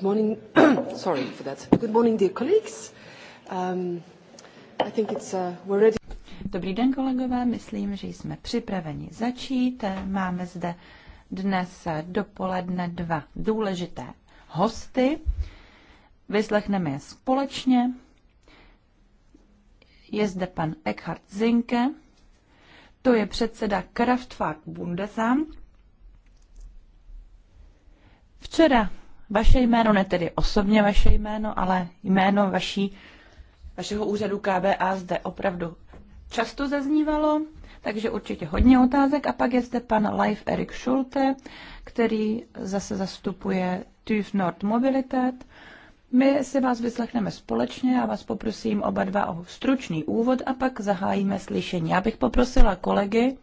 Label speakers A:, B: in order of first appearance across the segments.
A: Good morning. Sorry for that. Good morning, dear colleagues. Um, I think it's,
B: uh, we're ready. Dobrý den, kolegové. Myslím, že jsme připraveni začít. Máme zde dnes dopoledne dva důležité hosty. Vyslechneme je společně. Je zde pan Eckhard Zinke, to je předseda Kraftwerk Bundesamt. Včera vaše jméno, ne tedy osobně vaše jméno, ale jméno vaší, vašeho úřadu KBA zde opravdu často zaznívalo, takže určitě hodně otázek. A pak je zde pan Life Erik Schulte, který zase zastupuje TÜV Nord Mobilität. My si vás vyslechneme společně a vás poprosím oba dva o stručný úvod a pak zahájíme slyšení. Já bych poprosila kolegy,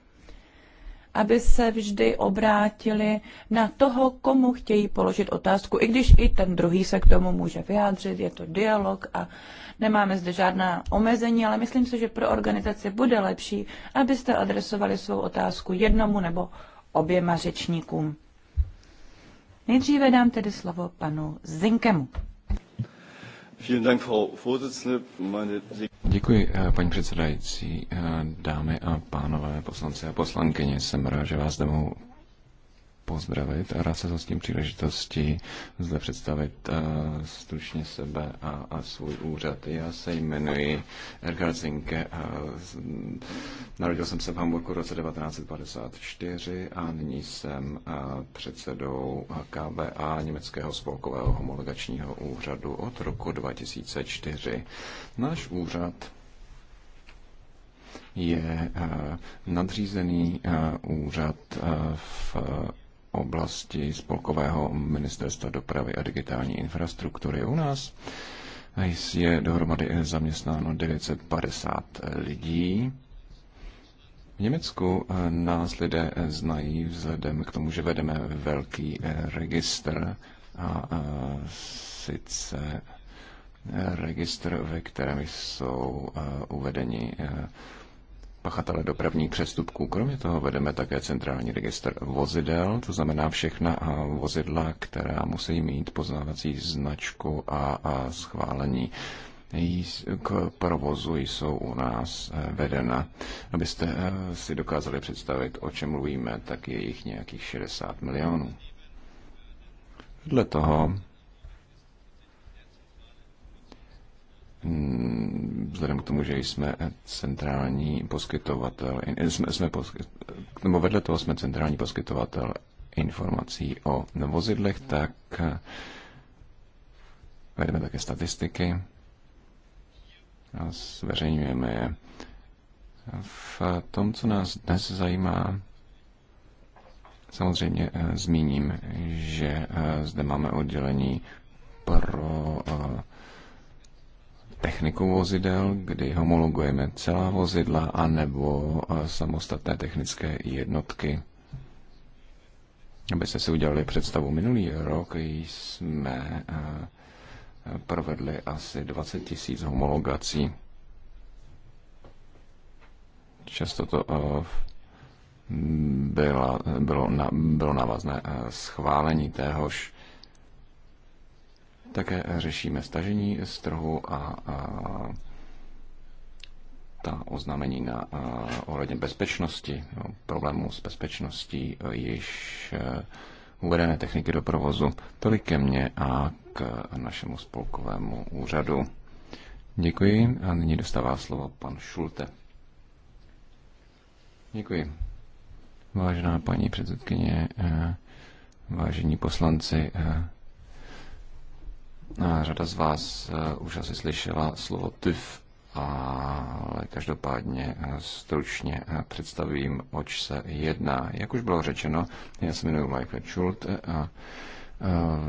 B: aby se vždy obrátili na toho, komu chtějí položit otázku, i když i ten druhý se k tomu může vyjádřit, je to dialog a nemáme zde žádná omezení, ale myslím si, že pro organizaci bude lepší, abyste adresovali svou otázku jednomu nebo oběma řečníkům. Nejdříve dám tedy slovo panu Zinkemu.
C: Děkuji, eh, paní předsedající, eh, dámy a pánové, poslanci a poslankyně. Jsem rád, že vás zde mohu pozdravit a rád se tím příležitosti zde představit uh, stručně sebe a, a svůj úřad. Já se jmenuji Erhard Zinke, eh, z, narodil jsem se v Hamburgu v roce 1954 a nyní jsem uh, předsedou KBA Německého spolkového homologačního úřadu od roku 2004. Náš úřad je nadřízený úřad v oblasti spolkového ministerstva dopravy a digitální infrastruktury u nás je dohromady zaměstnáno 950 lidí. V Německu nás lidé znají vzhledem k tomu, že vedeme velký registr a sice registr, ve kterém jsou uvedeni pachatele dopravních přestupků. Kromě toho vedeme také centrální registr vozidel, to znamená všechna vozidla, která musí mít poznávací značku a, a schválení k provozu jsou u nás e, vedena. Abyste e, si dokázali představit, o čem mluvíme, tak je jich nějakých 60 milionů. Vedle toho Mm, vzhledem k tomu, že jsme centrální poskytovatel, jsme, jsme poskyt, nebo vedle toho jsme centrální poskytovatel informací o vozidlech, tak eh, vedeme také statistiky a zveřejňujeme je. V tom, co nás dnes zajímá, samozřejmě eh, zmíním, že eh, zde máme oddělení pro techniku vozidel, kdy homologujeme celá vozidla anebo eh, samostatné technické jednotky. Abyste si udělali představu, minulý rok jsme eh, provedli asi 20 tisíc homologací. Často to eh, bylo, bylo, na, bylo návazné schválení téhož také řešíme stažení z trhu a, a ta oznámení na a, ohledně bezpečnosti, no, problémů s bezpečností již e, uvedené techniky do provozu. Tolik ke mně a k našemu spolkovému úřadu. Děkuji a nyní dostává slovo pan Šulte. Děkuji. Vážená paní předsedkyně, e, vážení poslanci, e, Řada z vás eh, už asi slyšela slovo TÜV, ale každopádně eh, stručně eh, představím, oč se jedná. Jak už bylo řečeno, já se jmenuji Michael Schult a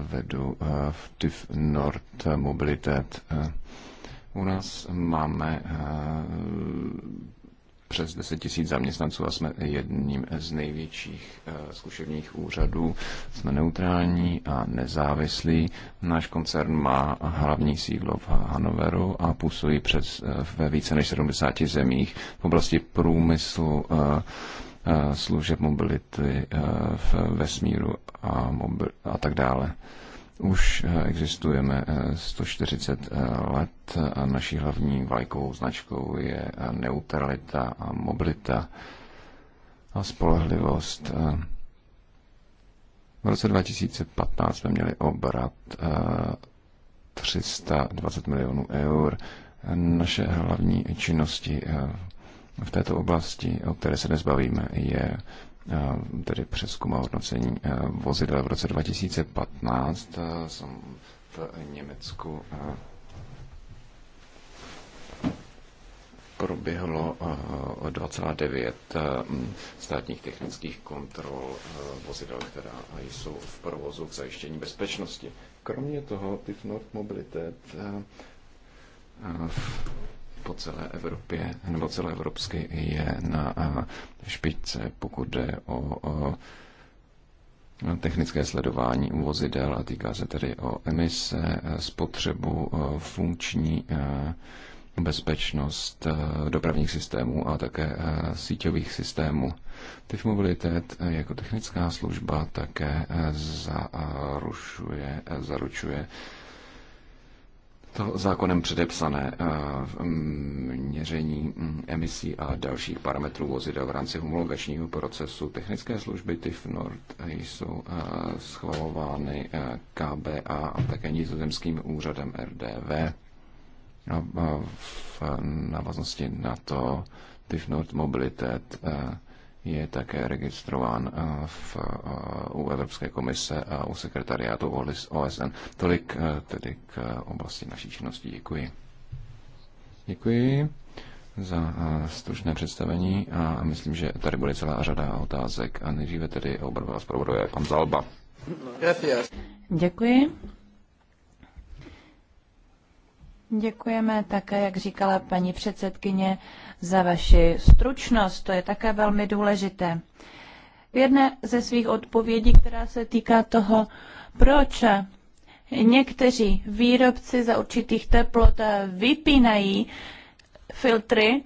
C: vedu v TÜV Nord Mobilitet. U nás máme přes 10 tisíc zaměstnanců a jsme jedním z největších eh, zkušebních úřadů. Jsme neutrální a nezávislí. Náš koncern má hlavní sídlo v Hanoveru a působí přes, eh, ve více než 70 zemích v oblasti průmyslu, eh, služeb mobility v vesmíru a, mobil, a tak dále. Už eh, existujeme 140 eh, eh, let a naší hlavní vlajkovou značkou je neutralita a mobilita a spolehlivost. V roce 2015 jsme měli obrat 320 milionů eur. Naše hlavní činnosti v této oblasti, o které se dnes bavíme, je Eh, tedy přeskum a hodnocení eh, vozidel v roce 2015 eh, jsem v Německu proběhlo 2,9 státních technických kontrol vozidel, která jsou v provozu k zajištění bezpečnosti. Kromě toho TIF Nord Mobilitet po celé Evropě nebo celé evropsky je na špičce, pokud jde o, o technické sledování vozidel a týká se tedy o emise, spotřebu, funkční bezpečnost dopravních systémů a také síťových systémů. TIF Mobilitet jako technická služba také zarušuje, zaručuje to zákonem předepsané eh, mm, měření mm, emisí a dalších parametrů vozidel v rámci homologačního procesu. Technické služby TIF Nord eh, jsou eh, schvalovány KBA a také nizozemským úřadem RDV. A v návaznosti na to TIF Nord Mobilitet je také registrován eh, v, eh, u Evropské komise a u sekretariátu OSN. Tolik eh, tedy k oblasti naší činnosti. Děkuji. Děkuji za stručné představení a myslím, že tady bude celá řada otázek a nejdříve tedy oba vás provoduje pan Zalba.
B: Děkuji. Děkujeme také, jak říkala paní předsedkyně, za vaši stručnost. To je také velmi důležité. V jedné ze svých odpovědí, která se týká toho, proč někteří výrobci za určitých teplot vypínají filtry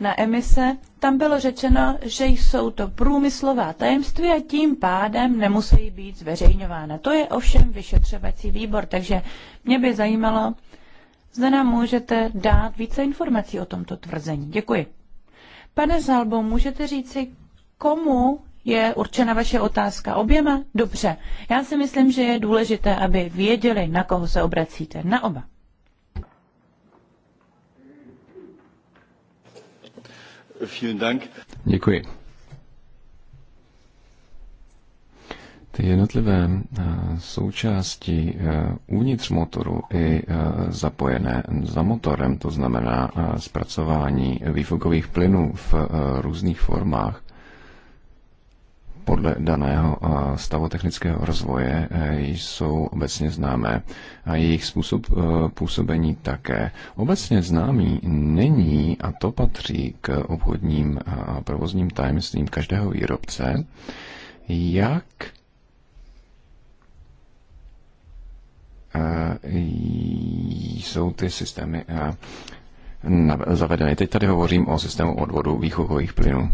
B: na emise, tam bylo řečeno, že jsou to průmyslová tajemství a tím pádem nemusí být zveřejňována. To je ovšem vyšetřovací výbor, takže mě by zajímalo, zde nám můžete dát více informací o tomto tvrzení. Děkuji. Pane Zalbo, můžete říci, komu je určena vaše otázka oběma? Dobře. Já si myslím, že je důležité, aby věděli, na koho se obracíte. Na oba.
D: Vielen Dank.
C: Děkuji. ty jednotlivé eh, součásti eh, uvnitř motoru i eh, zapojené za motorem, to znamená zpracování výfukových plynů v různých formách podle daného stavu technického rozvoje, jsou obecně známé a jejich způsob působení také. Obecně známý není, a to patří k obchodním a provozním tajemstvím každého výrobce, jak Eh, jsou ty systémy eh, zavedeny. Teď tady hovořím o systému odvodu výchovových plynů.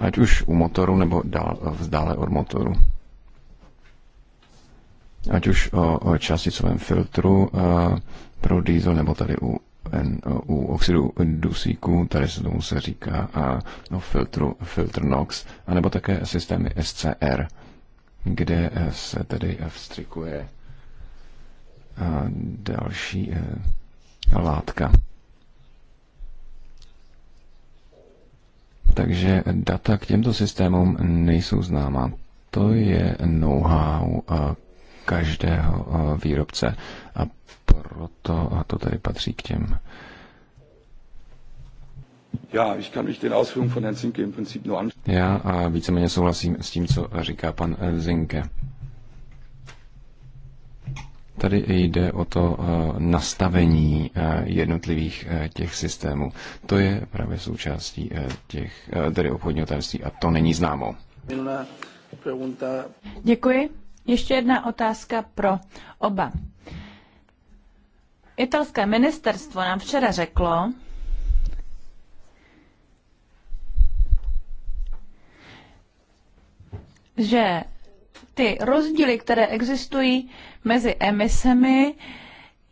C: Ať už u motoru nebo dál, vzdále od motoru. Ať už o, o částicovém filtru eh, pro diesel nebo tady u u oxidu dusíku, tady se tomu se říká a, no, filtru, filtr NOx, anebo také systémy SCR, kde se tedy vstřikuje další eh, látka. Takže data k těmto systémům nejsou známa. To je know-how eh, každého eh, výrobce a proto a to tady patří k těm já, a víceméně souhlasím s tím, co říká pan Zinke. Tady jde o to eh, nastavení eh, jednotlivých eh, těch systémů. To je právě součástí těch, tedy obchodního tajemství a to není známo.
B: Děkuji. Ještě jedna otázka pro oba. Italské ministerstvo nám včera řeklo, že ty rozdíly, které existují mezi emisemi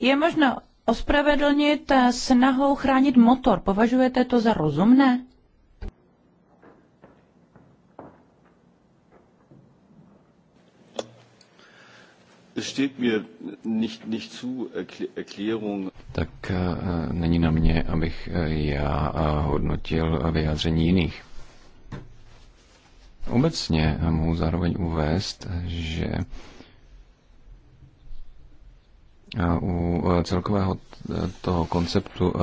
B: je možno ospravedlnit snahou chránit motor. Považujete to za rozumné?
C: Tak eh, není na mě, abych eh, já eh, hodnotil vyjádření jiných. Obecně mohu zároveň uvést, že u e, celkového e, toho konceptu e,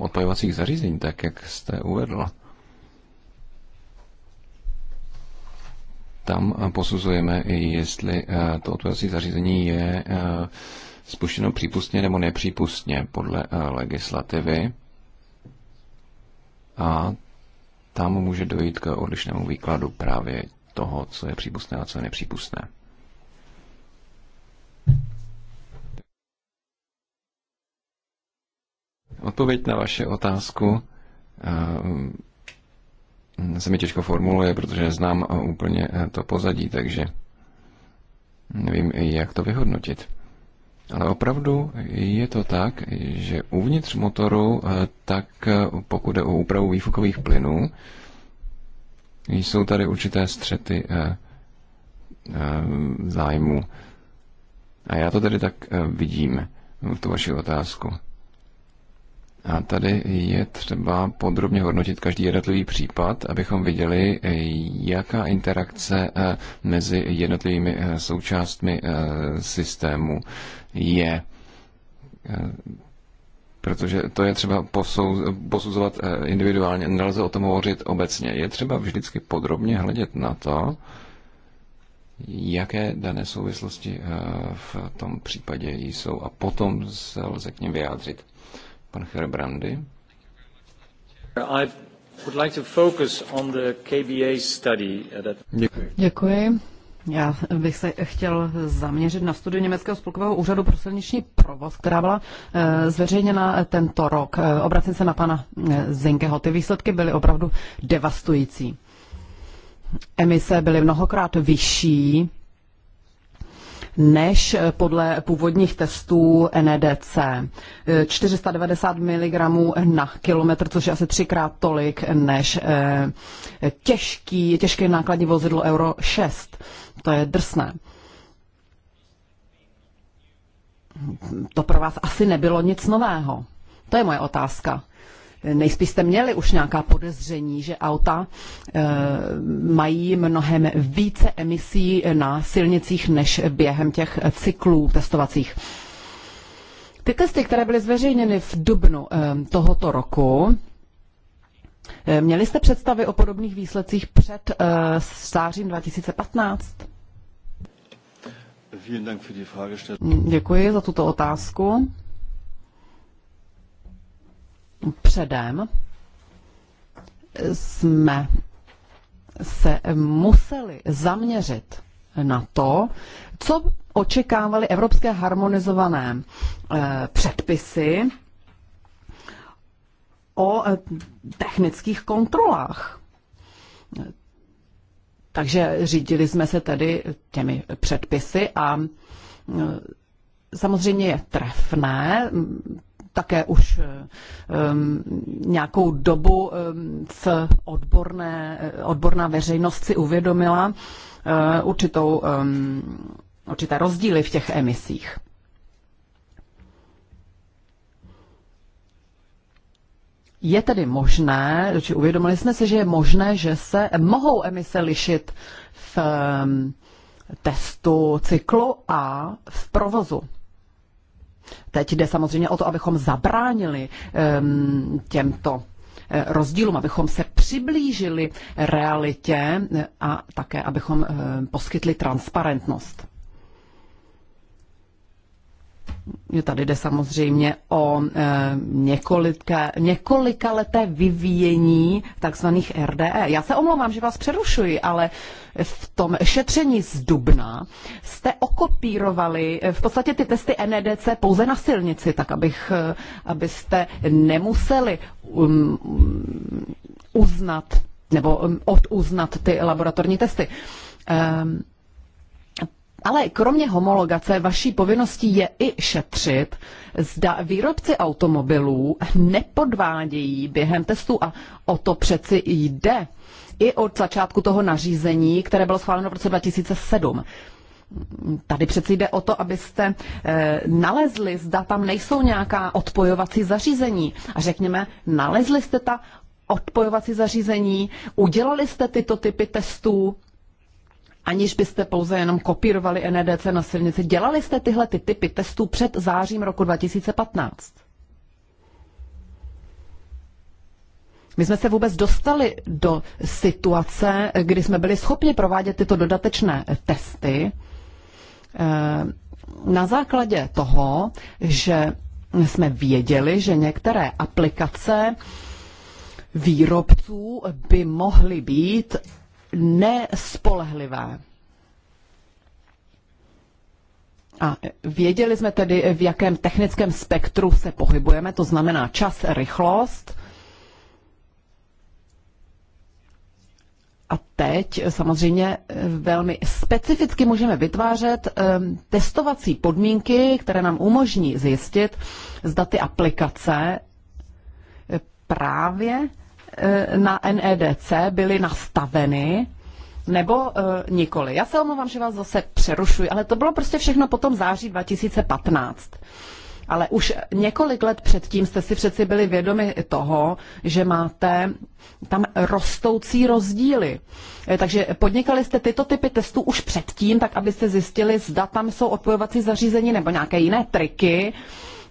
C: odpojovacích zařízení, tak jak jste uvedla. tam posuzujeme, jestli to odpojovací zařízení je spuštěno přípustně nebo nepřípustně podle legislativy. A tam může dojít k odlišnému výkladu právě toho, co je přípustné a co je nepřípustné. Odpověď na vaši otázku eh, se mi těžko formuluje, protože neznám eh, úplně eh, to pozadí, takže nevím, jak to vyhodnotit. Ale opravdu je to tak, že uvnitř motoru, tak pokud jde o úpravu výfukových plynů, jsou tady určité střety zájmu. A já to tedy tak vidím, v tu vaši otázku. A tady je třeba podrobně hodnotit každý jednotlivý případ, abychom viděli, jaká interakce eh, mezi jednotlivými eh, součástmi eh, systému je. Protože to je třeba posuzovat individuálně, nelze o tom hovořit obecně. Je třeba vždycky podrobně hledět na to, jaké dané souvislosti v tom případě jsou a potom se lze k ním vyjádřit. Pan Herbrandy.
D: Uh, Děkuji.
A: Děkuji. Já bych se chtěl zaměřit na studii Německého spolkového úřadu pro silniční provoz, která byla eh, zveřejněna tento rok. Eh, obracím se na pana eh, Zinkeho. Ty výsledky byly opravdu devastující. Emise byly mnohokrát vyšší než eh, podle původních testů NEDC. 490 mg na kilometr, což je asi třikrát tolik než eh, těžký, těžké nákladní vozidlo Euro 6. To je drsné. To pro vás asi nebylo nic nového. To je moje otázka nejspíš jste měli už nějaká podezření, že auta eh, mají mnohem více emisí na silnicích než během těch cyklů testovacích. Ty testy, které byly zveřejněny v dubnu eh, tohoto roku, eh, Měli jste představy o podobných výsledcích před uh, 2015? Děkuji za tuto otázku předem jsme se museli zaměřit na to, co očekávali evropské harmonizované eh, předpisy o eh, technických kontrolách. Takže řídili jsme se tedy těmi předpisy a eh, samozřejmě je trefné také už um, nějakou dobu um, v odborné, eh, odborná veřejnost si uvědomila uh, určitou, um, určité rozdíly v těch emisích. Je tedy možné, či uvědomili jsme si, že je možné, že se mohou emise lišit v testu cyklu a v provozu. Teď jde samozřejmě o to, abychom zabránili ehm, těmto eh, rozdílům, abychom se přiblížili realitě eh, a také, abychom eh, poskytli transparentnost. Tady jde samozřejmě o e, několika, několika leté vyvíjení takzvaných RDE. Já se omlouvám, že vás přerušuji, ale v tom šetření z Dubna jste okopírovali e, v podstatě ty testy NEDC pouze na silnici, tak abych, e, abyste nemuseli um, uznat nebo um, oduznat ty laboratorní testy. Ehm, ale kromě homologace vaší povinností je i šetřit, zda výrobci automobilů nepodvádějí během testů a o to přeci jde. I od začátku toho nařízení, které bylo schváleno v roce 2007. Tady přeci jde o to, abyste e, nalezli, zda tam nejsou nějaká odpojovací zařízení. A řekněme, nalezli jste ta odpojovací zařízení, udělali jste tyto typy testů, aniž byste pouze jenom kopírovali NEDC na silnici. Dělali jste tyhle ty typy testů před zářím roku 2015? My jsme se vůbec dostali do situace, kdy jsme byli schopni provádět tyto dodatečné testy eh, na základě toho, že jsme věděli, že některé aplikace výrobců by mohly být nespolehlivé. A věděli jsme tedy, v jakém technickém spektru se pohybujeme, to znamená čas, rychlost. A teď samozřejmě eh, velmi specificky můžeme vytvářet eh, testovací podmínky, které nám umožní zjistit, zda ty aplikace eh, právě E, na NEDC byly nastaveny nebo e, nikoli. Já se omlouvám, že vás zase přerušuji, ale to bylo prostě všechno potom září 2015. Ale už několik let předtím jste si přeci byli vědomi toho, že máte tam rostoucí rozdíly. E, takže podnikali jste tyto typy testů už předtím, tak abyste zjistili, zda tam jsou odpojovací zařízení nebo nějaké jiné triky,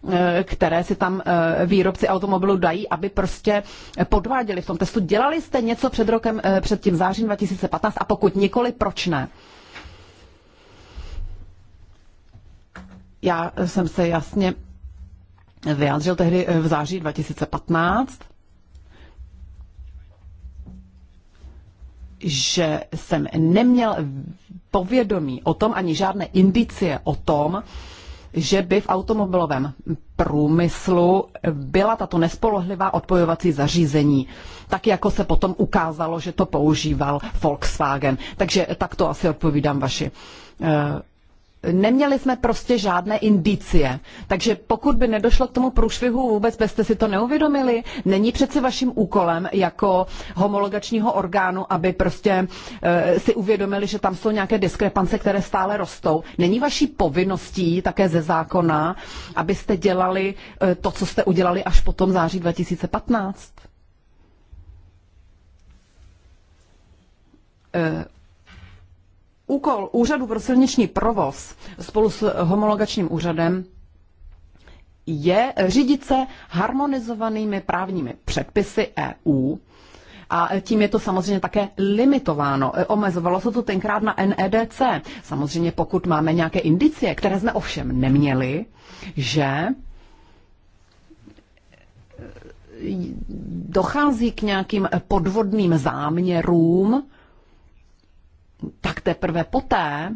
A: Eh, které si tam eh, výrobci automobilů dají, aby prostě podváděli v tom testu. Dělali jste něco před rokem, eh, před tím zářím 2015 a pokud nikoli, proč ne? Já jsem se jasně vyjádřil tehdy v září 2015, že jsem neměl povědomí o tom ani žádné indicie o tom, že by v automobilovém průmyslu byla tato nespolehlivá odpojovací zařízení, tak jako se potom ukázalo, že to používal Volkswagen. Takže tak to asi odpovídám vaši eh, neměli jsme prostě žádné indicie. Takže pokud by nedošlo k tomu průšvihu, vůbec byste si to neuvědomili. Není přece vaším úkolem jako homologačního orgánu, aby prostě e, si uvědomili, že tam jsou nějaké diskrepance, které stále rostou. Není vaší povinností také ze zákona, abyste dělali e, to, co jste udělali až potom září 2015? úkol Úřadu pro silniční provoz spolu s homologačním úřadem je řídit se harmonizovanými právními předpisy EU, a tím je to samozřejmě také limitováno. Omezovalo se to tenkrát na NEDC. Samozřejmě pokud máme nějaké indicie, které jsme ovšem neměli, že dochází k nějakým podvodným záměrům, tak teprve poté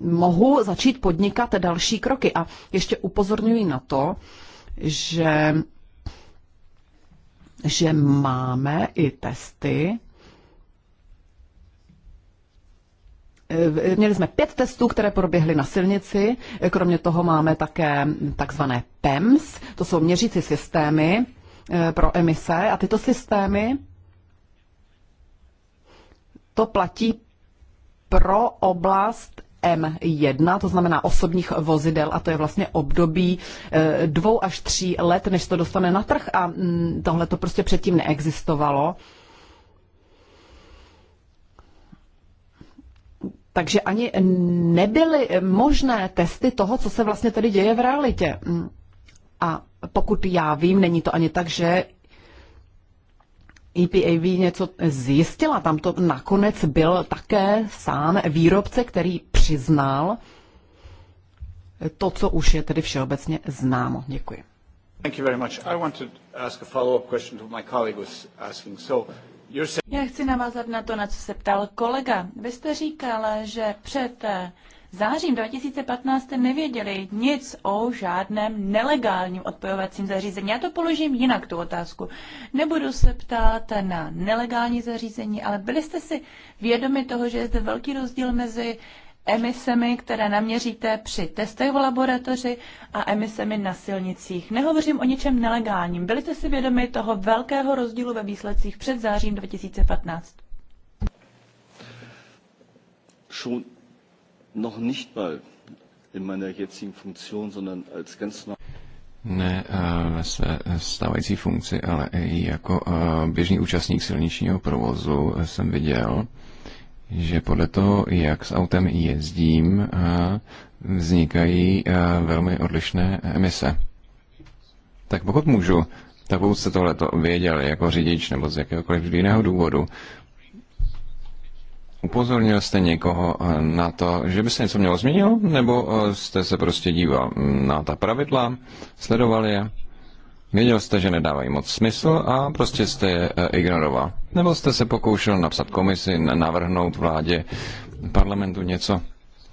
A: mohu začít podnikat další kroky. A ještě upozorňuji na to, že, že máme i testy. Měli jsme pět testů, které proběhly na silnici. Kromě toho máme také takzvané PEMS, to jsou měřící systémy eh, pro emise a tyto systémy to platí pro oblast M1, to znamená osobních vozidel, a to je vlastně období eh, dvou až tří let, než to dostane na trh a mm, tohle to prostě předtím neexistovalo. Takže ani nebyly možné testy toho, co se vlastně tady děje v realitě. Mm. A pokud já vím, není to ani tak, že EPAV něco zjistila. Tam to nakonec byl také sám výrobce, který přiznal to, co už je tedy všeobecně známo.
C: Děkuji.
B: Já chci navázat na to, na co se ptal kolega. Vy jste říkal, že před eh, zářím 2015 nevěděli nic o žádném nelegálním odpojovacím zařízení. Já to položím jinak, tu otázku. Nebudu se ptát na nelegální zařízení, ale byli jste si vědomi toho, že je zde velký rozdíl mezi emisemi, které naměříte při testech v laboratoři a emisemi na silnicích. Nehovořím o ničem nelegálním. Byli jste si vědomi toho velkého rozdílu ve výsledcích před zářím 2015?
D: noch nicht mal in meiner jetzigen Funktion, sondern als ganz normal
C: ne eh, ve své eh, stávající funkci, ale i jako eh, běžný účastník silničního provozu jsem viděl, že podle toho, jak s autem jezdím, vznikají velmi odlišné emise. Tak pokud můžu, tak pokud jste tohleto věděl jako řidič nebo z jakéhokoliv jiného důvodu, Upozornil jste někoho eh, na to, že by se něco mělo změnilo, nebo eh, jste se prostě díval mm, na ta pravidla, sledovali je, věděl jste, že nedávají moc smysl a prostě jste je eh, ignoroval? Nebo jste se pokoušel napsat komisi, navrhnout vládě, parlamentu něco?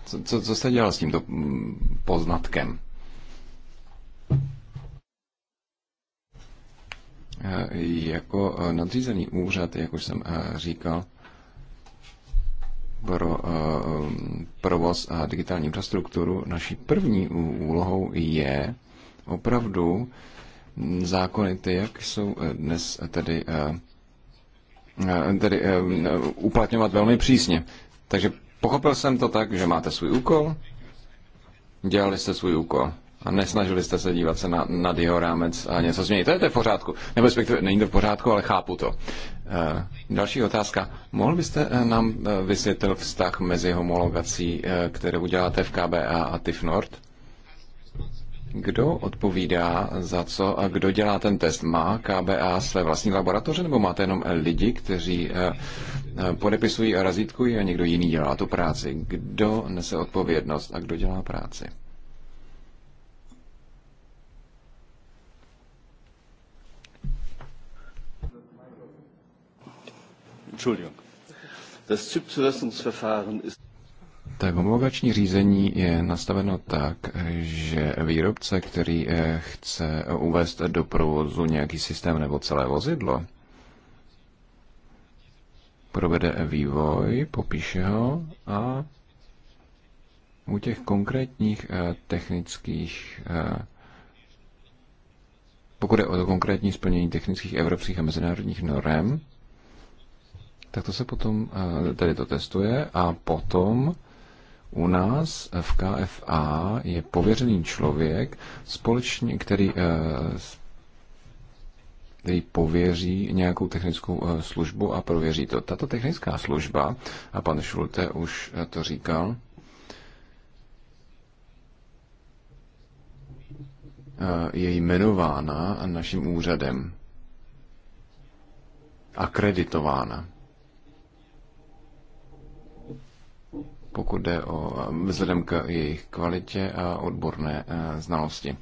C: Co, co, co jste dělal s tímto mm, poznatkem? Jako nadřízený úřad, jak už jsem říkal, pro eh, provoz a digitální infrastrukturu, naší první úlohou je opravdu zákony, ty, jak jsou eh, dnes tedy, eh, tedy uplatňovat velmi přísně. Takže pochopil jsem to tak, že máte svůj úkol, dělali jste svůj úkol a nesnažili jste se dívat se na, na rámec a něco změnit. To je, to je v pořádku. Nebo respektive není to v pořádku, ale chápu to. E, další otázka. Mohl byste eh, nám eh, vysvětlit vztah mezi homologací, kterou uděláte v KBA a TIF Nord? Kdo odpovídá za co a kdo dělá ten test? Má KBA své vlastní laboratoře nebo máte jenom lidi, kteří podepisují a razítkují a někdo jiný dělá tu práci? Kdo nese odpovědnost a kdo dělá práci?
D: Entschuldigung. Das ist
C: tak homologační řízení je nastaveno tak, že výrobce, který eh, chce eh, uvést do provozu nějaký systém nebo celé vozidlo, provede vývoj, popíše ho a u těch konkrétních eh, technických pokud je o to konkrétní splnění technických evropských a mezinárodních norm tak to se potom eh, tady to testuje a potom u nás v KFA je pověřený člověk, společně, který, eh, který pověří nějakou technickou eh, službu a prověří to. Tato technická služba, a pan Šulte už to říkal, je jmenována naším úřadem. Akreditována. pokud jde o vzhledem k jejich kvalitě a odborné eh, znalosti.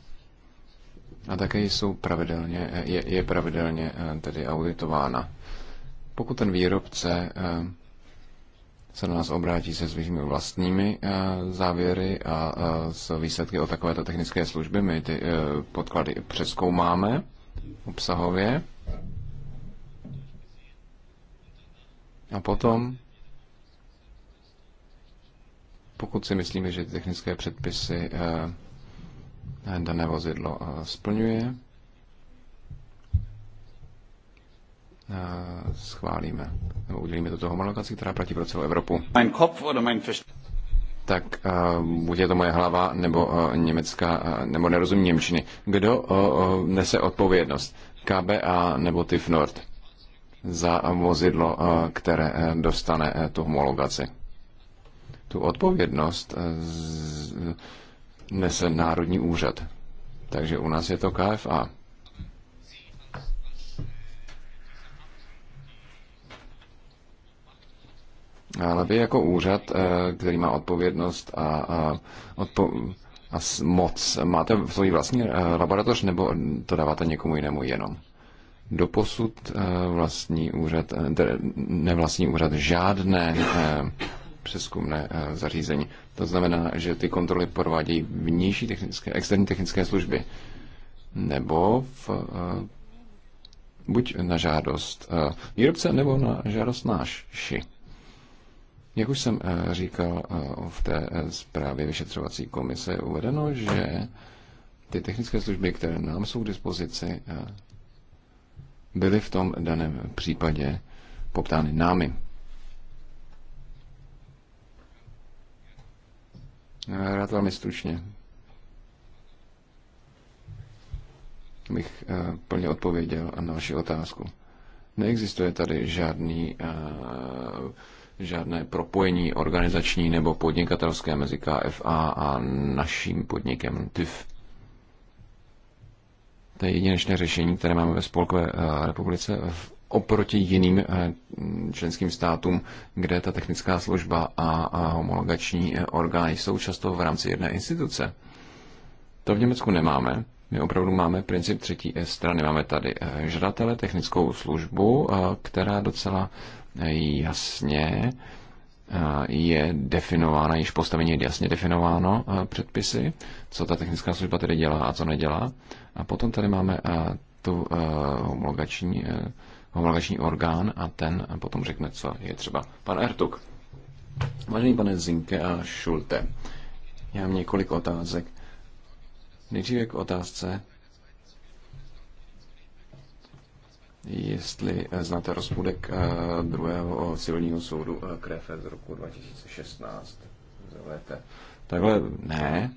C: A také jsou pravidelně, eh, je, je pravidelně eh, tedy auditována. Pokud ten výrobce se na nás obrátí se svými vlastními závěry a s výsledky o takovéto technické služby, my ty podklady přeskoumáme obsahově. A potom pokud si myslíme, že technické předpisy eh, dané vozidlo eh, splňuje, eh, schválíme nebo udělíme toto homologaci, která platí pro celou Evropu. Tak buď je to moje hlava, nebo německá, nebo nerozumí Němčiny. Kdo nese odpovědnost? KBA nebo TIF Nord za vozidlo, které dostane tu homologaci? tu odpovědnost eh, nese Národní úřad. Takže u nás je to KFA. Ale vy jako úřad, eh, který má odpovědnost a, a, odpo- a moc, máte v svůj vlastní eh, laboratoř nebo to dáváte někomu jinému jenom? Doposud vlastní úřad, nevlastní úřad žádné přeskumné eh, zařízení. To znamená, že ty kontroly provádějí vnější technické, externí technické služby nebo v, eh, buď na žádost eh, výrobce, nebo na žádost náši. Jak už jsem říkal v té zprávě vyšetřovací komise, je uvedeno, že ty technické služby, které nám jsou k dispozici, byly v tom daném případě poptány námi. Rád velmi stručně. Bych eh, plně odpověděl na vaši otázku. Neexistuje tady žádný, eh, žádné propojení organizační nebo podnikatelské mezi KFA a naším podnikem TIF. To je jedinečné řešení, které máme ve Spolkové eh, republice v oproti jiným eh, členským státům, kde ta technická služba a homologační eh, orgány jsou často v rámci jedné instituce. To v Německu nemáme. My opravdu máme princip třetí eh, strany. Máme tady žadatele, technickou službu, která docela jasně je definována, již postavení je jasně definováno předpisy, co ta technická služba tedy dělá a co nedělá. A potom tady máme tu homologační homologační orgán a ten potom řekne, co je třeba. Pan Ertuk. Vážený pane Zinke a Šulte, já mám několik otázek. Nejdříve k otázce, jestli znáte rozsudek eh, druhého civilního soudu eh, Krefe z roku 2016. Takhle ne.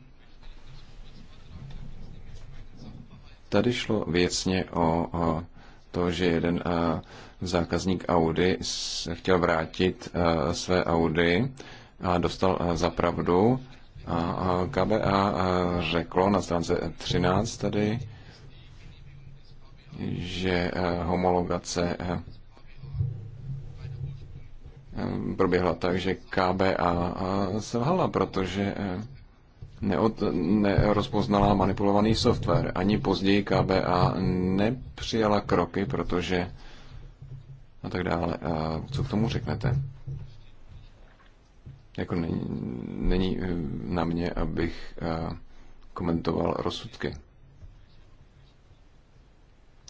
C: Tady šlo věcně o, o to, že jeden eh, zákazník Audi chtěl vrátit eh, své Audi a dostal eh, za pravdu. A KBA řeklo na stránce 13 tady, že homologace proběhla tak, že KBA selhala, protože neod, nerozpoznala manipulovaný software. Ani později KBA nepřijala kroky, protože a tak dále. A co k tomu řeknete? Jako není, není eh, na mě, abych eh, komentoval rozsudky.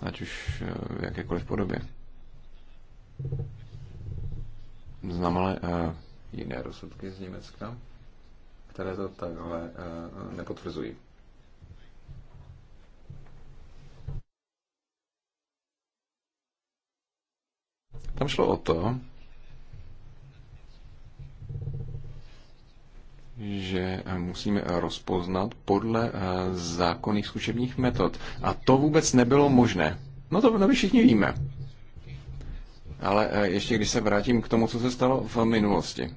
C: Ať už eh, v jakékoliv podobě. Znám ale jiné rozsudky z Německa které to takhle eh, nepotvrzují. Tam šlo o to, že eh, musíme rozpoznat podle eh, zákonných zkušebních metod. A to vůbec nebylo možné. No to, my všichni víme. Ale ještě když se vrátím k tomu, co se stalo v minulosti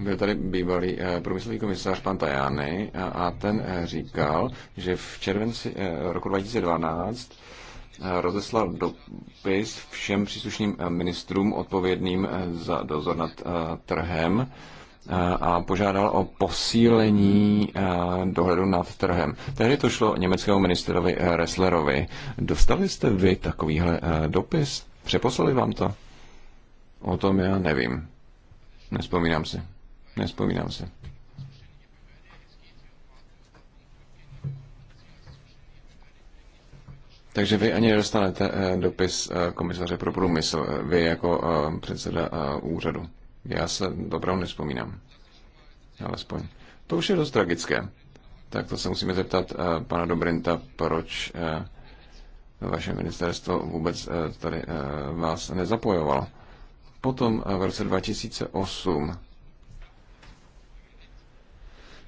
C: byl tady bývalý eh, průmyslový komisař pan Tajany a, a ten eh, říkal, že v červenci eh, roku 2012 rozeslal dopis všem příslušným ministrům odpovědným za dozor nad trhem a požádal o posílení dohledu nad trhem. Tehdy to šlo německému ministerovi Resslerovi. Dostali jste vy takovýhle dopis? Přeposlali vám to? O tom já nevím. Nespomínám si nespomínám se. Takže vy ani nedostanete eh, dopis eh, komisaře pro průmysl, eh, vy jako předseda úřadu. Já se dobrou nespomínám. Alespoň. To už je dost tragické. Tak to se musíme zeptat pana Dobrinta, proč vaše ministerstvo vůbec tady vás nezapojovalo. Potom v roce 2008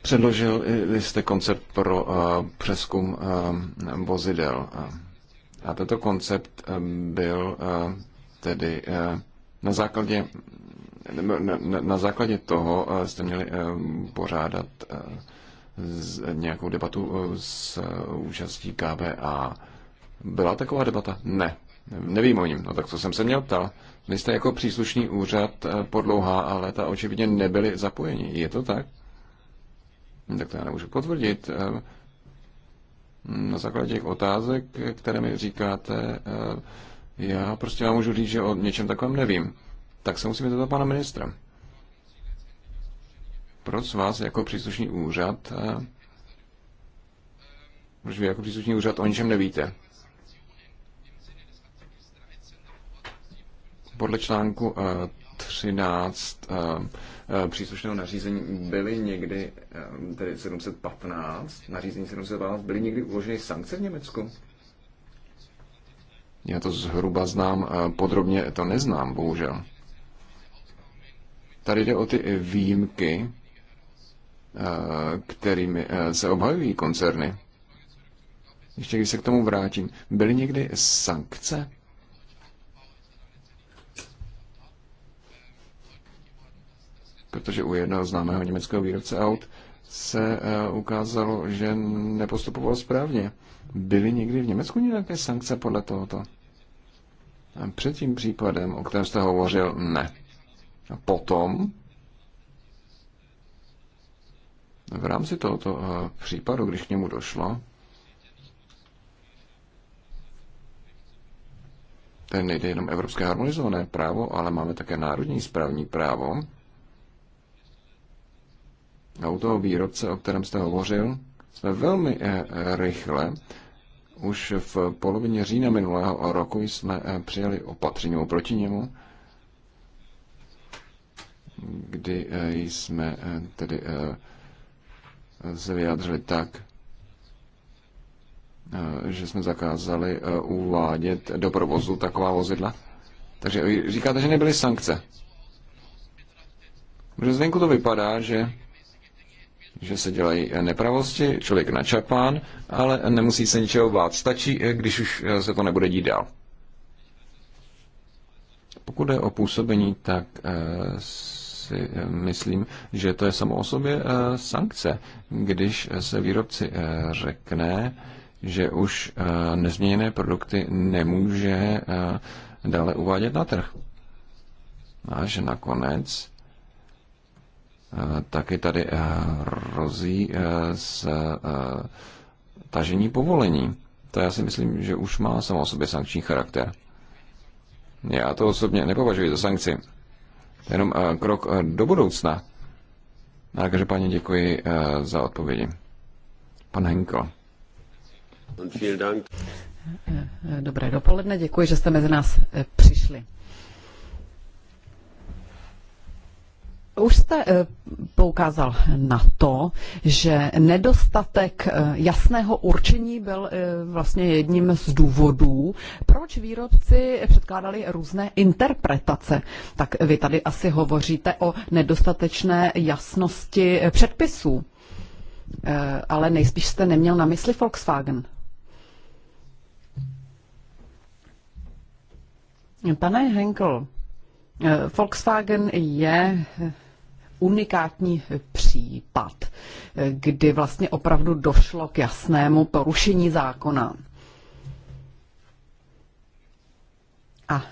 C: Předložil jste koncept pro eh, přeskum eh, vozidel. A tento koncept eh, byl tedy na základě na základě toho jste měli pořádat nějakou debatu s účastí KBA, Byla taková debata? Ne. Nevím o ním. No tak co jsem se měl ptal? Vy jste jako příslušný úřad po dlouhá léta očividně nebyli zapojeni. Je to tak? Tak to já nemůžu potvrdit. Eh, na základě těch otázek, které mi říkáte, eh, já prostě vám můžu říct, že o něčem takovém nevím. Tak se musíme zeptat pana ministra. Proč vás jako příslušný úřad, eh, proč vy jako příslušný úřad o ničem nevíte? Podle článku 13 Eh, příslušného nařízení byly někdy, eh, tedy 715, nařízení 715, byly někdy uloženy sankce v Německu? Já to zhruba znám, eh, podrobně to neznám, bohužel. Tady jde o ty výjimky, kterými se obhajují koncerny. Ještě když se k tomu vrátím, byly někdy sankce? protože u jednoho známého německého výrobce aut se eh, ukázalo, že nepostupoval správně. Byly někdy v Německu nějaké sankce podle tohoto? A před tím případem, o kterém jste hovořil, ne. A potom, v rámci tohoto eh, případu, když k němu došlo, ten nejde jenom evropské harmonizované právo, ale máme také národní správní právo, a u toho výrobce, o kterém jste hovořil, jsme velmi eh, rychle, už v polovině října minulého roku jsme eh, přijali opatření oproti němu, kdy eh, jsme tedy se vyjádřili tak, že jsme zakázali uvádět do provozu taková vozidla. Takže říkáte, že nebyly sankce. Protože zvenku to vypadá, že že se dělají nepravosti, člověk načapán, ale nemusí se ničeho bát. Stačí, když už se to nebude dít dál. Pokud je o působení, tak eh, si eh, myslím, že to je samo o sobě eh, sankce. Když se výrobci řekne, že už nezměněné produkty nemůže dále uvádět na trh. A že nakonec Eh, taky tady eh, hrozí s eh, tažení povolení. To já si myslím, že už má samo o sobě sankční charakter. Já to osobně nepovažuji za sankci. To je jenom krok do budoucna. Takže, každopádně děkuji za odpovědi. Pan Henko.
A: Dobré dopoledne, děkuji, že jste mezi nás přišli. Už jste eh, poukázal na to, že nedostatek eh, jasného určení byl eh, vlastně jedním z důvodů, proč výrobci předkládali různé interpretace. Tak vy tady asi hovoříte o nedostatečné jasnosti předpisů, ale nejspíš jste neměl na mysli Volkswagen. Pane Henkel, Volkswagen je unikátní případ, kdy vlastně opravdu došlo k jasnému porušení zákona. A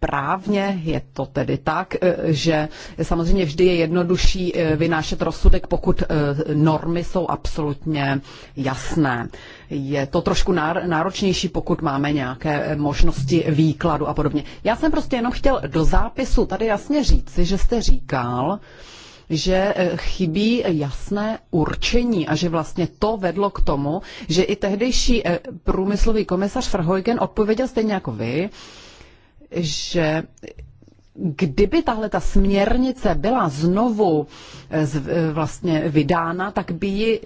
A: právně je to tedy tak, že samozřejmě vždy je jednodušší eh, vynášet rozsudek, pokud eh, normy jsou absolutně jasné je to trošku náročnější, pokud máme nějaké eh, možnosti výkladu a podobně. Já jsem prostě jenom chtěl do zápisu tady jasně říci, že jste říkal, že eh, chybí jasné určení a že vlastně to vedlo k tomu, že i tehdejší eh, průmyslový komisař Verheugen odpověděl stejně jako vy, že Kdyby tahle ta směrnice byla znovu eh, eh, vlastně vydána, tak by ji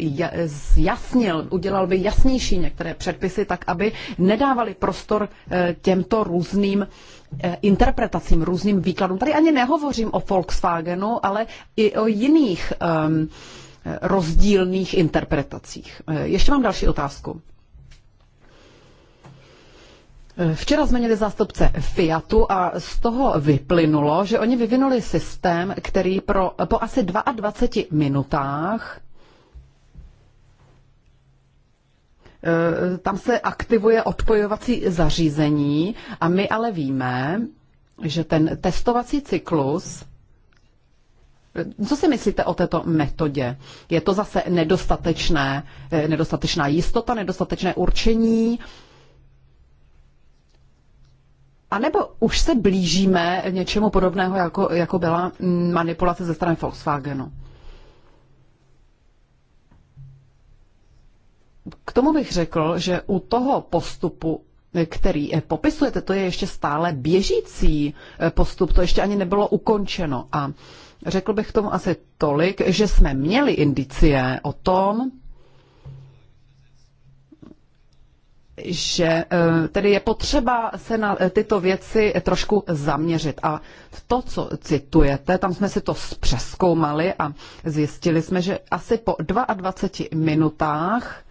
A: zjasnil, udělal by jasnější některé předpisy, tak aby nedávali prostor eh, těmto různým interpretacím, různým výkladům. Tady ani nehovořím o Volkswagenu, ale i o jiných ehm, rozdílných interpretacích. Ještě mám další otázku. Včera změnili zástupce Fiatu a z toho vyplynulo, že oni vyvinuli systém, který pro, po asi 22 minutách eh, tam se aktivuje odpojovací zařízení a my ale víme, že ten testovací cyklus co si myslíte o této metodě? Je to zase nedostatečné, eh, nedostatečná jistota, nedostatečné určení? A nebo už se blížíme něčemu podobného, jako, jako byla manipulace ze strany Volkswagenu? K tomu bych řekl, že u toho postupu, který eh, popisujete, to je ještě stále běžící eh, postup, to ještě ani nebylo ukončeno. A řekl bych k tomu asi tolik, že jsme měli indicie o tom, že e, tedy je potřeba se na e, tyto věci trošku zaměřit. A to, co citujete, tam jsme si to přeskoumali a zjistili jsme, že asi po 22 minutách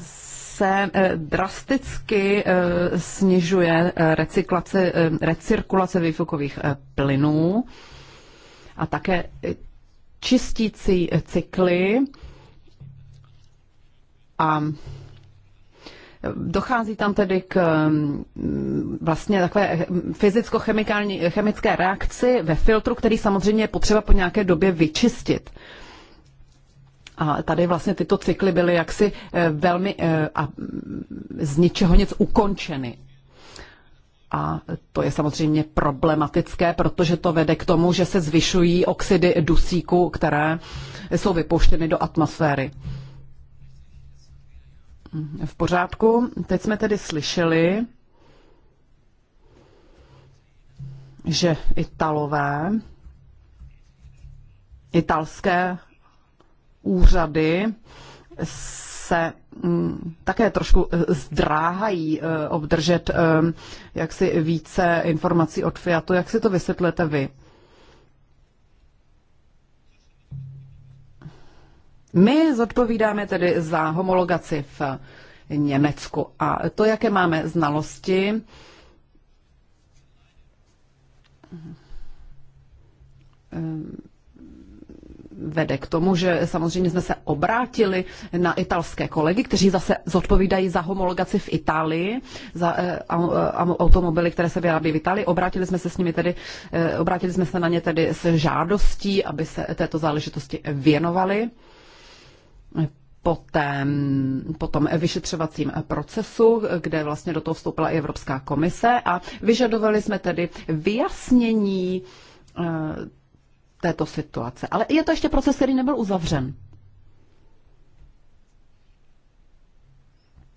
A: se e, drasticky snižuje recyklace, recirkulace výfukových plynů a také čistící cykly a Dochází tam tedy k mm, vlastně takové fyzicko-chemické reakci ve filtru, který samozřejmě je potřeba po nějaké době vyčistit. A tady vlastně tyto cykly byly jaksi eh, velmi eh, a mm, z ničeho nic ukončeny. A to je samozřejmě problematické, protože to vede k tomu, že se zvyšují oxidy dusíku, které jsou vypouštěny do atmosféry. V pořádku. Teď jsme tedy slyšeli, že Italové, italské úřady se mm, také trošku eh, zdráhají eh, obdržet eh, jaksi více informací od Fiatu. Jak si to vysvětlete vy? My zodpovídáme tedy za homologaci v Německu a to, jaké máme znalosti, ehm, vede k tomu, že samozřejmě jsme se obrátili na italské kolegy, kteří zase zodpovídají za homologaci v Itálii, za eh, eh, automobily, které se vyrábí v Itálii. Obrátili jsme se s nimi tedy, eh, obrátili jsme se na ně tedy s žádostí, aby se této záležitosti věnovali po potom vyšetřovacím procesu, kde vlastně do toho vstoupila i Evropská komise a vyžadovali jsme tedy vyjasnění eh, této situace. Ale je to ještě proces, který nebyl uzavřen.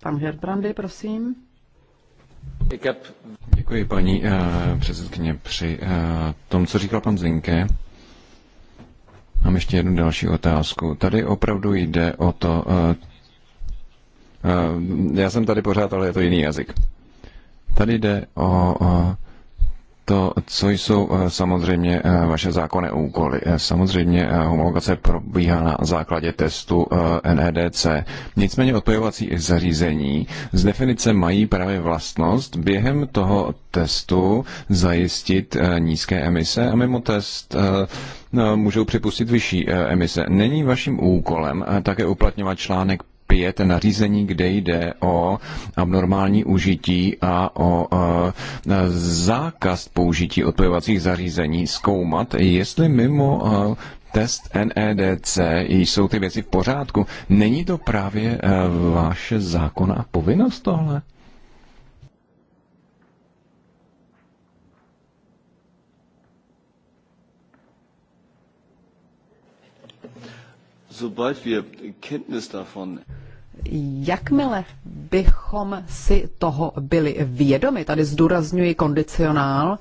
A: Pan Gerbrandy, prosím.
C: Děkuji, paní uh, předsedkyně. Při uh, tom, co říkal pan Zinke, Mám ještě jednu další otázku. Tady opravdu jde o to, eh, eh, já jsem tady pořád, ale je to jiný jazyk. Tady jde o to, co jsou eh, samozřejmě vaše zákonné úkoly. Samozřejmě homologace probíhá na základě testu NEDC. Nicméně odpojovací zařízení z definice mají právě vlastnost během toho testu zajistit nízké emise a mimo test No, můžou připustit vyšší eh, emise. Není vaším úkolem eh, také uplatňovat článek pět nařízení, kde jde o abnormální užití a o eh, zákaz použití odpojovacích zařízení zkoumat, jestli mimo test NEDC jsou ty věci v pořádku. Není to právě vaše zákona povinnost tohle?
A: Jakmile bychom si toho byli vědomi, tady zdůrazňuji kondicionál,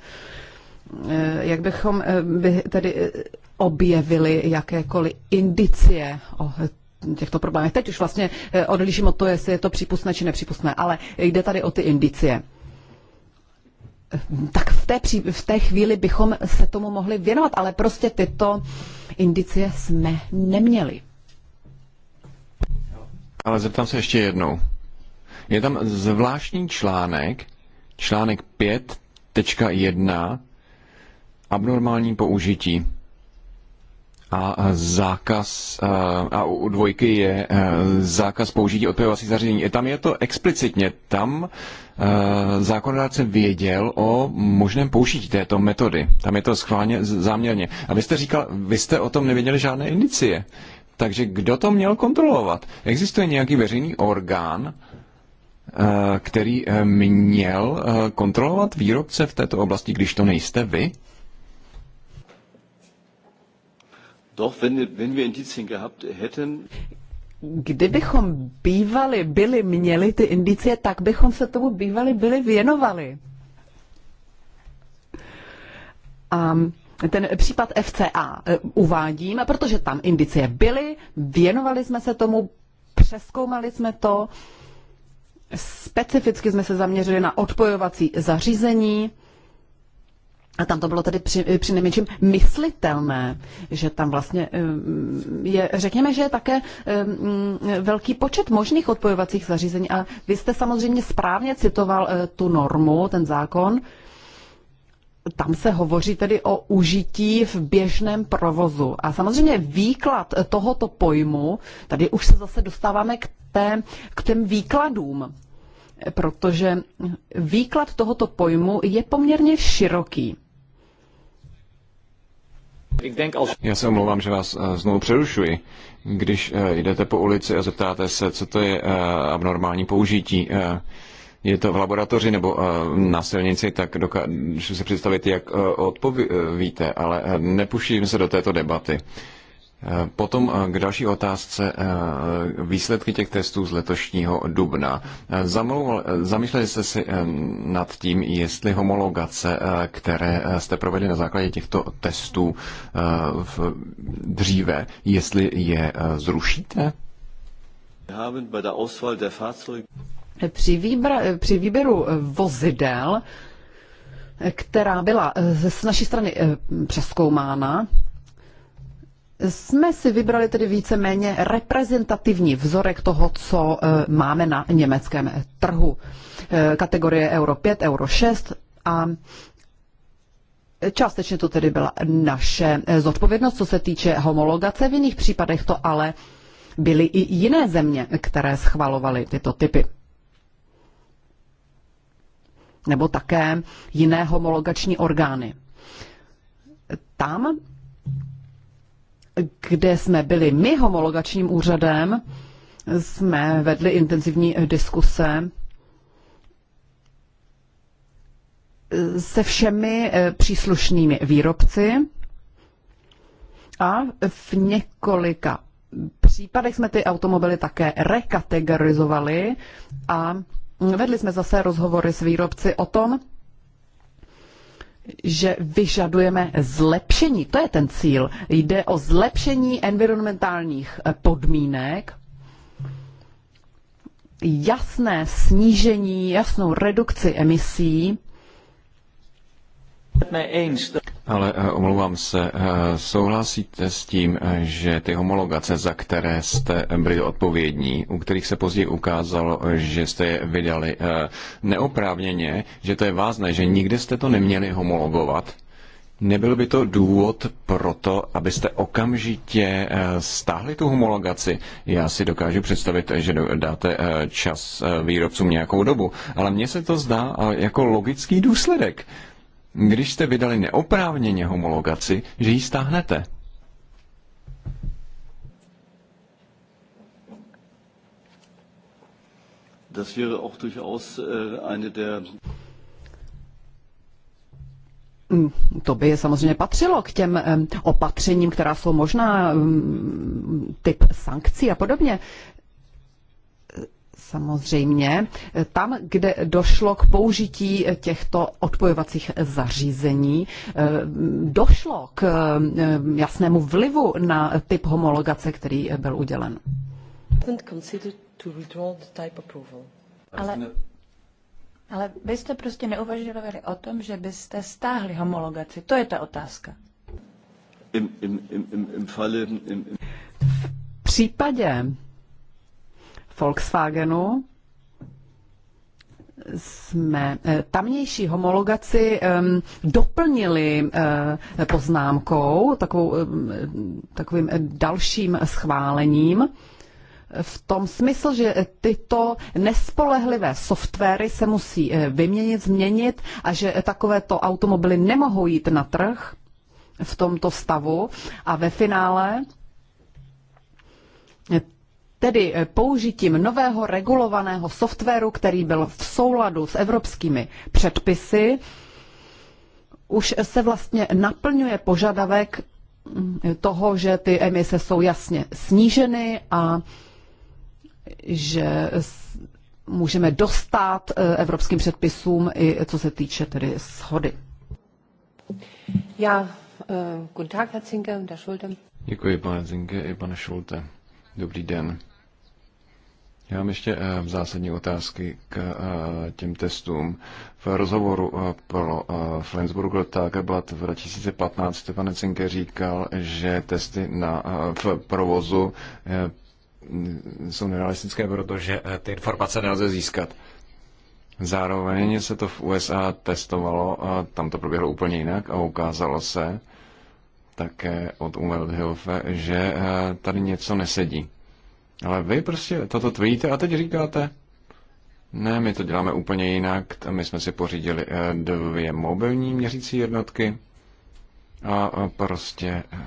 A: eh, jak bychom eh, by tedy eh, objevili jakékoliv indicie o těchto problémech. Teď už vlastně odlížím od toho, jestli je to přípustné či nepřípustné, ale jde tady o ty indicie tak v té, pří, v té chvíli bychom se tomu mohli věnovat, ale prostě tyto indicie jsme neměli.
C: Ale zeptám se ještě jednou. Je tam zvláštní článek, článek 5.1, abnormální použití a zákaz a u dvojky je e, zákaz použití odpojovacích zařízení. Tam je to explicitně, tam e, zákonodárce věděl o možném použití této metody. Tam je to schválně záměrně. A vy jste říkal, vy jste o tom nevěděli žádné indicie. Takže kdo to měl kontrolovat? Existuje nějaký veřejný orgán, e, který měl kontrolovat výrobce v této oblasti, když to nejste vy?
D: Doch, wenn, wenn wir Indizien gehabt hätten,
A: kdybychom bývali byli měli ty indicie, tak bychom se tomu bývali byli věnovali. A ten případ FCA e, uvádím, protože tam indicie byly, věnovali jsme se tomu, přeskoumali jsme to, specificky jsme se zaměřili na odpojovací zařízení, a tam to bylo tedy při, eh, při nejmenším myslitelné, že tam vlastně eh, je, řekněme, že je také eh, mm, velký počet možných odpojovacích zařízení. A vy jste samozřejmě správně citoval tu normu, ten zákon. Tam se hovoří tedy o užití v běžném provozu. A samozřejmě výklad tohoto pojmu, tady už se zase dostáváme k, té, k těm výkladům, protože výklad tohoto pojmu je poměrně široký.
C: Já se omlouvám, že vás eh, znovu přerušuji. Když eh, jdete po ulici a zeptáte se, co to je eh, abnormální použití, je to v laboratoři nebo na silnici, tak dokážu si představit, jak odpovíte, ale nepuším se do této debaty. Potom eh, k další otázce eh, výsledky těch testů z letošního dubna. Eh, Zamluval, zamýšleli jste si nad tím, jestli homologace, které jste provedli na základě těchto testů dříve, jestli je zrušíte?
A: Při, výbra, při výběru vozidel, která byla z naší strany přeskoumána, jsme si vybrali tedy víceméně reprezentativní vzorek toho, co e, máme na německém trhu. E, kategorie Euro 5, Euro 6 a Částečně to tedy byla naše e, zodpovědnost, co se týče homologace. V jiných případech to ale byly i jiné země, které schvalovaly tyto typy. Nebo také jiné homologační orgány. Tam kde jsme byli my homologačním úřadem, jsme vedli intenzivní diskuse se všemi eh, příslušnými výrobci a v několika případech jsme ty automobily také rekategorizovali a vedli jsme zase rozhovory s výrobci o tom, že vyžadujeme zlepšení. To je ten cíl. Jde o zlepšení environmentálních podmínek, jasné snížení, jasnou redukci emisí
C: ale eh, omlouvám se, eh, souhlasíte s tím, eh, že ty homologace, za které jste byli odpovědní, u kterých se později ukázalo, že jste je vydali neoprávněně, že to je vážné, že nikde jste to neměli homologovat, Nebyl by to důvod pro to, abyste okamžitě stáhli tu homologaci? Já si dokážu představit, že dáte čas výrobcům nějakou dobu, ale mně se to zdá jako logický důsledek když jste vydali neoprávněně homologaci, že ji stáhnete.
D: Das wäre auch durchaus äh, eine der
A: mm, to by samozřejmě patřilo k těm opatřením, která jsou možná, typ sankcí a podobně. Samozřejmě, tam, kde došlo k použití těchto odpojovacích zařízení, eh, došlo k eh, jasnému vlivu na typ homologace, který byl udělen. Ale, ale
B: vy jste prostě neuvažovali o tom, že byste stáhli homologaci. To je ta otázka.
A: V případě Volkswagenu jsme eh, tamnější homologaci ehm, doplnili eh, poznámkou, takovou, ehm, takovým eh, dalším schválením, v tom smyslu, že tyto nespolehlivé softwary se musí vyměnit, změnit a že takovéto automobily nemohou jít na trh v tomto stavu a ve finále Tedy eh, použitím nového regulovaného softwaru, který byl v souladu s evropskými předpisy, už se vlastně naplňuje požadavek mm, toho, že ty emise jsou jasně sníženy a že můžeme dostat eh, evropským předpisům i co se týče tedy shody. Já, eh,
B: guten Tag, Herr Zinke, Herr Schulte.
C: Děkuji, pane Zinke i pane Schulte. Dobrý den. Já mám ještě eh, zásadní otázky k eh, těm testům. V rozhovoru eh, pro Flensburg Tageblatt v 2015 Stefan Cinke říkal, že testy na, v provozu jsou nerealistické, protože ty informace nelze získat. Zároveň se to v USA testovalo, a tam to proběhlo úplně jinak a ukázalo se také od Umel Hilfe, že tady něco nesedí. Ale vy prostě toto tvíte a teď říkáte, ne, my to děláme úplně jinak, my jsme si pořídili eh, dvě mobilní měřící jednotky a prostě eh,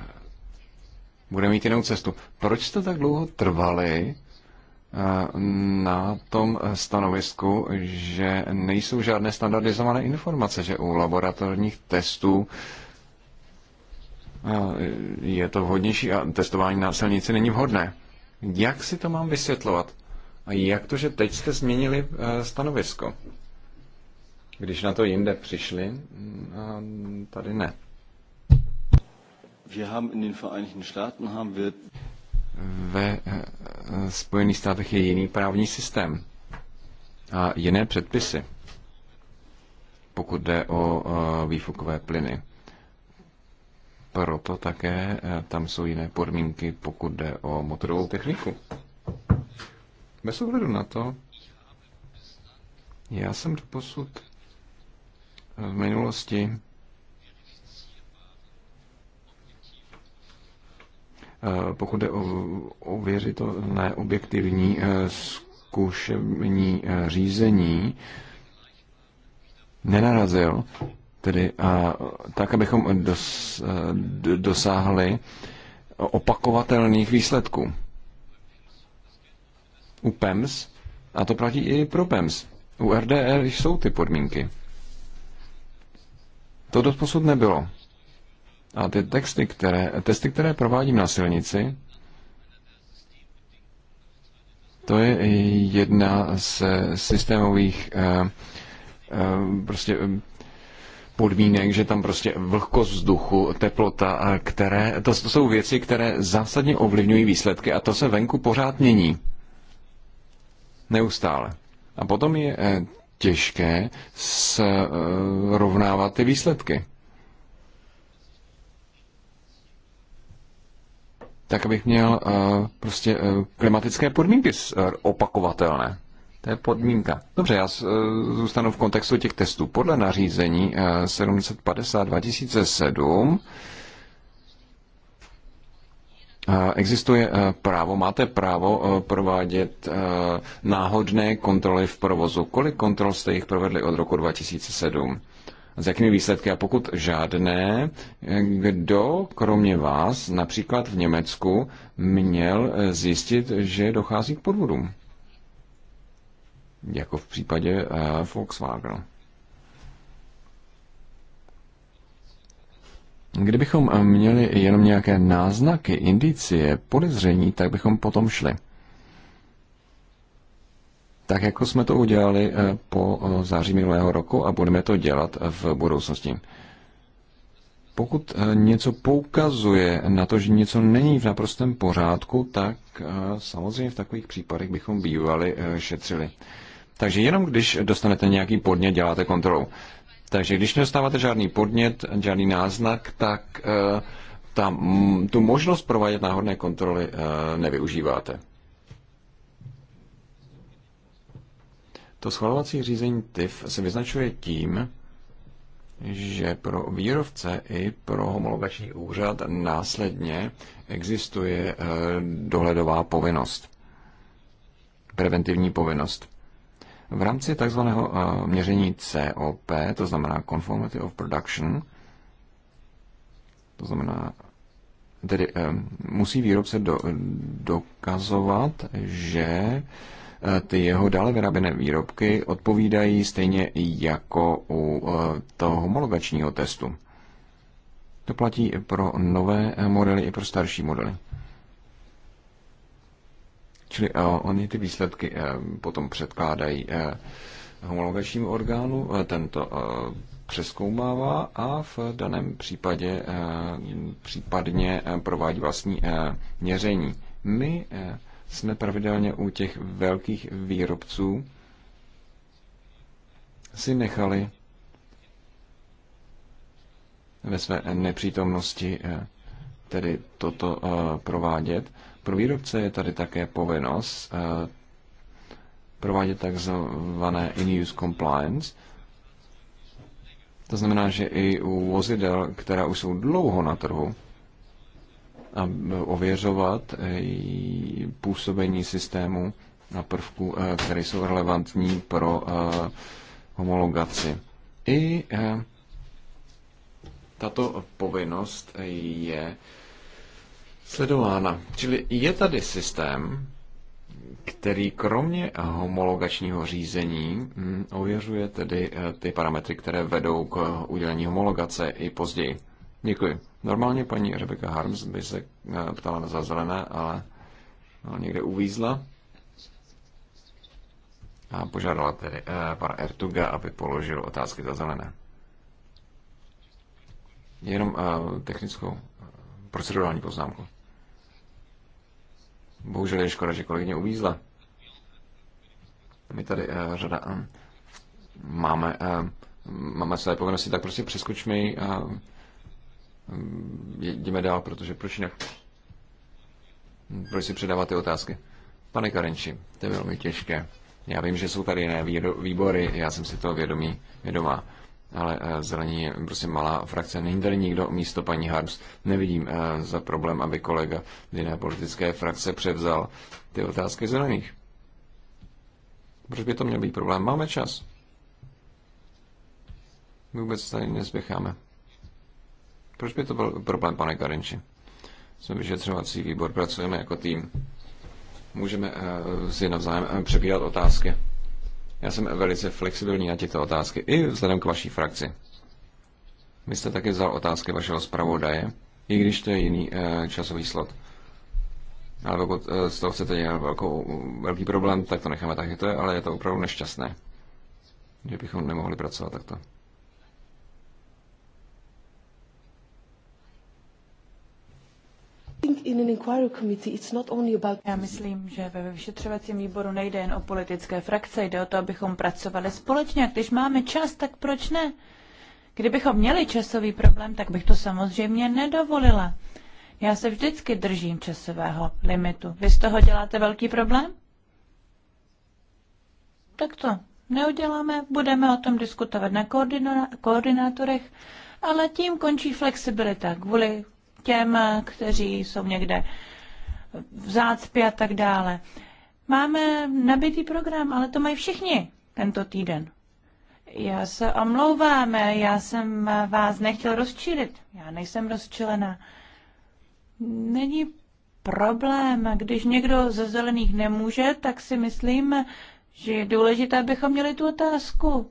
C: bude mít jinou cestu. Proč jste tak dlouho trvali eh, na tom stanovisku, že nejsou žádné standardizované informace, že u laboratorních testů je to vhodnější a testování na silnici není vhodné. Jak si to mám vysvětlovat? A jak to, že teď jste změnili eh, stanovisko? Když na to jinde přišli, mm, a tady ne.
D: Wir haben in den Vereinigten Staaten haben wir
C: ve eh, Spojených státech je jiný právní systém a jiné předpisy, pokud jde o eh, výfukové plyny proto také eh, tam jsou jiné podmínky, pokud jde o motorovou techniku. Bez ohledu na to, já jsem do posud eh, v minulosti eh, pokud jde o to objektivní zkušební řízení, nenarazil tedy a, tak, abychom dos, dosáhli opakovatelných výsledků. U PEMS, a to platí i pro PEMS, u RDE jsou ty podmínky. To doposud nebylo. A ty texty, které, testy, které provádím na silnici, to je jedna z systémových eh, eh, prostě podmínek, že tam prostě vlhkost vzduchu, teplota, které, to, to jsou věci, které zásadně ovlivňují výsledky a to se venku pořád mění. Neustále. A potom je eh, těžké srovnávat eh, ty výsledky. Tak, abych měl eh, prostě klimatické podmínky opakovatelné. To je podmínka. Dobře, já eh, zůstanu v kontextu těch testů. Podle nařízení 750 eh, 2007 eh, Existuje právo, máte právo provádět náhodné kontroly v provozu. Kolik kontrol jste jich provedli od roku 2007? S jakými výsledky? A pokud žádné, kdo kromě vás, například v Německu, měl zjistit, že dochází k podvodům? jako v případě eh, Volkswagen. Kdybychom eh, měli jenom nějaké náznaky, indicie, podezření, tak bychom potom šli. Tak jako jsme to udělali eh, po září minulého roku a budeme to dělat v budoucnosti. Pokud něco poukazuje na to, že něco není v naprostém pořádku, tak samozřejmě v takových případech bychom bývali šetřili. Takže jenom když dostanete nějaký podnět, děláte kontrolu. Takže když nedostáváte žádný podnět, žádný náznak, tak uh, ta, tu možnost provádět náhodné kontroly uh, nevyužíváte. To schvalovací řízení TIF se vyznačuje tím, že pro výrovce i pro homologační úřad následně existuje eh, dohledová povinnost, preventivní povinnost. V rámci takzvaného eh, měření COP, to znamená Conformity of Production, to znamená, tedy eh, musí výrobce do, dokazovat, že eh, ty jeho dále vyráběné výrobky odpovídají stejně jako u toho homologačního testu. To platí pro nové modely i pro starší modely. Čili eh, oni ty výsledky eh, potom předkládají eh, homologačnímu orgánu, tento přeskoumává a v daném případě případně provádí vlastní měření. My jsme pravidelně u těch velkých výrobců si nechali ve své nepřítomnosti tedy toto provádět pro výrobce je tady také povinnost eh, provádět takzvané in-use compliance. To znamená, že i u vozidel, která už jsou dlouho na trhu, a ověřovat eh, působení systému a prvků, eh, které jsou relevantní pro homologaci. I tato povinnost je sledována. Čili je tady systém, který kromě homologačního řízení mm, ověřuje tedy eh, ty parametry, které vedou k eh, udělení homologace i později. Děkuji. Normálně paní Rebecca Harms by se eh, ptala na zazelené, ale někde uvízla a požádala tedy pana Ertuga, aby položil otázky za zelené. Jenom technickou procedurální poznámku. Bohužel je škoda, že kolegyně uvízla. My tady uh, řada uh, máme, uh, máme své povinnosti, tak prostě přeskoč mi a uh, jdeme dál, protože proč jinak? Proč si předávat ty otázky? Pane Karenči, to je velmi těžké. Já vím, že jsou tady jiné výbory, já jsem si toho vědomí, vědomá ale eh, zelení je prostě malá frakce. Není tady nikdo místo paní Harms. Nevidím eh, za problém, aby kolega z jiné politické frakce převzal ty otázky zelených. Proč by to měl být problém? Máme čas. My vůbec tady nespěcháme. Proč by to byl problém, pane Karinči? Jsme vyšetřovací výbor, pracujeme jako tým. Můžeme eh, si navzájem přebírat otázky. Já jsem velice flexibilní na tyto otázky, i vzhledem k vaší frakci. Vy jste také vzal otázky vašeho zpravodaje, i když to je jiný e, časový slot. Ale pokud eh, z toho chcete dělat velkou, velký problém, tak to necháme tak, jak to je, ale je to opravdu nešťastné, že bychom nemohli pracovat takto.
A: Já
B: myslím, že ve vyšetřovacím výboru nejde jen o politické frakce, jde o to, abychom pracovali společně. A když máme čas, tak proč ne? Kdybychom měli časový problém, tak bych to samozřejmě nedovolila. Já se vždycky držím časového limitu. Vy z toho děláte velký problém? Tak to neuděláme, budeme o tom diskutovat na koordinátorech, ale tím končí flexibilita kvůli těm, kteří jsou někde v zácpě a tak dále. Máme nabitý program, ale to mají všichni tento týden. Já se omlouvám, já jsem vás nechtěl rozčilit. Já nejsem rozčilená. Není problém, když někdo ze zelených nemůže, tak si myslím, že je důležité, abychom měli tu otázku.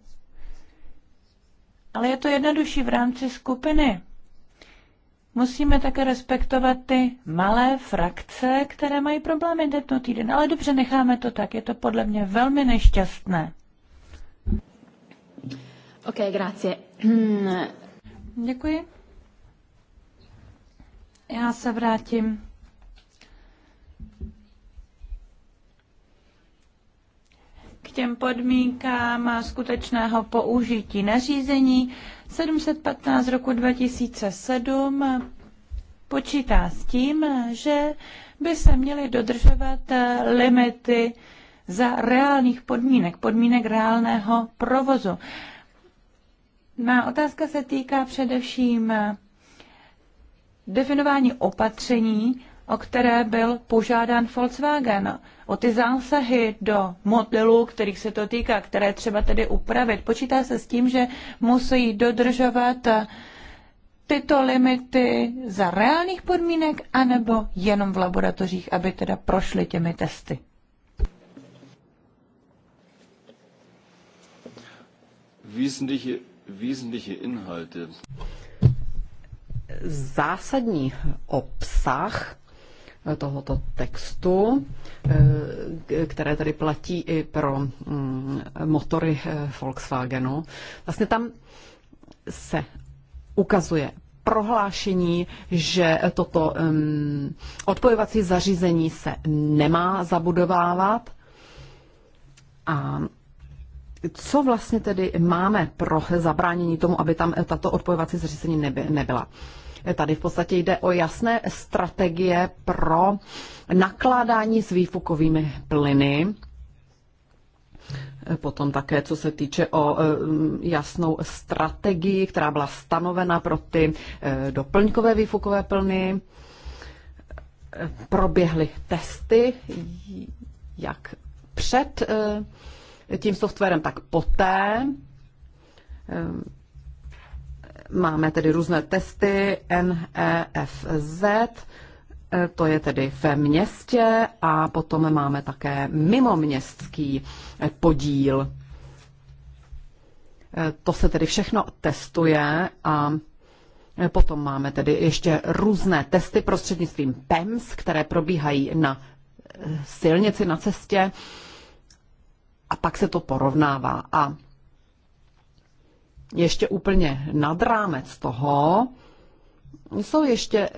B: Ale je to jednodušší v rámci skupiny musíme také respektovat ty malé frakce, které mají problémy tento týden. Ale dobře, necháme to tak. Je to podle mě velmi nešťastné. Ok, grazie. Děkuji. Já se vrátím k těm podmínkám skutečného použití nařízení. 715 roku 2007 počítá s tím, že by se měly dodržovat eh, limity za reálných podmínek, podmínek reálného provozu. Má otázka se týká především eh, definování opatření, o které byl požádán Volkswagen, o ty zásahy do modelů, kterých se to týká, které třeba tedy upravit. Počítá se s tím, že musí dodržovat eh, tyto limity za reálných podmínek, anebo jenom v laboratořích, aby teda prošly těmi testy.
D: Wesentliche, wesentliche Inhalte
A: zásadní obsah tohoto textu, eh, které tady platí i pro mm, motory eh, Volkswagenu. Vlastně tam se ukazuje prohlášení, že toto mm, odpojovací zařízení se nemá zabudovávat. A co vlastně tedy máme pro zabránění tomu, aby tam tato odpojovací zařízení nebyla? Tady v podstatě jde o jasné strategie pro nakládání s výfukovými plyny. Potom také, co se týče o e, jasnou strategii, která byla stanovena pro ty e, doplňkové výfukové plny, proběhly testy, jak před e, tím softwarem, tak poté. Máme tedy různé testy NEFZ, e, to je tedy ve městě a potom máme také mimoměstský e, podíl. E, to se tedy všechno testuje a potom máme tedy ještě různé testy prostřednictvím PEMS, které probíhají na silnici, na cestě a pak se to porovnává. A ještě úplně nad rámec toho, jsou ještě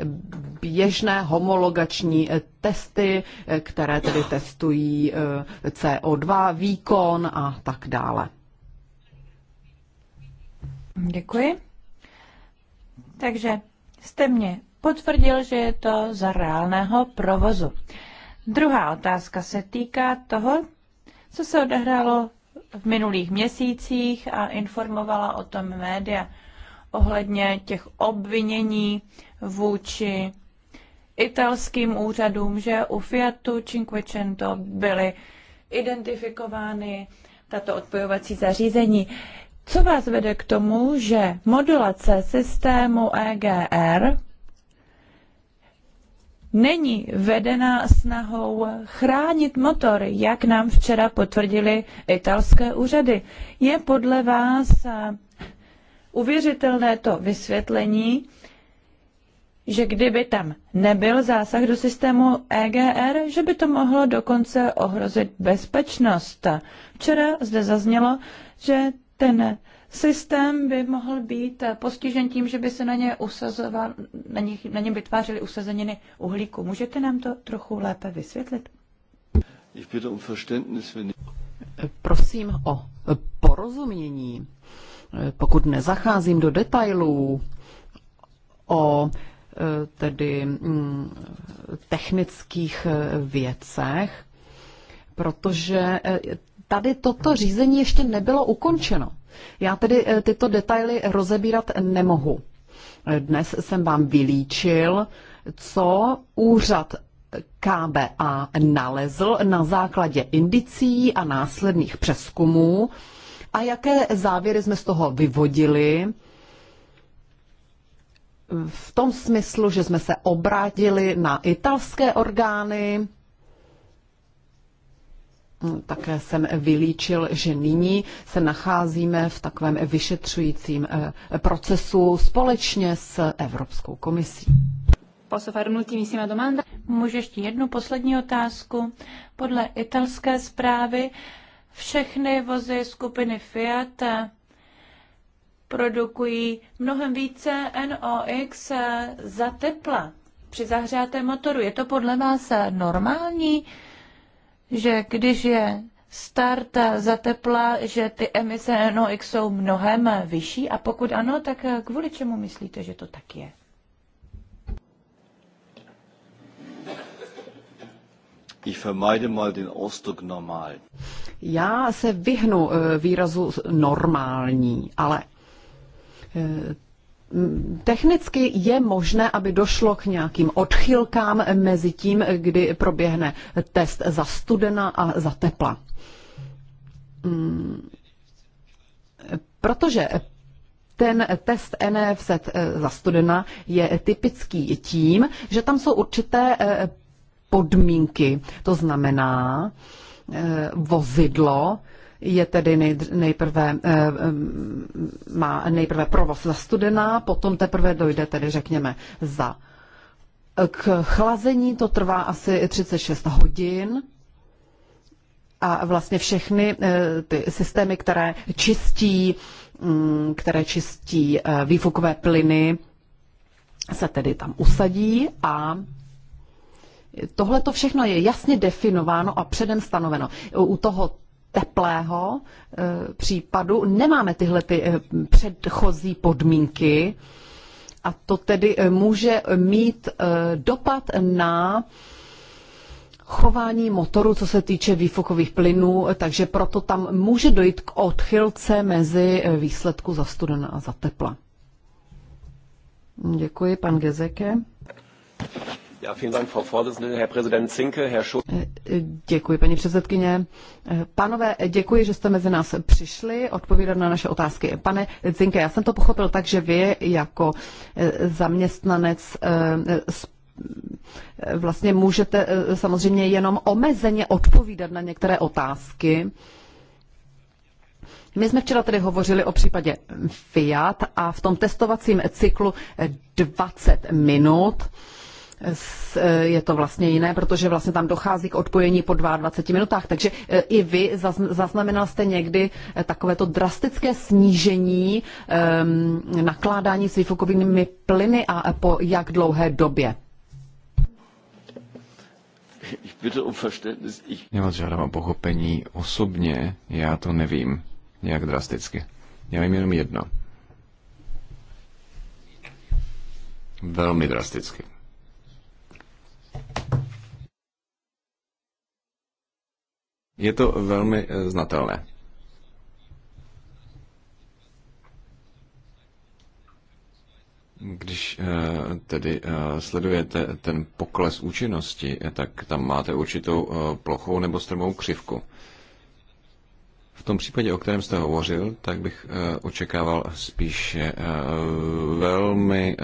A: běžné homologační testy, které tedy testují eh, CO2, výkon a tak dále.
B: Děkuji. Takže jste mě potvrdil, že je to za reálného provozu. Druhá otázka se týká toho, co se odehrálo v minulých měsících a informovala o tom média ohledně těch obvinění vůči italským úřadům, že u Fiatu Cinquecento byly identifikovány tato odpojovací zařízení. Co vás vede k tomu, že modulace systému EGR není vedena snahou chránit motor, jak nám včera potvrdili italské úřady. Je podle vás uvěřitelné to vysvětlení, že kdyby tam nebyl zásah do systému EGR, že by to mohlo dokonce ohrozit bezpečnost. Včera zde zaznělo, že ten systém by mohl být postižen tím, že by se na ně usazoval, na, nich, na něm vytvářely usazeniny uhlíku. Můžete nám to trochu lépe vysvětlit?
D: Um
A: Prosím o porozumění, pokud nezacházím do detailů o eh, tedy mm, technických eh, věcech, protože eh, tady toto řízení ještě nebylo ukončeno. Já tedy eh, tyto detaily rozebírat nemohu. Dnes jsem vám vylíčil, co úřad KBA nalezl na základě indicí a následných přeskumů a jaké závěry jsme z toho vyvodili v tom smyslu, že jsme se obrátili na italské orgány, Mm, také jsem vylíčil, že nyní se nacházíme v takovém vyšetřujícím eh, procesu společně s Evropskou komisí.
B: Můžu ještě jednu poslední otázku. Podle italské zprávy všechny vozy skupiny Fiat eh, produkují mnohem více NOx eh, za tepla při zahřátém motoru. Je to podle vás normální? že když je start za tepla, že ty emise NOx jsou mnohem vyšší? A pokud ano, tak kvůli čemu myslíte, že to tak je?
A: Já se vyhnu eh, výrazu normální, ale eh, Technicky je možné, aby došlo k nějakým odchylkám mezi tím, kdy proběhne test za studena a za tepla. Mm, protože ten test NFZ eh, za studena je typický tím, že tam jsou určité eh, podmínky. To znamená, eh, vozidlo je tedy nejprve, eh, eh, má nejprve provoz zastudená, potom teprve dojde tedy, řekněme, za k chlazení to trvá asi 36 hodin a vlastně všechny eh, ty systémy, které čistí, mm, které čistí výfukové plyny, se tedy tam usadí a Tohle to všechno je jasně definováno a předem stanoveno. U toho teplého eh, případu nemáme tyhle ty eh, předchozí podmínky a to tedy eh, může mít dopad na chování motoru, co se týče výfukových plynů, takže proto tam může dojít k odchylce mezi výsledku za studena a za tepla. Děkuji, pan Gezeke.
D: Eh,
A: eh, děkuji, paní předsedkyně. Eh, pánové, děkuji, že jste mezi nás přišli odpovídat na naše otázky. Pane Zinke, já jsem to pochopil tak, že vy jako zaměstnanec vlastně můžete samozřejmě jenom omezeně odpovídat na některé otázky. My jsme včera tedy hovořili o případě Fiat a v tom testovacím cyklu 20 minut Eh, je to vlastně jiné, protože vlastně tam dochází k odpojení po 22 minutách. Takže eh, i vy zaznamenal jste někdy eh, takovéto drastické snížení ehm, nakládání s výfukovými plyny a po jak dlouhé době?
D: Um já vás žádám o
C: pochopení. Osobně já to nevím, nějak drasticky. Já vím jenom jedno. Velmi drasticky. Je to velmi eh, znatelné. Když eh, tedy eh, sledujete ten pokles účinnosti, tak tam máte určitou plochou nebo strmou křivku. V tom případě, o kterém jste hovořil, tak bych očekával spíše velmi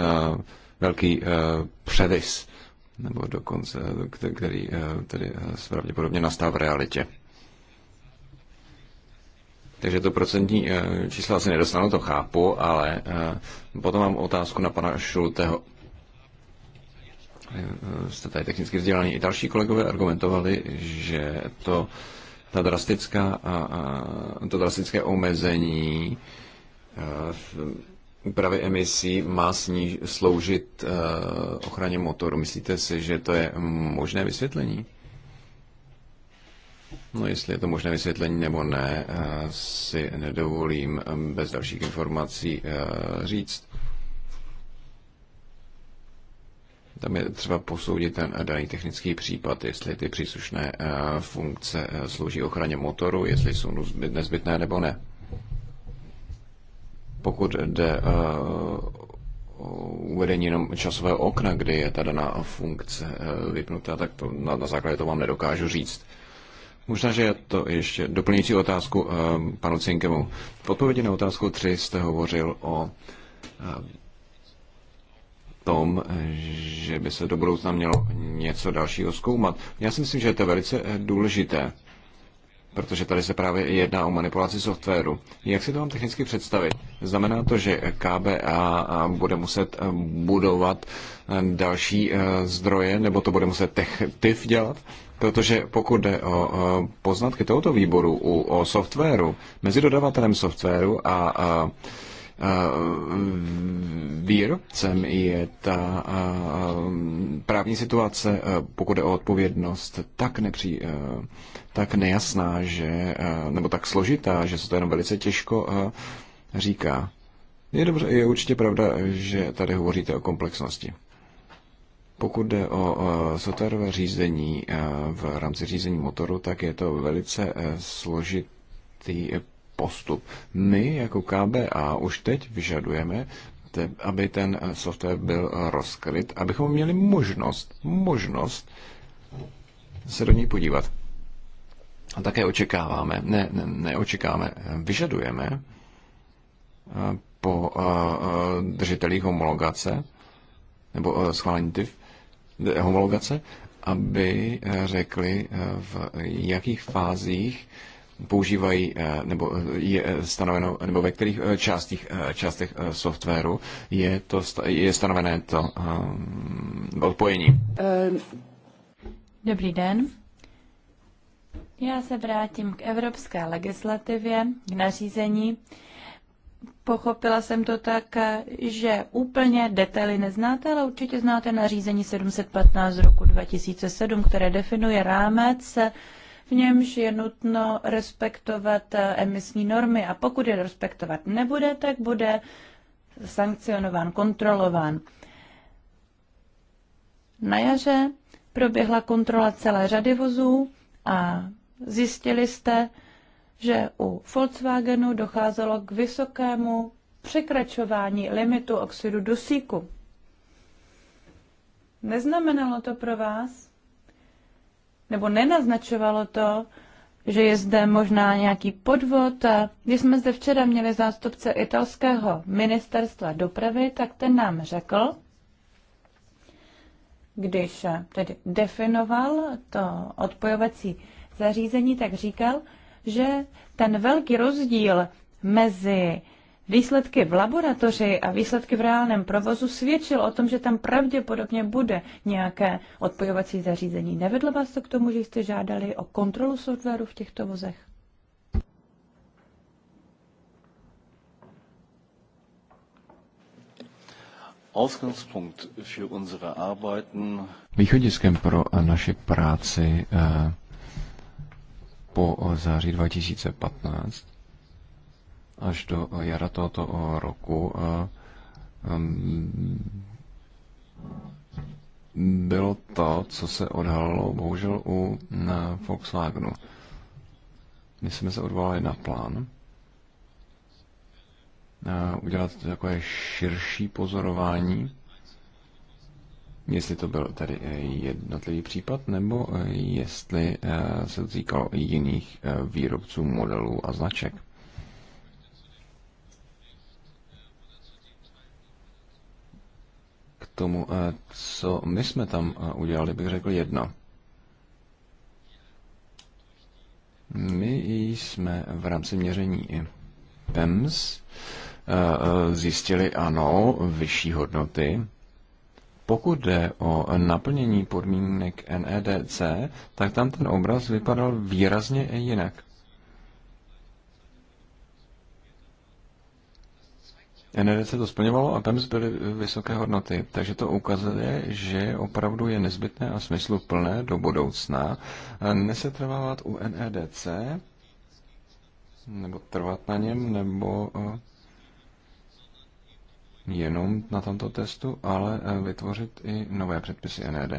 C: velký převis nebo dokonce, který eh, tedy eh, pravděpodobně nastává v realitě. Takže to procentní eh, čísla asi nedostanu, to chápu, ale potom mám otázku na pana Šulteho. Jste tady technicky vzdělaný. I další kolegové argumentovali, že to, ta drastická, to drastické omezení úpravy emisí má sníž, sloužit eh, ochraně motoru. Myslíte si, že to je možné vysvětlení? No jestli je to možné vysvětlení nebo ne, eh, si nedovolím eh, bez dalších informací říct. Tam je třeba posoudit ten daný technický případ, jestli ty příslušné funkce slouží ochraně motoru, jestli jsou nezbytné nebo ne pokud jde eh, uvedení jenom časového okna, kdy je ta daná funkce eh, vypnutá, tak to na, na základě toho vám nedokážu říct. Možná, že je to ještě doplňující otázku uh, panu Cinkemu. V odpovědi na otázku 3 jste hovořil o uh, tom, že by se do budoucna mělo něco dalšího zkoumat. Já si myslím, že je to velice důležité protože tady se právě jedná o manipulaci softwaru. Jak si to mám technicky představit? Znamená to, že KBA bude muset budovat další eh, zdroje, nebo to bude muset TIF dělat? Protože pokud jde o eh, poznatky tohoto výboru u, o softwaru, mezi dodavatelem softwaru a eh, Eh, výrobcem je ta eh, právní situace, eh, pokud je o odpovědnost, tak, nepří, tak nejasná, že, nebo tak složitá, že se to jenom velice těžko říká. Je, dobře, je určitě pravda, že tady hovoříte o komplexnosti. Pokud jde o softwarové řízení v rámci řízení motoru, tak je to velice složitý postup. My jako KBA už teď vyžadujeme, aby ten software byl rozkryt, abychom měli možnost, možnost se do něj podívat. A také očekáváme, ne, ne očekáváme, vyžadujeme eh, po eh, eh, držitelích homologace nebo schválení TIF, homologace, aby řekli, v jakých fázích používají eh, nebo eh, je eh, stanoveno, nebo ve kterých částích, částech softwaru je, to, je stanovené to odpojení.
B: Dobrý den. Já se vrátím k evropské legislativě, k nařízení. Pochopila jsem to tak, že úplně detaily neznáte, ale určitě znáte nařízení 715 z roku 2007, které definuje rámec v němž je nutno respektovat eh, emisní normy a pokud je respektovat nebude, tak bude sankcionován, kontrolován. Na jaře proběhla kontrola celé řady vozů a zjistili jste, že u Volkswagenu docházelo k vysokému překračování limitu oxidu dusíku. Neznamenalo to pro vás, nebo nenaznačovalo to, že je zde možná nějaký podvod. Když jsme zde včera měli zástupce italského ministerstva dopravy, tak ten nám řekl, když tedy definoval to odpojovací zařízení, tak říkal, že ten velký rozdíl mezi výsledky v laboratoři a výsledky v reálném provozu svědčil o tom, že tam pravděpodobně bude nějaké odpojovací zařízení. Nevedlo vás to k tomu, že jste žádali o kontrolu softwaru v těchto vozech?
C: Východiskem pro naše práci eh, po září 2015 až do jara tohoto eh, roku eh, bylo to, co se odhalilo bohužel u na Volkswagenu. My jsme se odvolali na plán eh, udělat takové širší pozorování, jestli to byl tady jednotlivý případ, nebo jestli se to týkalo jiných výrobců, modelů a značek. tomu, eh, co my jsme tam eh, udělali, bych řekl jedno. My jsme v rámci měření PEMS eh, zjistili, ano, vyšší hodnoty. Pokud jde o naplnění podmínek NEDC, tak tam ten obraz vypadal výrazně jinak. NRC to splňovalo a PEMS byly vysoké hodnoty. Takže to ukazuje, že opravdu je nezbytné a smysluplné do budoucna nesetrvávat u NEDC, nebo trvat na něm, nebo eh, jenom na tomto testu, ale eh, vytvořit i nové předpisy NED.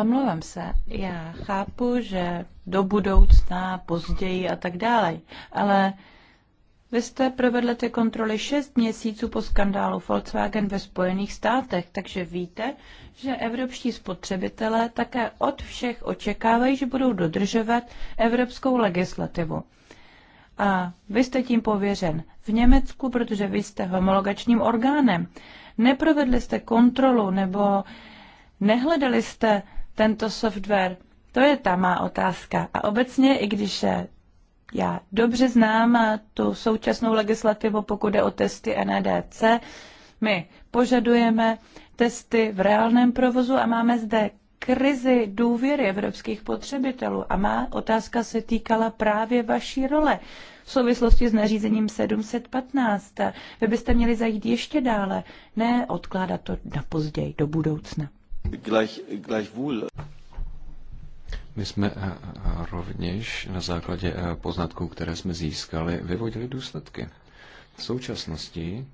B: Omlouvám se, já chápu, že do budoucna, později a tak dále, ale vy jste provedli ty kontroly 6 měsíců po skandálu Volkswagen ve Spojených státech, takže víte, že evropští spotřebitelé také od všech očekávají, že budou dodržovat evropskou legislativu. A vy jste tím pověřen v Německu, protože vy jste homologačním orgánem. Neprovedli jste kontrolu nebo nehledali jste tento software. To je ta má otázka. A obecně, i když já dobře znám tu současnou legislativu, pokud jde o testy NEDC. My požadujeme testy v reálném provozu a máme zde krizi důvěry evropských potřebitelů. A má otázka se týkala právě vaší role v souvislosti s nařízením 715. Vy byste měli zajít ještě dále, ne odkládat to na později, do
D: budoucna. Gleich, gleichwohl. My jsme eh, eh,
C: rovněž na základě eh, poznatků, které jsme získali, vyvodili důsledky. V současnosti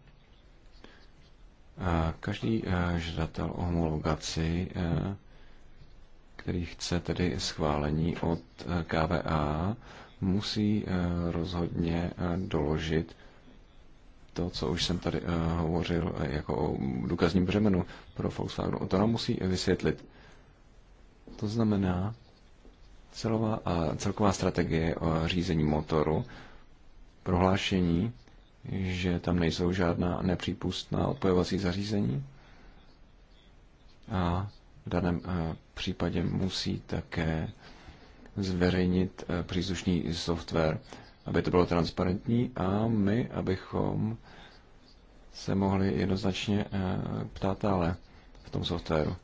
C: každý žadatel o homologaci, který chce tedy schválení od KVA, musí rozhodně doložit to, co už jsem tady hovořil jako o důkazním břemenu pro Volkswagenu. To nám musí vysvětlit. To znamená, Celová a celková strategie o řízení motoru, prohlášení, že tam nejsou žádná nepřípustná odpojovací zařízení a v daném eh, případě musí také zveřejnit eh, příslušný software, aby to bylo transparentní a my, abychom se mohli jednoznačně eh, ptát ale v tom softwaru.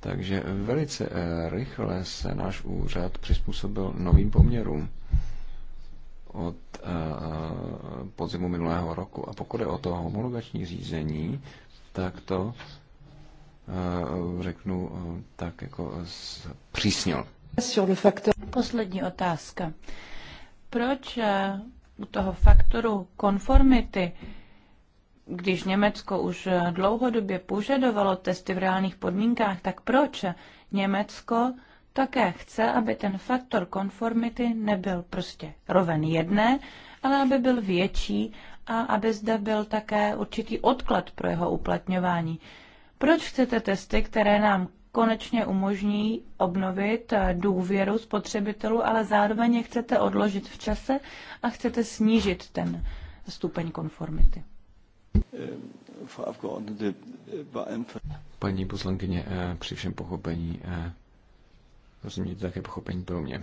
C: Takže velice eh, rychle se náš úřad přizpůsobil novým poměrům od eh, podzimu minulého roku. A pokud je o to homologační řízení, tak to eh, řeknu tak jako přísněl.
B: Poslední otázka. Proč u toho faktoru konformity když Německo už dlouhodobě požadovalo testy v reálných podmínkách, tak proč Německo také chce, aby ten faktor konformity nebyl prostě roven jedné, ale aby byl větší a aby zde byl také určitý odklad pro jeho uplatňování. Proč chcete testy, které nám konečně umožní obnovit důvěru spotřebitelů, ale zároveň je chcete odložit v čase a chcete snížit ten stupeň konformity?
D: Äh,
C: Paní poslankyně, eh, při všem pochopení, eh, mějte také pochopení pro mě.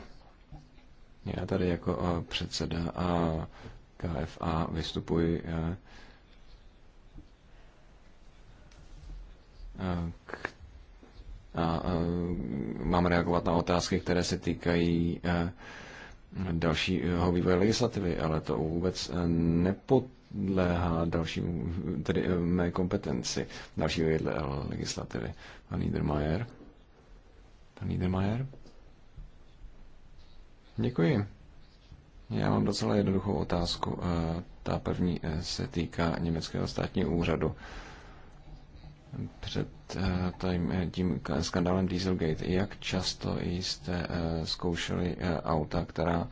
C: Já tady jako eh, předseda a KFA vystupuji k a mám reagovat na otázky, které se týkají dalšího vývoje legislativy, ale to vůbec nepod podléhá další, tedy eh, mé kompetenci, další vedle legislativy. Pan Niedermayer. Pan Niedermayer. Děkuji. Já mám docela jednoduchou otázku. Eh, ta první eh, se týká německého státního úřadu. Před tím, tím skandálem Dieselgate, jak často jste zkoušeli auta, která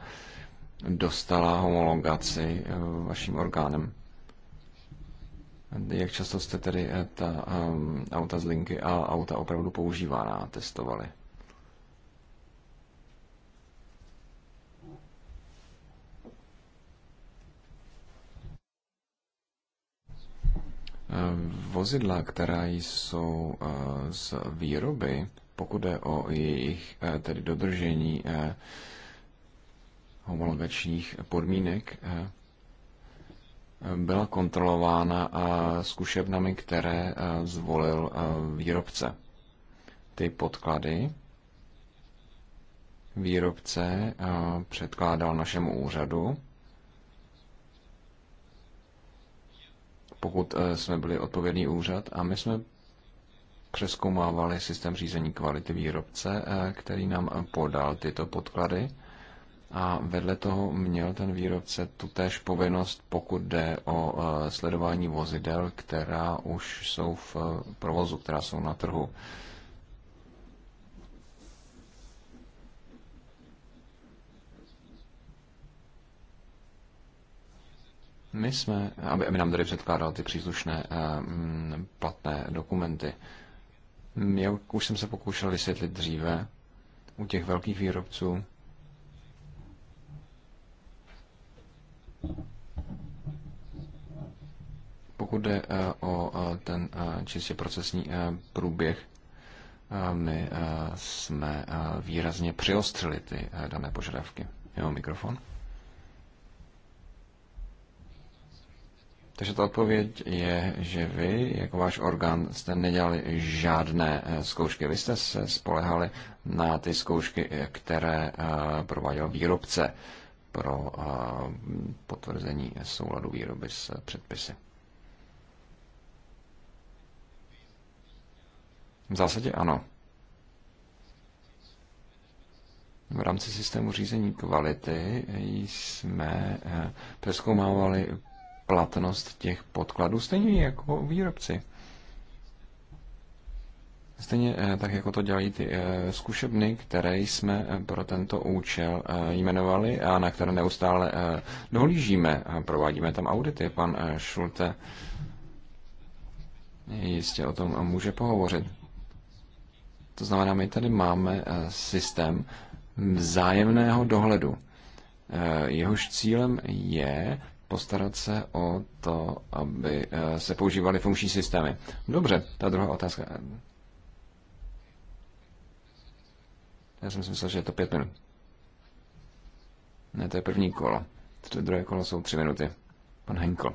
C: dostala homologaci eh, vaším orgánem? Jak často jste tedy eh, ta um, auta z linky a auta opravdu používána a testovali? Vozidla, která jsou z výroby, pokud je o jejich tedy dodržení, homologačních podmínek eh, byla kontrolována eh, zkušebnami, které eh, zvolil výrobce. Ty podklady výrobce předkládal našemu úřadu. pokud jsme byli odpovědný úřad a my jsme přeskoumávali systém řízení kvality výrobce, který nám podal tyto podklady a vedle toho měl ten výrobce tutéž povinnost, pokud jde o e, sledování vozidel, která už jsou v e, provozu, která jsou na trhu. My jsme, aby, aby nám tady předkládal ty příslušné e, platné dokumenty. Já už jsem se pokoušel vysvětlit dříve u těch velkých výrobců, Pokud jde eh, o eh, ten eh, čistě procesní průběh, my jsme výrazně přiostřili ty dané požadavky. Jo, mikrofon. Takže ta odpověď je, že vy, jako váš orgán, jste nedělali žádné zkoušky. Vy jste se spolehali na ty zkoušky, které prováděl výrobce pro eh, potvrzení souladu výroby s předpisy. V zásadě ano. V rámci systému řízení kvality jsme eh, přeskoumávali platnost těch podkladů stejně jako výrobci. Stejně eh, tak, jako to dělají ty eh, zkušebny, které jsme eh, pro tento účel jmenovali a na které neustále dohlížíme a provádíme tam audity. Pan Šulte jistě o tom může pohovořit. To znamená, my tady máme systém vzájemného dohledu. Jehož cílem je postarat se o to, aby se používaly funkční systémy. Dobře, ta druhá otázka. Já jsem si myslel, že je to pět minut. Ne, to je první kolo. To druhé kolo jsou tři minuty. Pan Henko.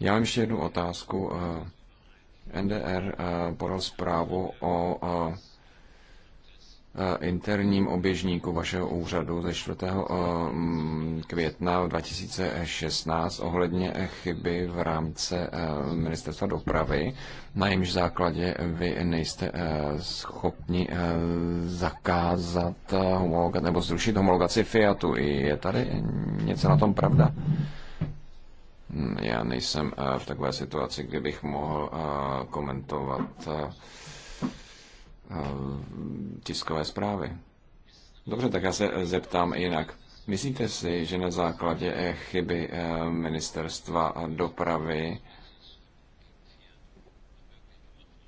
C: Já mám ještě jednu otázku. Eh, NDR eh, podal zprávu o eh, Eh, interním oběžníku vašeho úřadu ze 4. Eh, května 2016 ohledně chyby v rámci eh, ministerstva dopravy, na jejímž základě vy nejste schopni zakázat homologaci nebo zrušit homologaci Fiatu. Je tady něco na tom pravda? Hm, já nejsem v takové situaci, kdy bych mohl komentovat tiskové zprávy. Dobře, tak já se zeptám jinak. Myslíte si, že na základě eh, chyby eh, ministerstva dopravy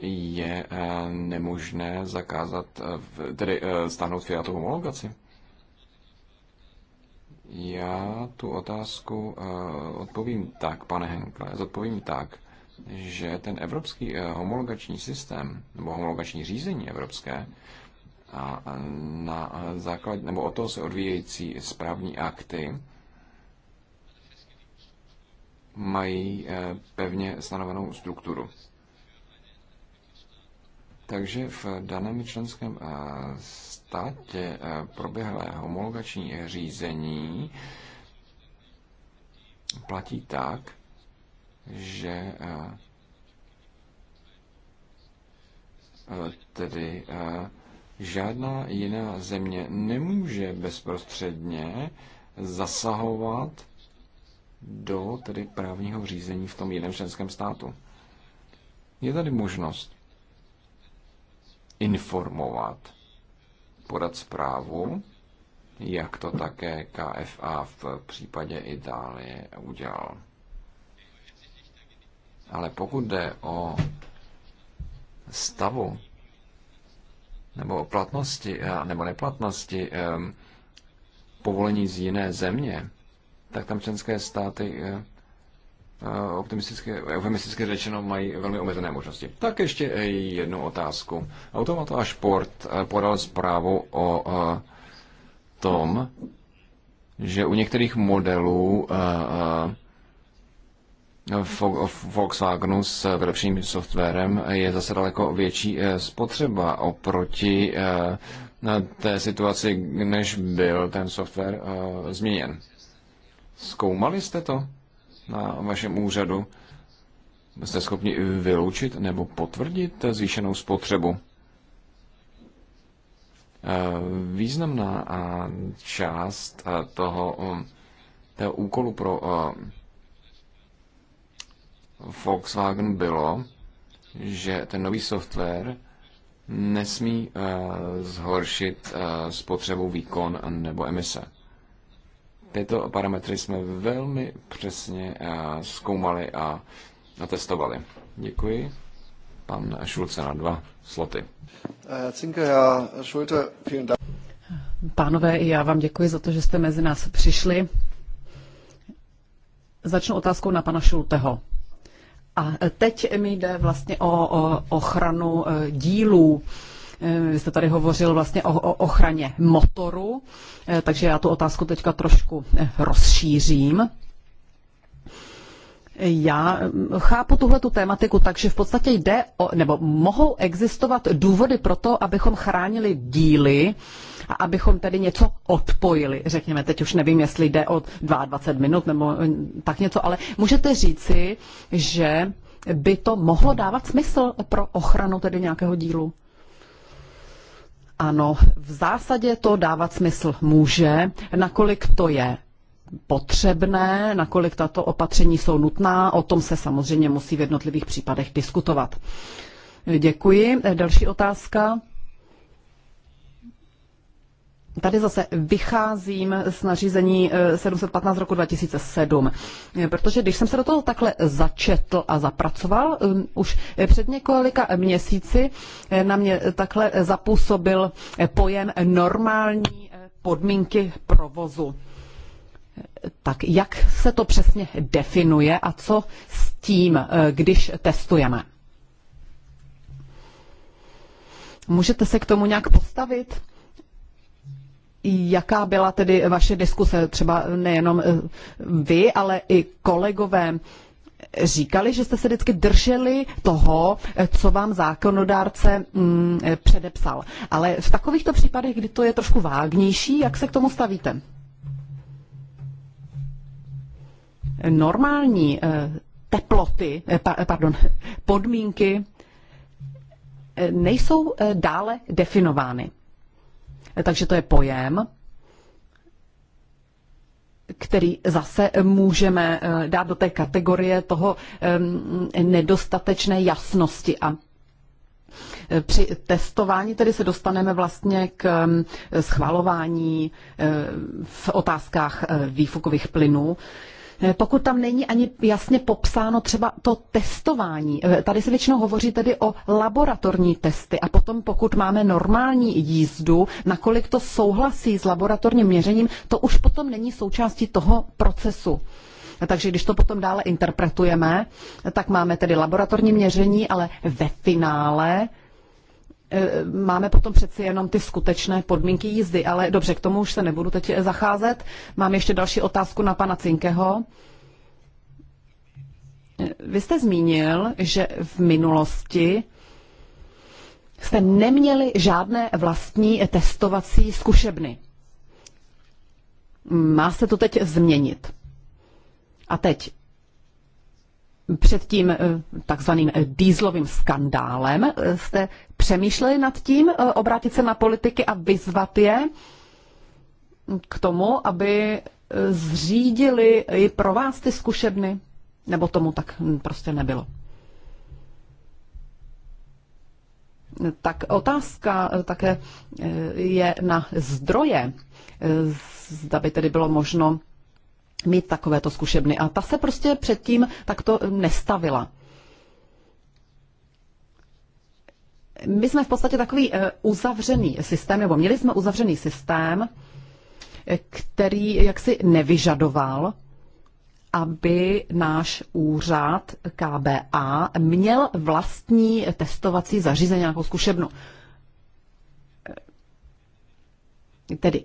C: je eh, nemožné zakázat, tedy stáhnout Fiatu homologaci? Já tu otázku odpovím tak, pane Henkle, zodpovím tak, že ten evropský eh, homologační systém nebo homologační řízení evropské a na základ, nebo o toho se odvíjející správní akty mají eh, pevně stanovenou strukturu. Takže v daném členském eh, státě proběhlé homologační řízení platí tak, že eh, tedy eh, žádná jiná země nemůže bezprostředně zasahovat do tedy právního řízení v tom jiném členském státu. Je tady možnost informovat, podat zprávu, jak to také KFA v případě Itálie udělal. Ale pokud jde o stavu nebo o platnosti eh, nebo neplatnosti ehm, povolení z jiné země, tak tam členské státy eh, eh, optimisticky, řečeno, mají velmi omezené možnosti. Tak ještě jednu otázku. Automato a Sport podal zprávu o tom, že u některých modelů Volkswagenu s vylepšeným softwarem je zase daleko větší eh, spotřeba oproti eh, té situaci, než byl ten software eh, změněn. Zkoumali jste to na vašem úřadu? Jste schopni vyloučit nebo potvrdit zvýšenou spotřebu? Významná část toho, toho úkolu pro Volkswagen bylo, že ten nový software nesmí uh, zhoršit uh, spotřebu, výkon nebo emise. Tyto parametry jsme velmi přesně uh, zkoumali a testovali. Děkuji. Pan Šulce na dva sloty.
A: Pánové, já vám děkuji za to, že jste mezi nás přišli. Začnu otázkou na pana Šulteho. A teď mi jde vlastně o, o ochranu e, dílů. E, vy jste tady hovořil vlastně o, o ochraně motoru, e, takže já tu otázku teďka trošku rozšířím. Já eh, chápu tuhle tématiku, takže v podstatě jde o, nebo mohou existovat důvody pro to, abychom chránili díly a abychom tedy něco odpojili. Řekněme, teď už nevím, jestli jde o 22 minut nebo eh, tak něco, ale můžete říci, že by to mohlo dávat smysl pro ochranu tedy nějakého dílu? Ano, v zásadě to dávat smysl může, nakolik to je potřebné, nakolik tato opatření jsou nutná, o tom se samozřejmě musí v jednotlivých případech diskutovat. Děkuji. Další otázka. Tady zase vycházím z nařízení 715 eh, roku 2007, protože když jsem se do toho takhle začetl a zapracoval, eh, už před několika měsíci eh, na mě takhle zapůsobil pojem normální podmínky provozu. Tak jak se to přesně definuje a co s tím, eh, když testujeme? Můžete se k tomu nějak postavit? Jaká byla tedy vaše diskuse, třeba nejenom eh, vy, ale i kolegové? Říkali, že jste se vždycky drželi toho, eh, co vám zákonodárce mm, předepsal. Ale v takovýchto případech, kdy to je trošku vágnější, jak se k tomu stavíte? normální eh, teploty, eh, eh, pardon, podmínky nejsou dále definovány. Takže to je pojem, který zase můžeme dát do té kategorie toho nedostatečné jasnosti. A při testování tedy se dostaneme vlastně k schvalování v otázkách výfukových plynů. Eh, pokud tam není ani jasně popsáno třeba to testování. Eh, tady se většinou hovoří tedy o laboratorní testy a potom pokud máme normální jízdu, nakolik to souhlasí s laboratorním měřením, to už potom není součástí toho procesu. Eh, takže když to potom dále interpretujeme, tak máme tedy laboratorní měření, ale ve finále E, máme potom přeci jenom ty skutečné podmínky jízdy, ale dobře, k tomu už se nebudu teď zacházet. Mám ještě další otázku na pana Cinkeho. E, vy jste zmínil, že v minulosti jste neměli žádné vlastní testovací zkušebny. Má se to teď změnit. A teď, před tím eh, takzvaným eh, dýzlovým skandálem eh, jste přemýšleli nad tím obrátit se na politiky a vyzvat je k tomu, aby zřídili i pro vás ty zkušebny? Nebo tomu tak hm, prostě nebylo? Tak otázka také je na zdroje. Zda by tedy bylo možno mít takovéto zkušebny. A ta se prostě předtím takto nestavila. My jsme v podstatě takový eh, uzavřený systém, nebo měli jsme uzavřený systém, eh, který jaksi nevyžadoval, aby náš úřad KBA měl vlastní testovací zařízení, nějakou zkušebnu. Eh, tedy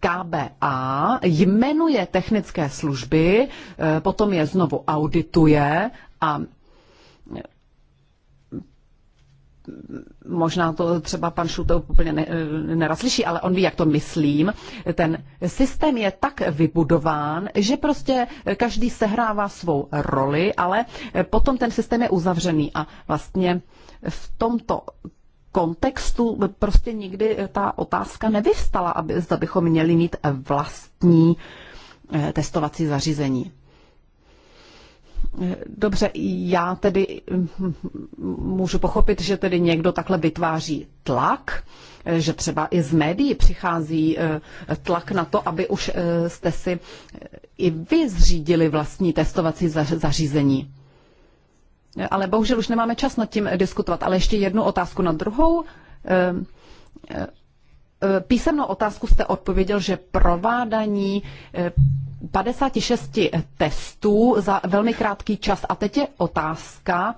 A: KBA jmenuje technické služby, eh, potom je znovu audituje a eh, možná to třeba pan Šutou úplně ne, eh, neraslyší, ale on ví, jak to myslím. Ten systém je tak vybudován, že prostě každý sehrává svou roli, ale potom ten systém je uzavřený a vlastně v tomto kontextu prostě nikdy eh, ta otázka nevystala, aby, zda bychom měli mít eh, vlastní eh, testovací zařízení. Dobře, já tedy hm, hm, můžu pochopit, že tedy někdo takhle vytváří tlak, že třeba i z médií přichází tlak na to, aby už jste si i vy zřídili vlastní testovací zařízení ale bohužel už nemáme čas nad tím diskutovat. Ale ještě jednu otázku na druhou. Ehm, ehm, písemnou otázku jste odpověděl, že provádání 56 eh, testů za velmi krátký čas. A teď je otázka,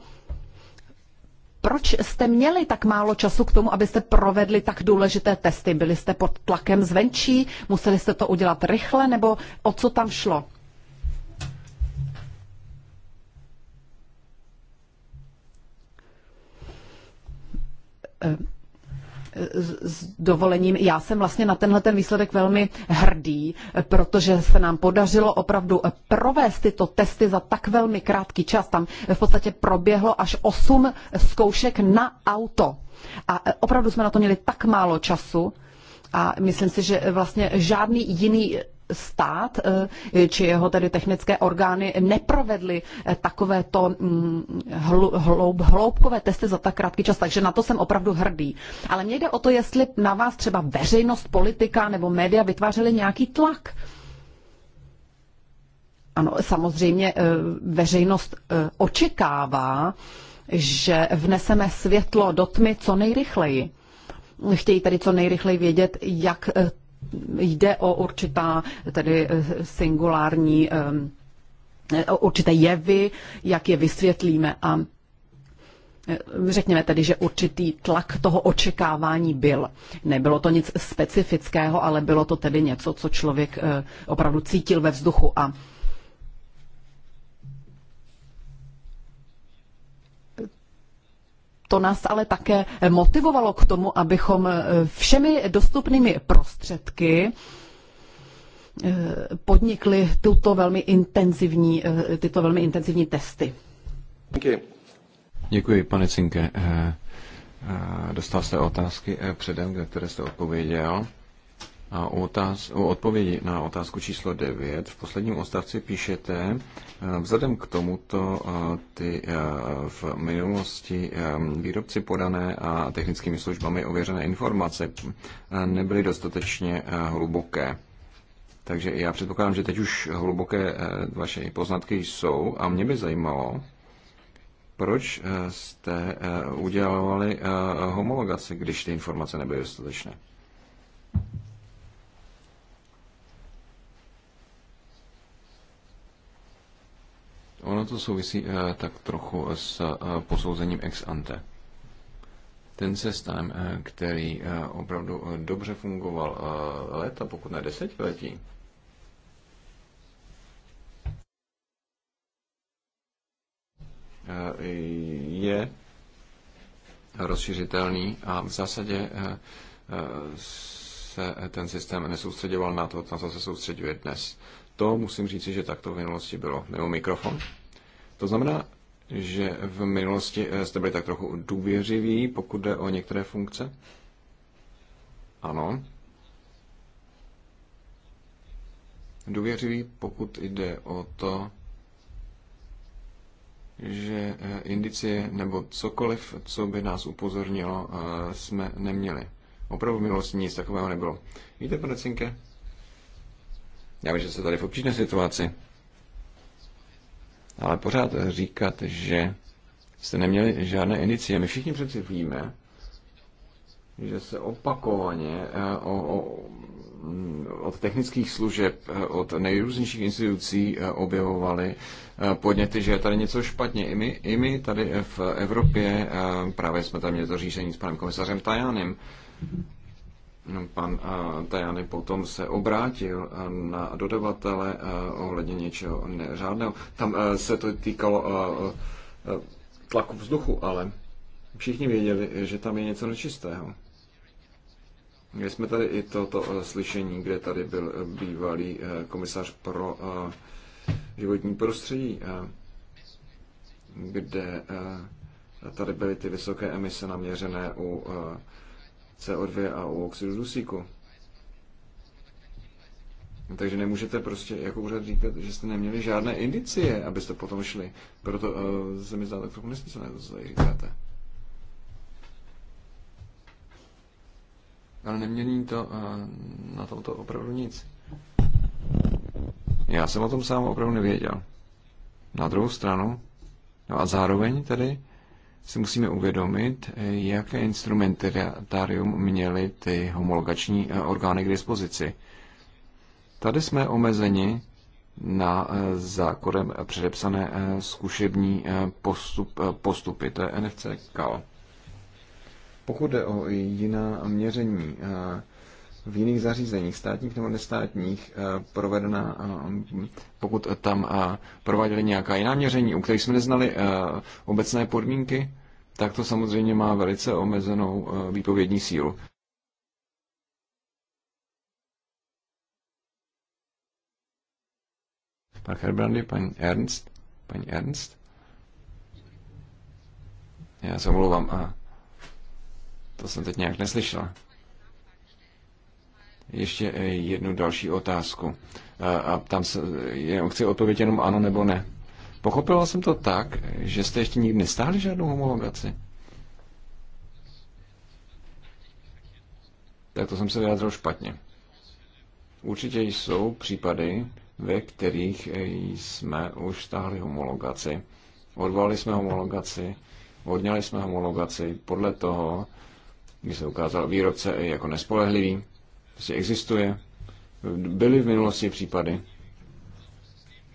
A: proč jste měli tak málo času k tomu, abyste provedli tak důležité testy? Byli jste pod tlakem zvenčí, museli jste to udělat rychle, nebo o co tam šlo? s dovolením. Já jsem vlastně na tenhle ten výsledek velmi hrdý, protože se nám podařilo opravdu provést tyto testy za tak velmi krátký čas. Tam v podstatě proběhlo až 8 zkoušek na auto. A e, opravdu jsme na to měli tak málo času, a myslím si, že vlastně žádný jiný stát eh, či jeho tedy technické orgány neprovedly eh, takovéto mm, hloub, hloubkové testy za tak krátký čas, takže na to jsem opravdu hrdý. Ale mně jde o to, jestli na vás třeba veřejnost, politika nebo média vytvářely nějaký tlak. Ano, samozřejmě eh, veřejnost očekává, že vneseme světlo do tmy co nejrychleji. Chtějí tedy co nejrychleji vědět, jak jde o určitá tedy eh, singulární ehm, o určité jevy, jak je vysvětlíme a eh, řekněme tedy, že určitý tlak toho očekávání byl. Nebylo to nic specifického, ale bylo to tedy něco, co člověk eh, opravdu cítil ve vzduchu a to nás ale také motivovalo k tomu, abychom eh, všemi dostupnými prostředky eh, podnikli tuto velmi intenzivní, eh, tyto velmi intenzivní testy.
E: Děkuji.
C: Děkuji, pane Cinke. Dostal jste otázky předem, které jste odpověděl. A u, otáz, u odpovědi na otázku číslo 9 v posledním odstavci píšete, eh, vzhledem k tomuto eh, ty eh, v minulosti výrobci podané a technickými službami ověřené informace nebyly dostatečně hluboké. Takže já předpokládám, že teď už hluboké vaše poznatky jsou a mě by zajímalo, proč jste udělali homologaci, když ty informace nebyly dostatečné. Ono to souvisí eh, tak trochu s eh, posouzením ex ante. Ten systém, eh, který opravdu dobře fungoval léta, pokud ne desetiletí, je rozšířitelný a v zásadě se ten systém nesoustředoval na to, na co se soustředuje dnes to musím říci, že tak to v minulosti bylo. Nebo mikrofon. To znamená, že v minulosti eh, jste byli tak trochu důvěřiví, pokud jde o některé funkce? Ano. Důvěřiví, pokud jde o to, že eh, indicie nebo cokoliv, co by nás upozornilo, eh, jsme neměli. Opravdu v minulosti nic takového nebylo. Víte, pane Cinke, já vím, že se tady v obtížné situaci. Ale pořád říkat, že jste neměli žádné indicie. My všichni přeci víme, že se opakovaně eh, o, o, mm, od technických služeb, eh, od nejrůznějších institucí eh, objevovaly podněty, že je tady něco špatně. I my, I my tady v Evropě, právě jsme tam měli to řízení s panem komisařem Tajánem, pan eh, Tajany potom se obrátil eh, na dodavatele eh, ohledně něčeho neřádného. Tam se to týkalo tlaku vzduchu, ale všichni věděli, že tam je něco nečistého. Měli jsme tady i toto slyšení, kde tady byl bývalý komisař pro životní prostředí, kde tady byly ty vysoké emise naměřené u CO2 a u oxidu dusíku. Takže nemůžete prostě jako úřad říkat, že jste neměli žádné indicie, abyste potom šli. Proto uh, se mi zdá tak trochu nesmyslné, to, co tady říkáte. Ale nemění to uh, na tomto opravdu nic. Já jsem o tom sám opravdu nevěděl. Na druhou stranu, no a zároveň tedy, si musíme uvědomit, jaké instrumentarium měly ty homologační eh, orgány k dispozici. Tady jsme omezeni na eh, zákonem předepsané eh, zkušební postup, postupy, to je NFC KAL. Pokud jde o jiná měření, v jiných zařízeních, státních nebo nestátních, eh, provedena, eh, pokud tam eh, prováděli nějaká jiná měření, u kterých jsme neznali obecné podmínky, tak to samozřejmě má velice omezenou výpovědní sílu. Pan Herbrandy, paní Ernst, paní Ernst. Já se omlouvám a to jsem teď nějak neslyšela ještě eh, jednu další otázku. A tam se, jenom chci odpovědět jenom ano nebo ne. Pochopila jsem to tak, že jste ještě nikdy nestáhli žádnou homologaci. Tak to jsem se vyjádřil špatně. Určitě jsou případy, ve kterých eh, jsme už stáhli homologaci. Odvolali jsme homologaci, odňali jsme homologaci podle toho, kdy se ukázal výrobce jako nespolehlivý, prostě existuje. Byly v minulosti případy,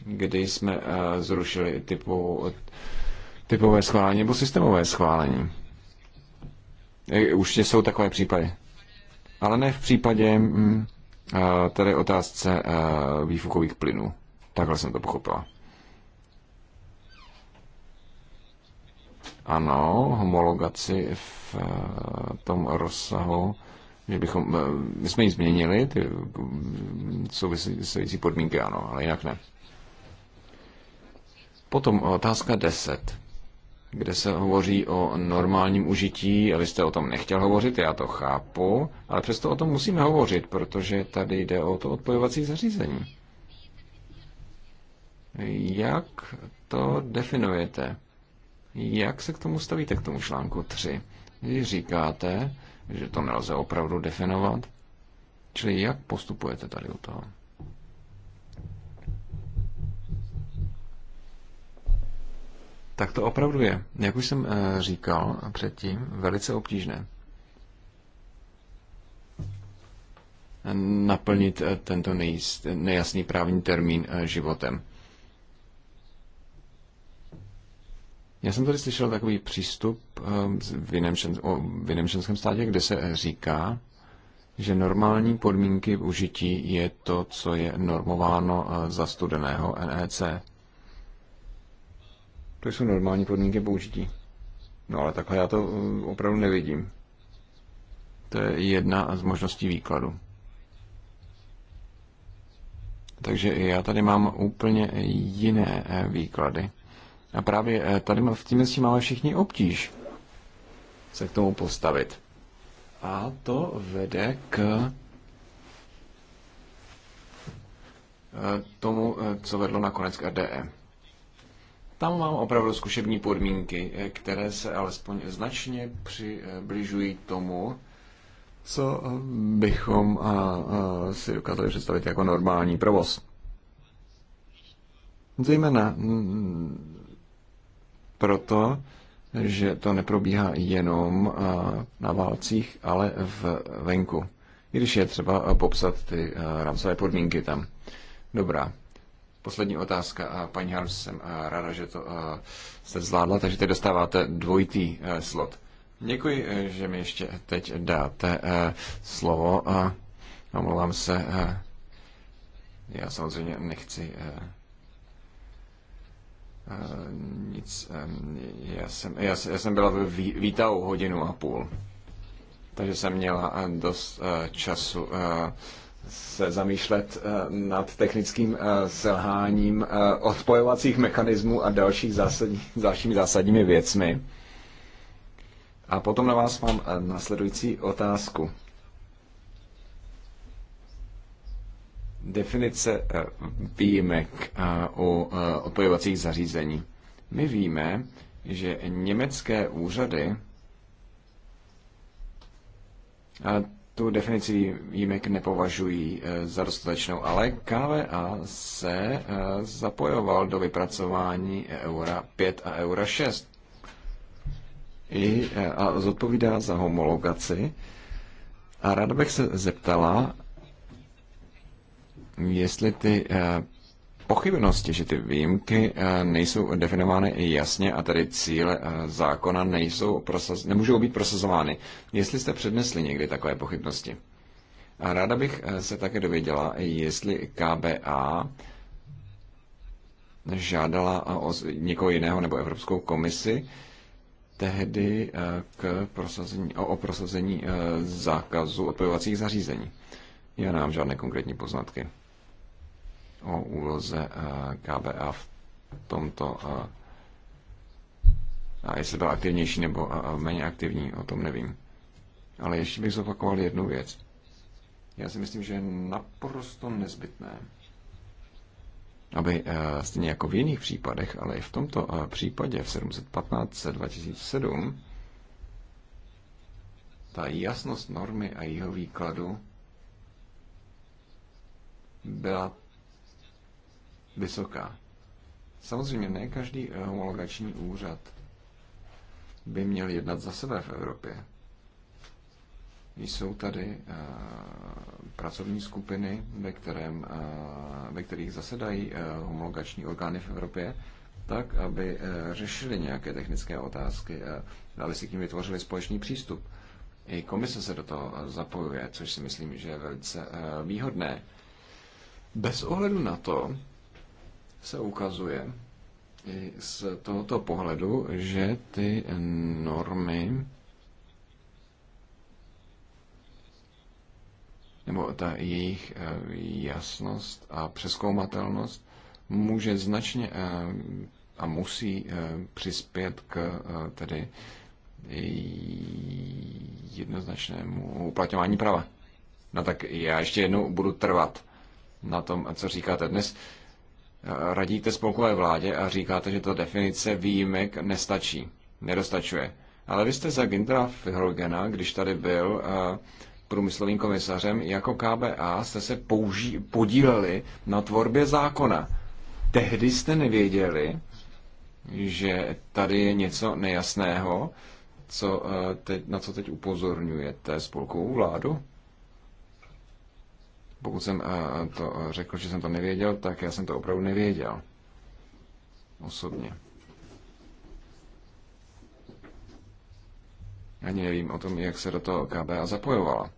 C: kdy jsme eh, zrušili typu, typové schválení nebo systémové schválení. Eh, už jsou takové případy. Ale ne v případě mm, eh, tady otázce výfukových plynů. Takhle jsem to pochopila. Ano, homologaci v tom rozsahu, že bychom, eh, my jsme ji změnili, ty mm, související podmínky ano, ale jinak ne. Potom otázka 10, kde se hovoří o normálním užití, a vy jste o tom nechtěl hovořit, já to chápu, ale přesto o tom musíme hovořit, protože tady jde o to odpojovací zařízení. Jak to definujete? Jak se k tomu stavíte, k tomu článku 3? Když říkáte, že to nelze opravdu definovat. Čili jak postupujete tady u toho? Tak to opravdu je, jak už jsem eh, říkal předtím, velice obtížné naplnit eh, tento nejist, nejasný právní termín eh, životem. Já jsem tady slyšel takový přístup ehm, v jiném, o, v jiném státě, kde se říká, že normální podmínky užití je to, co je normováno eh, za studeného NEC. To jsou normální podmínky použití. No ale takhle já to eh, opravdu nevidím. To je jedna z možností výkladu. Takže já tady mám úplně jiné eh, výklady. A právě eh, tady v tím si máme všichni obtíž se k tomu postavit. A to vede k eh, tomu, eh, co vedlo nakonec k RDE. Tam mám opravdu zkušební podmínky, které se alespoň značně přibližují tomu, co bychom si dokázali představit jako normální provoz. Zejména mm, proto, že to neprobíhá jenom eh, na válcích, ale v venku. I když je třeba eh, popsat ty eh, rámcové podmínky tam. Dobrá. Poslední otázka. paní Harms, jsem ráda, že to jste zvládla, takže teď dostáváte dvojitý slot. Děkuji, že mi ještě teď dáte slovo a omlouvám se. Já samozřejmě nechci nic, já jsem, já, já jsem byla v výtahu hodinu a půl, takže jsem měla eh, dost eh, času eh, se zamýšlet nad technickým selháním odpojovacích mechanismů a dalších zásadní, dalšími zásadními věcmi. A potom na vás mám následující otázku. definice eh, výjimek eh, u eh, odpojovacích zařízení. My víme, že německé úřady tu definici výjimek nepovažují za dostatečnou, ale KVA se zapojoval do vypracování eura 5 a eura 6 I, a zodpovídá za homologaci. A ráda bych se zeptala, jestli ty eh, pochybnosti, že ty výjimky eh, nejsou definovány jasně a tedy cíle eh, zákona nejsou prosaz, nemůžou být prosazovány. Jestli jste přednesli někdy takové pochybnosti? A ráda bych se také dověděla, jestli KBA žádala o někoho jiného nebo Evropskou komisi tehdy k prosazení, o, o prosazení zákazu odpojovacích zařízení. Já nemám žádné konkrétní poznatky o úloze eh, KBA v tomto eh, a jestli byl aktivnější nebo eh, méně aktivní, o tom nevím. Ale ještě bych zopakoval jednu věc. Já si myslím, že je naprosto nezbytné, aby stejně jako v jiných případech, ale i v tomto případě v 715 2007 ta jasnost normy a jeho výkladu byla vysoká. Samozřejmě ne každý eh, homologační úřad by měl jednat za sebe v Evropě. Jsou tady eh, pracovní skupiny, ve, kterém, eh, ve kterých zasedají homologační orgány v Evropě, tak, aby řešili nějaké technické otázky a aby si k ním vytvořili společný přístup. I komise se do toho zapojuje, což si myslím, že je velice výhodné. Bez ohledu na to, se ukazuje i z tohoto pohledu, že ty normy nebo ta jejich eh, jasnost a přeskoumatelnost může značně eh, a musí eh, přispět k tedy jednoznačnému uplatňování práva. No tak já ještě jednou budu trvat na tom, co říkáte dnes radíte spolkové vládě a říkáte, že ta definice výjimek nestačí, nedostačuje. Ale vy jste za Gindra Fihrogena, když tady byl eh, průmyslovým komisařem, jako KBA jste se použí, podíleli na tvorbě zákona. Tehdy jste nevěděli, že tady je něco nejasného, co eh, teď, na co teď upozorňujete spolkovou vládu? Pokud jsem eh, to řekl, že jsem to nevěděl, tak já jsem to opravdu nevěděl. Osobně. Ani nevím o tom, jak se do toho KBA zapojovala.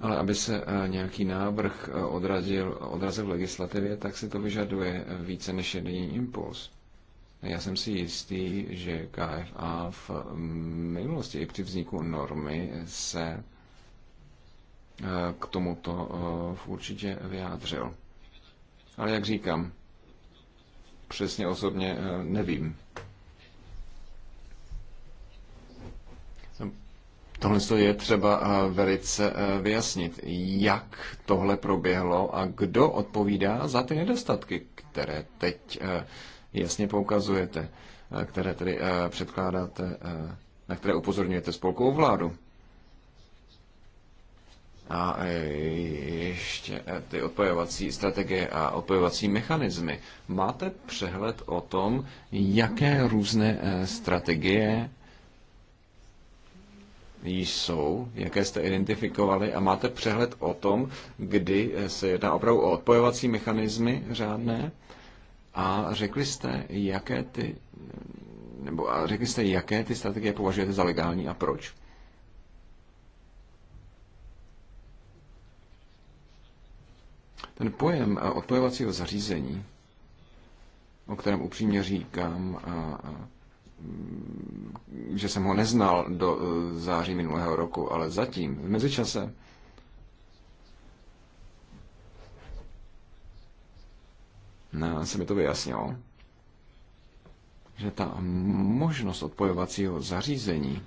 C: Ale aby se eh, nějaký návrh eh, odrazil, odrazil v legislativě, tak se to vyžaduje více než jediný impuls. Já jsem si jistý, že KFA v minulosti i při vzniku normy se eh, k tomuto eh, určitě vyjádřil. Ale jak říkám, přesně osobně eh, nevím. Tohle je třeba velice vyjasnit, jak tohle proběhlo a kdo odpovídá za ty nedostatky, které teď jasně poukazujete, eh, které tedy eh, předkládáte, eh, na které upozorňujete spolkovou vládu. A ještě ty odpojovací strategie a odpojovací mechanismy. Máte přehled o tom, jaké různé strategie jsou, jaké jste identifikovali a máte přehled o tom, kdy se jedná opravdu o odpojovací mechanismy řádné a řekli jste, jaké ty, nebo a řekli jste, jaké ty strategie považujete za legální a proč? Ten pojem eh, odpojovacího zařízení, o kterém upřímně říkám, a, a, mm, že jsem ho neznal do eh, září minulého roku, ale zatím, v mezičase, se mi to vyjasnilo, že ta možnost odpojovacího zařízení eh,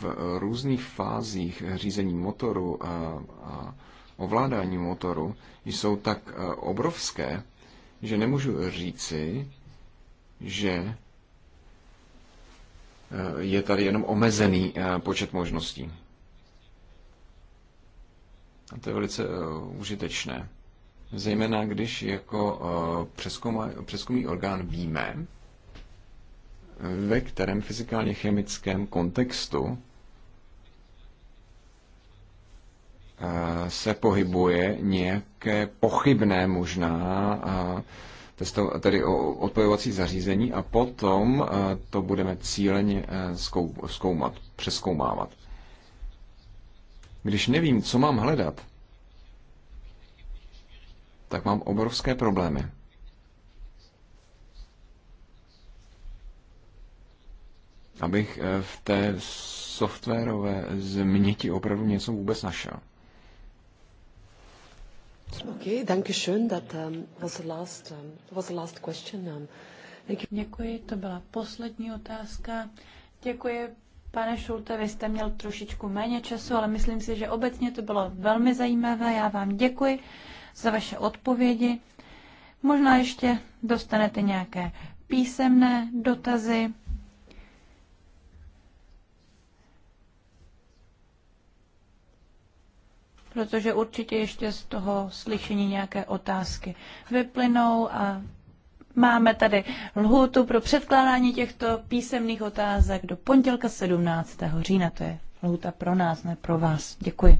C: v různých fázích řízení motoru a, a ovládání motoru jsou tak eh, obrovské, že nemůžu říci, že eh, je tady jenom omezený počet možností. A to je velice uh, užitečné. Zejména když jako uh, eh, přeskumný orgán víme, ve kterém fyzikálně chemickém kontextu uh, se pohybuje nějaké pochybné možná uh, testo, tedy odpojovací zařízení a potom to budeme cíleně zkoumat, přeskoumávat. Když nevím, co mám hledat, tak mám obrovské problémy. Abych eh, v té softwarové změti opravdu něco vůbec našel.
A: Okay, um, um, um,
B: Děkuji, to byla poslední otázka. Děkuji Pane Šulte, vy jste měl trošičku méně času, ale myslím si, že obecně to bylo velmi zajímavé. Já vám děkuji za vaše odpovědi. Možná ještě dostanete nějaké písemné dotazy. protože určitě ještě z toho slyšení nějaké otázky vyplynou a Máme tady lhůtu pro předkládání těchto písemných otázek do pondělka 17. října. To je lhůta pro nás, ne pro vás. Děkuji.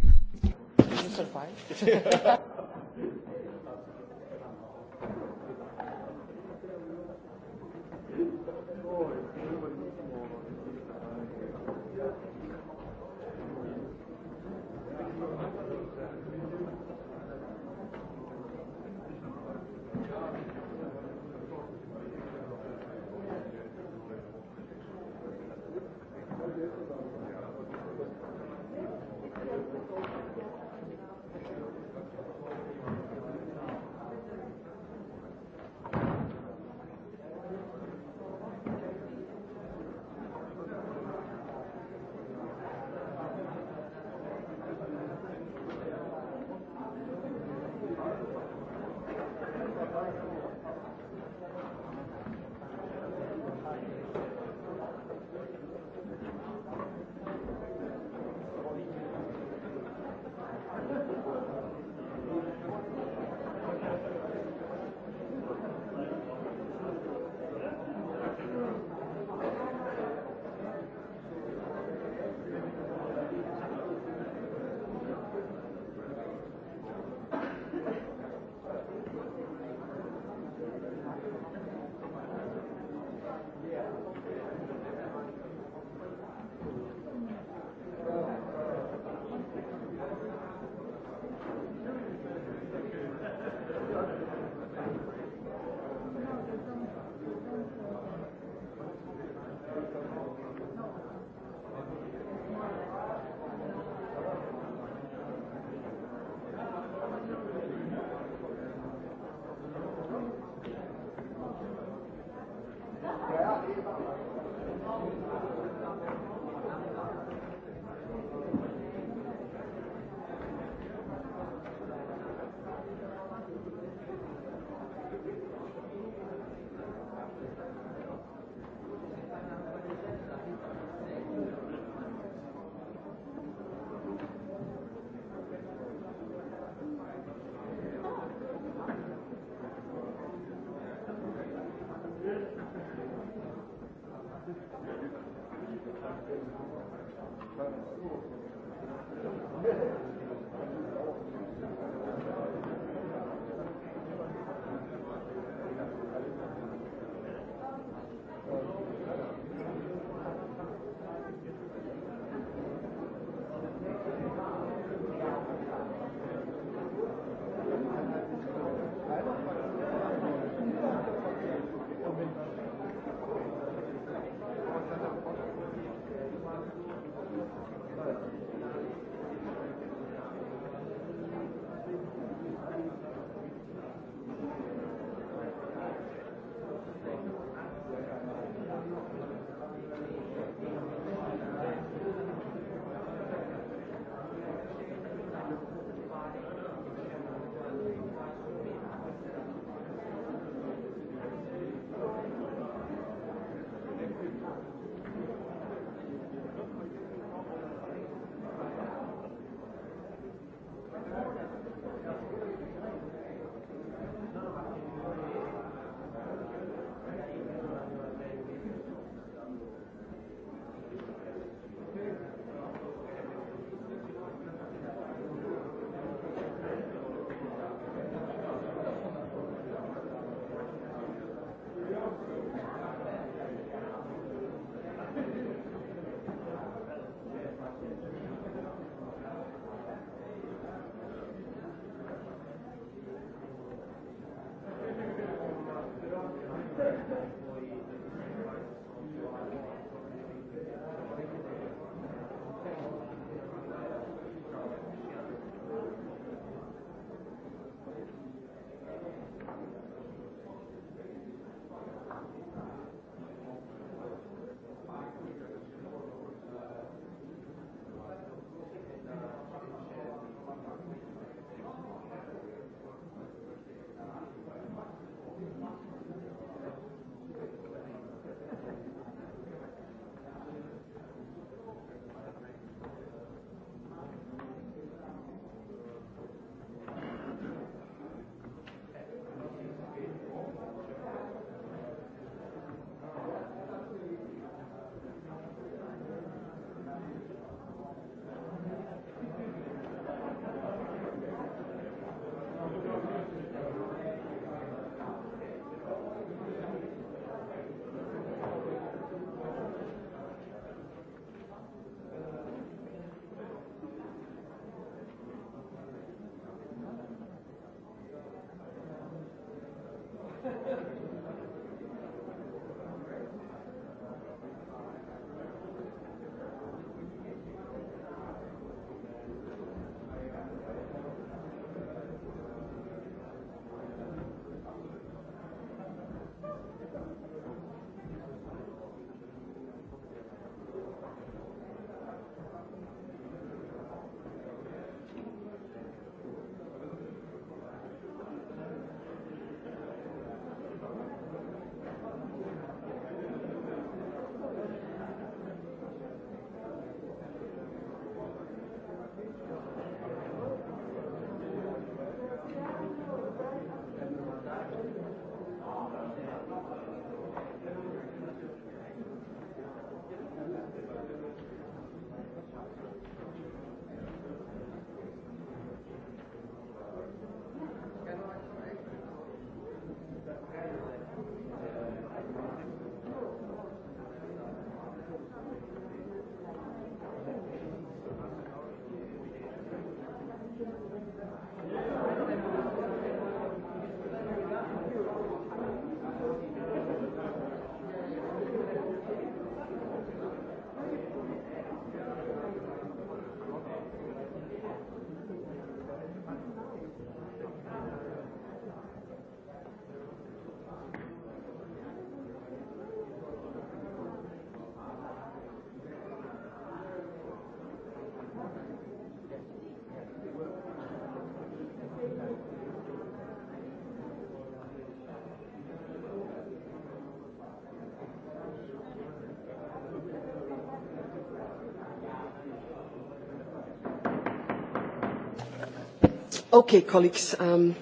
A: Okay, colleagues, um,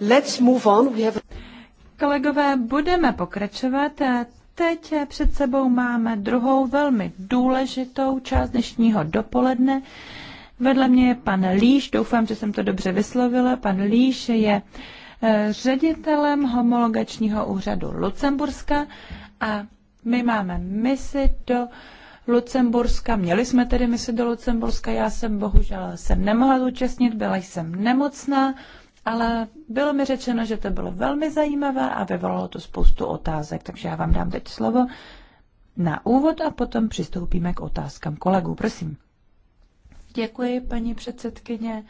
B: let's move on. We have... Kolegové, budeme pokračovat. Teď před sebou máme druhou velmi důležitou část dnešního dopoledne. Vedle mě je pan Líš, doufám, že jsem to dobře vyslovila. Pan Líš je eh, ředitelem homologačního úřadu Lucemburska a my máme misi do Lucemburska. Měli jsme tedy misi do Lucemburska, já jsem bohužel se nemohla zúčastnit, byla jsem nemocná, ale bylo mi řečeno, že to bylo velmi zajímavé a vyvolalo to spoustu otázek, takže já vám dám teď slovo na úvod a potom přistoupíme k otázkám kolegů. Prosím. Děkuji, paní předsedkyně.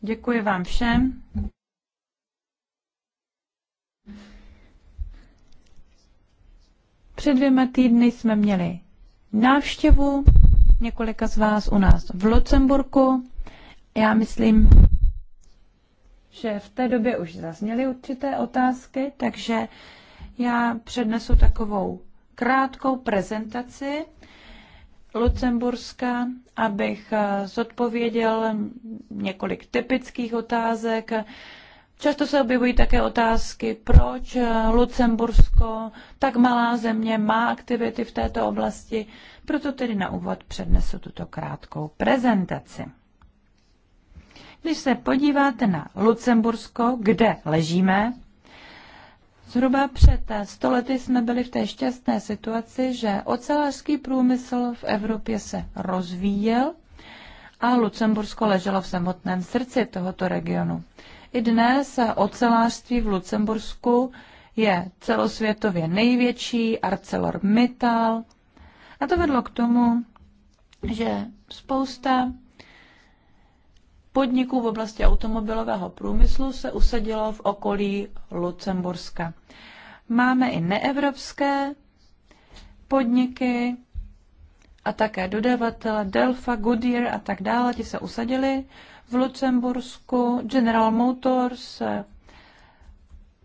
B: Děkuji vám všem. Před dvěma týdny jsme měli návštěvu několika z vás u nás v Lucemburku. Já myslím, že v té době už zazněly určité otázky, takže já přednesu takovou krátkou prezentaci Lucemburska, abych eh, zodpověděl několik typických otázek, Často se objevují také otázky, proč Lucembursko, tak malá země, má aktivity v této oblasti. Proto tedy na úvod přednesu tuto krátkou prezentaci. Když se podíváte na Lucembursko, kde ležíme, zhruba před stolety jsme byli v té šťastné situaci, že ocelářský průmysl v Evropě se rozvíjel a Lucembursko leželo v samotném srdci tohoto regionu. I dnes ocelářství v Lucembursku je celosvětově největší, ArcelorMittal. A to vedlo k tomu, že spousta podniků v oblasti automobilového průmyslu se usadilo v okolí Lucemburska. Máme i neevropské podniky a také dodavatele Delfa, Goodyear a tak dále, ti se usadili v Lucembursku, General Motors eh,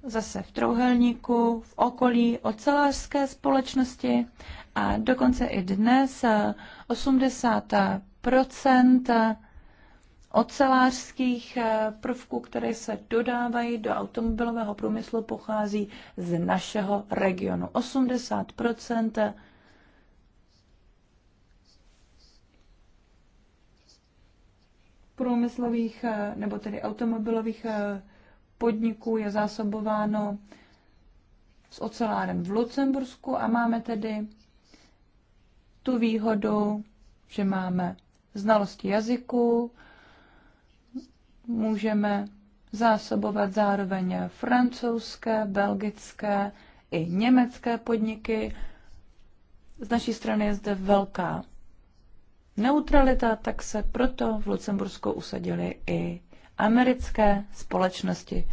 B: zase v Trouhelníku, v okolí ocelářské společnosti a dokonce i dnes 80 eh, eh, ocelářských prvků, které se dodávají do automobilového průmyslu, pochází z našeho regionu. 80 průmyslových eh, nebo tedy automobilových eh, podniků je zásobováno s ocelárem v Lucembursku a máme tedy tu výhodu, že máme znalosti jazyku, můžeme zásobovat zároveň francouzské, belgické i německé podniky. Z naší strany je zde velká neutralita, tak se proto v Lucembursku usadili i americké společnosti.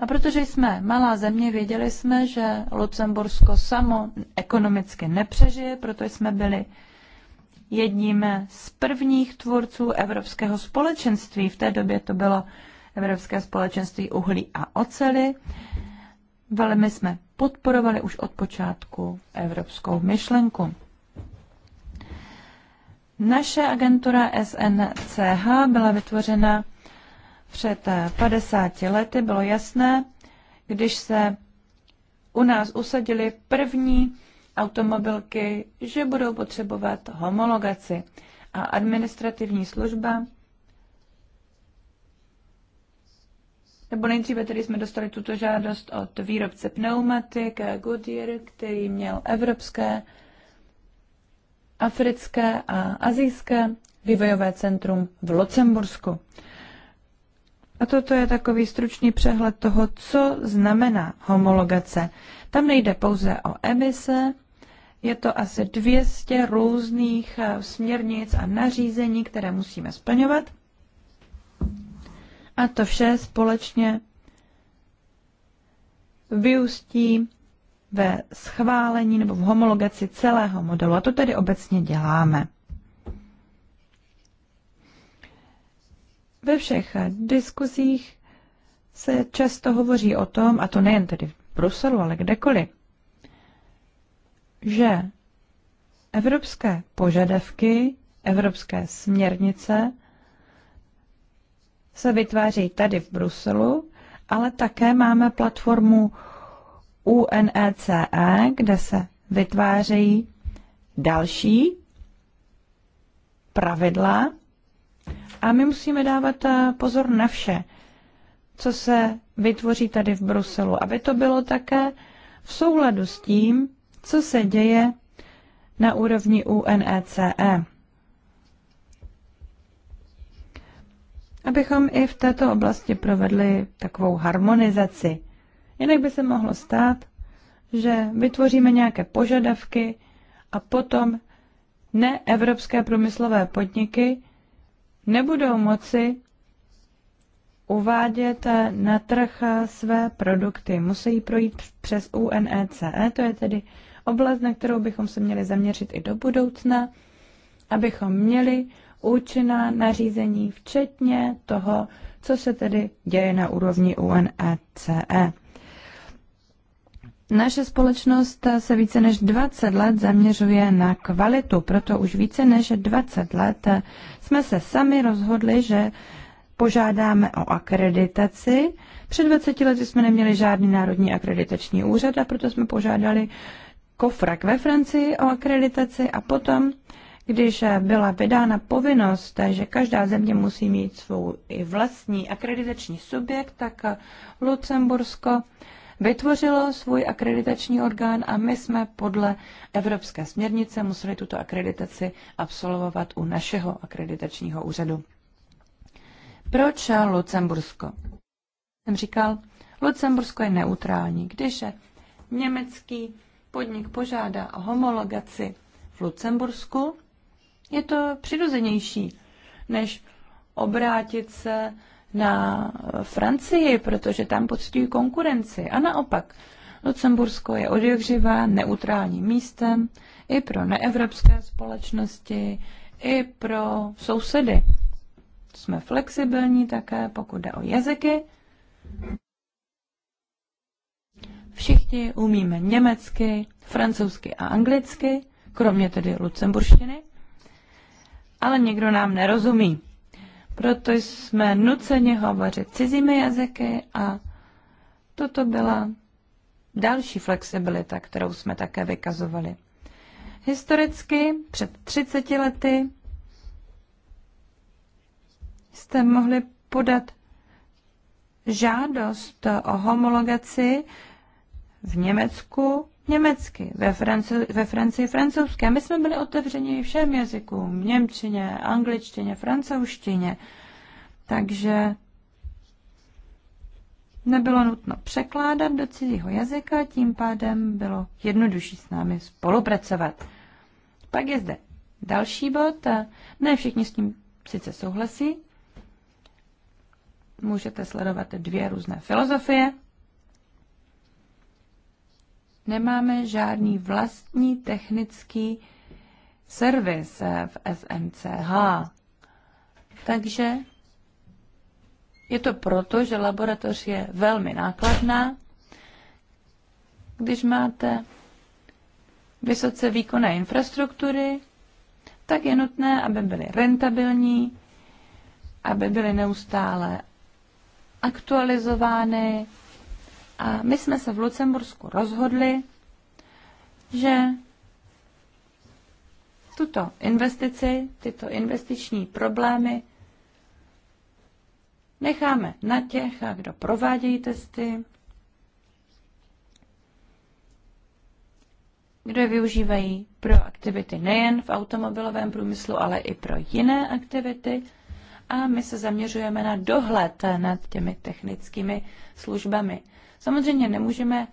B: A protože jsme malá země, věděli jsme, že Lucembursko samo ekonomicky nepřežije, proto jsme byli jedním z prvních tvůrců Evropského společenství. V té době to bylo Evropské společenství uhlí a ocely. Velmi jsme podporovali už od počátku evropskou myšlenku. Naše agentura SNCH byla vytvořena před 50 eh, lety. Bylo jasné, když se u nás usadili první automobilky, že budou potřebovat homologaci a administrativní služba. Nebo nejdříve tedy jsme dostali tuto žádost od výrobce pneumatik Goodyear, který měl evropské africké a azijské vývojové centrum v Lucembursku. A toto je takový stručný přehled toho, co znamená homologace. Tam nejde pouze o emise, je to asi 200 různých eh, směrnic a nařízení, které musíme splňovat. A to vše společně vyústí ve schválení nebo v homologaci celého modelu. A to tedy obecně děláme. Ve všech diskuzích se často hovoří o tom, a to nejen tedy v Bruselu, ale kdekoliv, že evropské požadavky, evropské směrnice se vytváří tady v Bruselu, ale také máme platformu UNECE, e, kde se vytvářejí další pravidla a my musíme dávat eh, pozor na vše, co se vytvoří tady v Bruselu, aby to bylo také v souladu s tím, co se děje na úrovni UNECE. E. Abychom i v této oblasti provedli takovou harmonizaci. Jinak by se mohlo stát, že vytvoříme nějaké požadavky a potom neevropské průmyslové podniky nebudou moci uvádět na trh své produkty. Musí projít přes UNECE, e. to je tedy oblast, na kterou bychom se měli zaměřit i do budoucna, abychom měli účinná nařízení, včetně toho, co se tedy děje na úrovni UNECE. Naše společnost se více než 20 let zaměřuje na kvalitu, proto už více než 20 let jsme se sami rozhodli, že požádáme o akreditaci. Před 20 lety jsme neměli žádný národní akreditační úřad a proto jsme požádali Kofrak ve Francii o akreditaci a potom, když byla vydána povinnost, že každá země musí mít svou i vlastní akreditační subjekt, tak Lucembursko vytvořilo svůj akreditační orgán a my jsme podle evropské směrnice museli tuto akreditaci absolvovat u našeho akreditačního úřadu. Proč Lucembursko? Jsem říkal, Lucembursko je neutrální. Když je německý podnik požádá o homologaci v Lucembursku, je to přirozenější, než obrátit se na Francii, protože tam poctují konkurenci. A naopak, Lucembursko je odjakživé neutrálním místem i pro neevropské společnosti, i pro sousedy. Jsme flexibilní také, pokud jde o jazyky. Všichni umíme německy, francouzsky a anglicky, kromě tedy lucemburštiny, ale někdo nám nerozumí proto jsme nuceni hovořit cizími jazyky a toto byla další flexibilita, kterou jsme také vykazovali. Historicky před 30 lety jste mohli podat žádost o homologaci v Německu německy, ve, Franci- ve Francii francouzsky. A my jsme byli otevřeni všem jazykům, němčině, angličtině, francouzštině. Takže nebylo nutno překládat do cizího jazyka, tím pádem bylo jednodušší s námi spolupracovat. Pak je zde další bod, ne všichni s tím sice souhlasí, můžete sledovat dvě různé filozofie, nemáme žádný vlastní technický servis eh, v SMCH. Takže je to proto, že laboratoř je velmi nákladná. Když máte vysoce výkonné infrastruktury, tak je nutné, aby byly rentabilní, aby byly neustále aktualizovány, a my jsme se v Lucembursku rozhodli, že tuto investici, tyto investiční problémy necháme na těch, kdo provádějí testy, kdo je využívají pro aktivity nejen v automobilovém průmyslu, ale i pro jiné aktivity. A my se zaměřujeme na dohled nad těmi technickými službami. Samozřejmě nemůžeme,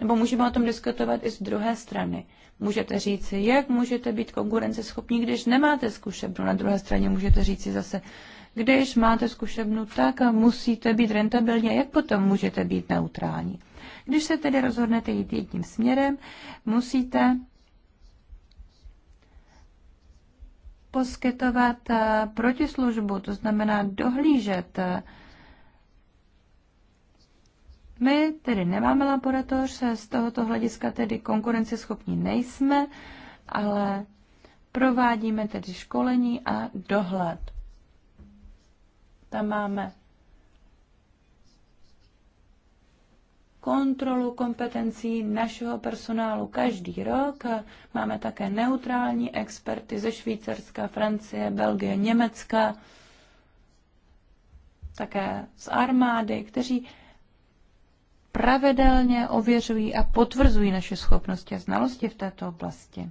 B: nebo můžeme o tom diskutovat i z druhé strany. Můžete říci, jak můžete být konkurenceschopní, když nemáte zkušebnu. Na druhé straně můžete říci zase, když máte zkušebnu, tak musíte být rentabilní. Jak potom můžete být neutrální? Když se tedy rozhodnete jít jedním směrem, musíte poskytovat eh, protislužbu, to znamená dohlížet eh, my tedy nemáme laboratoř, z tohoto hlediska tedy konkurenceschopní nejsme, ale provádíme tedy školení a dohled. Tam máme kontrolu kompetencí našeho personálu každý rok. Máme také neutrální experty ze Švýcarska, Francie, Belgie, Německa, také z armády, kteří pravidelně ověřují a potvrzují naše schopnosti a znalosti v této oblasti.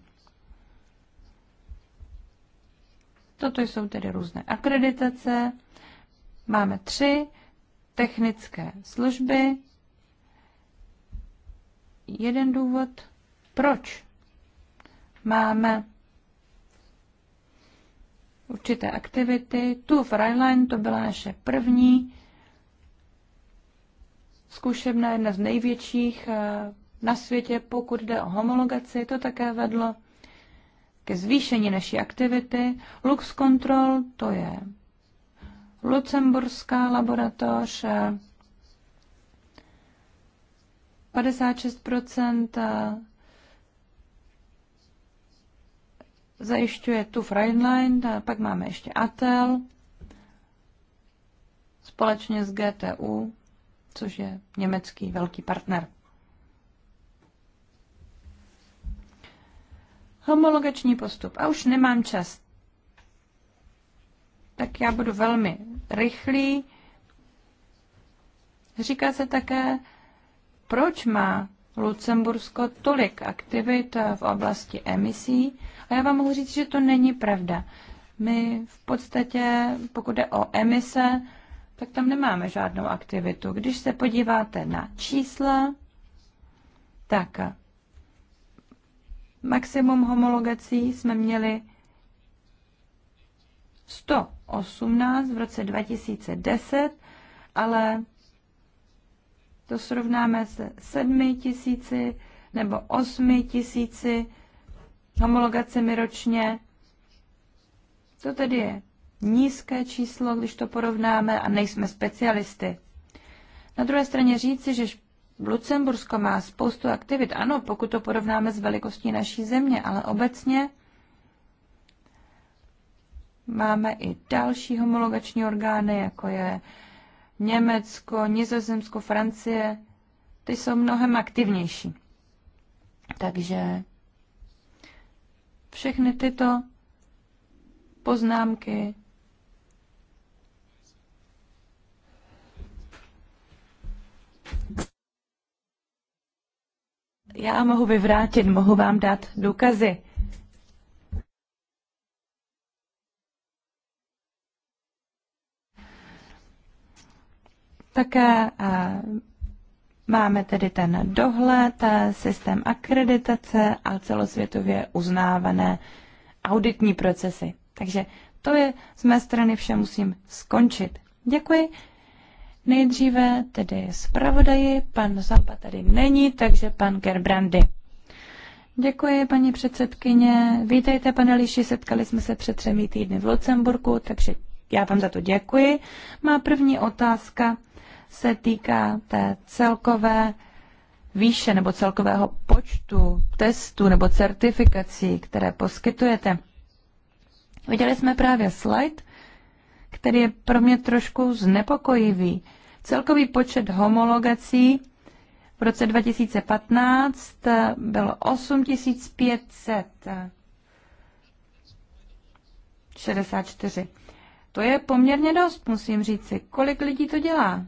B: Toto jsou tedy různé akreditace. Máme tři technické služby. Jeden důvod, proč máme určité aktivity. Tu v Rheinland to byla naše první zkušebna jedna z největších eh, na světě, pokud jde o homologaci. To také vedlo ke zvýšení naší aktivity. Lux Control, to je lucemburská laboratoř, 56 eh, eh, zajišťuje tu Freudline, pak máme ještě ATEL společně s GTU což je německý velký partner. Homologační postup. A už nemám čas. Tak já budu velmi rychlý. Říká se také, proč má Lucembursko tolik aktivit v oblasti emisí. A já vám mohu říct, že to není pravda. My v podstatě, pokud jde o emise, tak tam nemáme žádnou aktivitu. Když se podíváte na čísla, tak maximum homologací jsme měli 118 v roce 2010, ale to srovnáme se 7 tisíci nebo 8 tisíci homologacemi ročně. To tedy je nízké číslo, když to porovnáme, a nejsme specialisty. Na druhé straně říci, že Lucembursko má spoustu aktivit, ano, pokud to porovnáme s velikostí naší země, ale obecně máme i další homologační orgány, jako je Německo, Nizozemsko, Francie. Ty jsou mnohem aktivnější. Takže všechny tyto poznámky já mohu vyvrátit, mohu vám dát důkazy. Také eh, máme tedy ten dohled, eh, systém akreditace a celosvětově uznávané auditní procesy. Takže to je z mé strany vše, musím skončit. Děkuji. Nejdříve tedy zpravodaji, pan Zapa tady není, takže pan Gerbrandy. Děkuji, paní předsedkyně. Vítejte, pane Liši, setkali jsme se před třemi týdny v Lucemburku, takže já vám za to děkuji. Má první otázka se týká té celkové výše nebo celkového počtu testů nebo certifikací, které poskytujete. Viděli jsme právě slide, který je pro mě trošku znepokojivý. Celkový počet homologací v roce 2015 bylo 8564. To je poměrně dost, musím říci. Kolik lidí to dělá?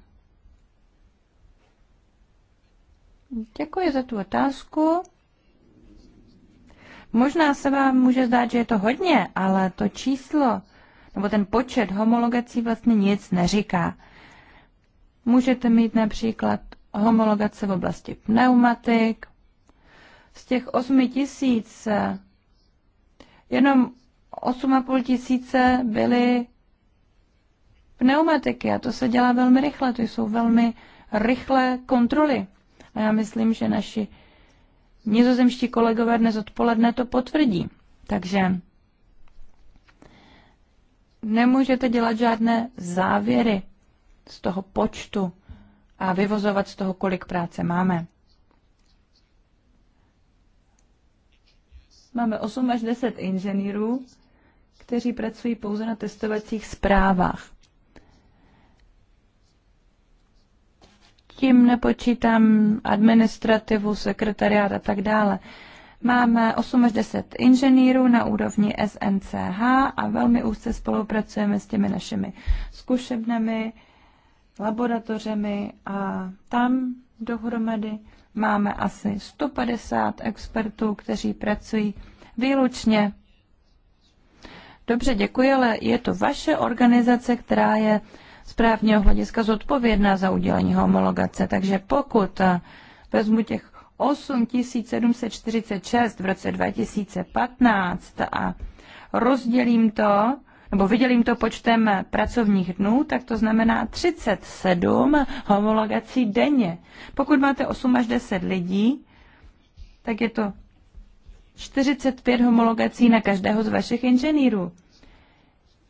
B: Děkuji za tu otázku. Možná se vám může zdát, že je to hodně, ale to číslo nebo ten počet homologací vlastně nic neříká. Můžete mít například homologace v oblasti pneumatik. Z těch 8 tisíc jenom 8,5 tisíce byly pneumatiky a to se dělá velmi rychle, to jsou velmi rychlé kontroly. A já myslím, že naši nizozemští kolegové dnes odpoledne to potvrdí. Takže nemůžete dělat žádné závěry z toho počtu a vyvozovat z toho, kolik práce máme. Máme 8 až 10 inženýrů, kteří pracují pouze na testovacích zprávách. Tím nepočítám administrativu, sekretariát a tak dále. Máme 8 až 10 inženýrů na úrovni SNCH a velmi úzce spolupracujeme s těmi našimi zkušebnami, laboratořemi a tam dohromady máme asi 150 expertů, kteří pracují výlučně. Dobře, děkuji, ale je to vaše organizace, která je z právního hlediska zodpovědná za udělení homologace. Takže pokud vezmu těch 8746 v roce 2015 a rozdělím to, nebo vydělím to počtem pracovních dnů, tak to znamená 37 homologací denně. Pokud máte 8 až 10 lidí, tak je to 45 homologací na každého z vašich inženýrů.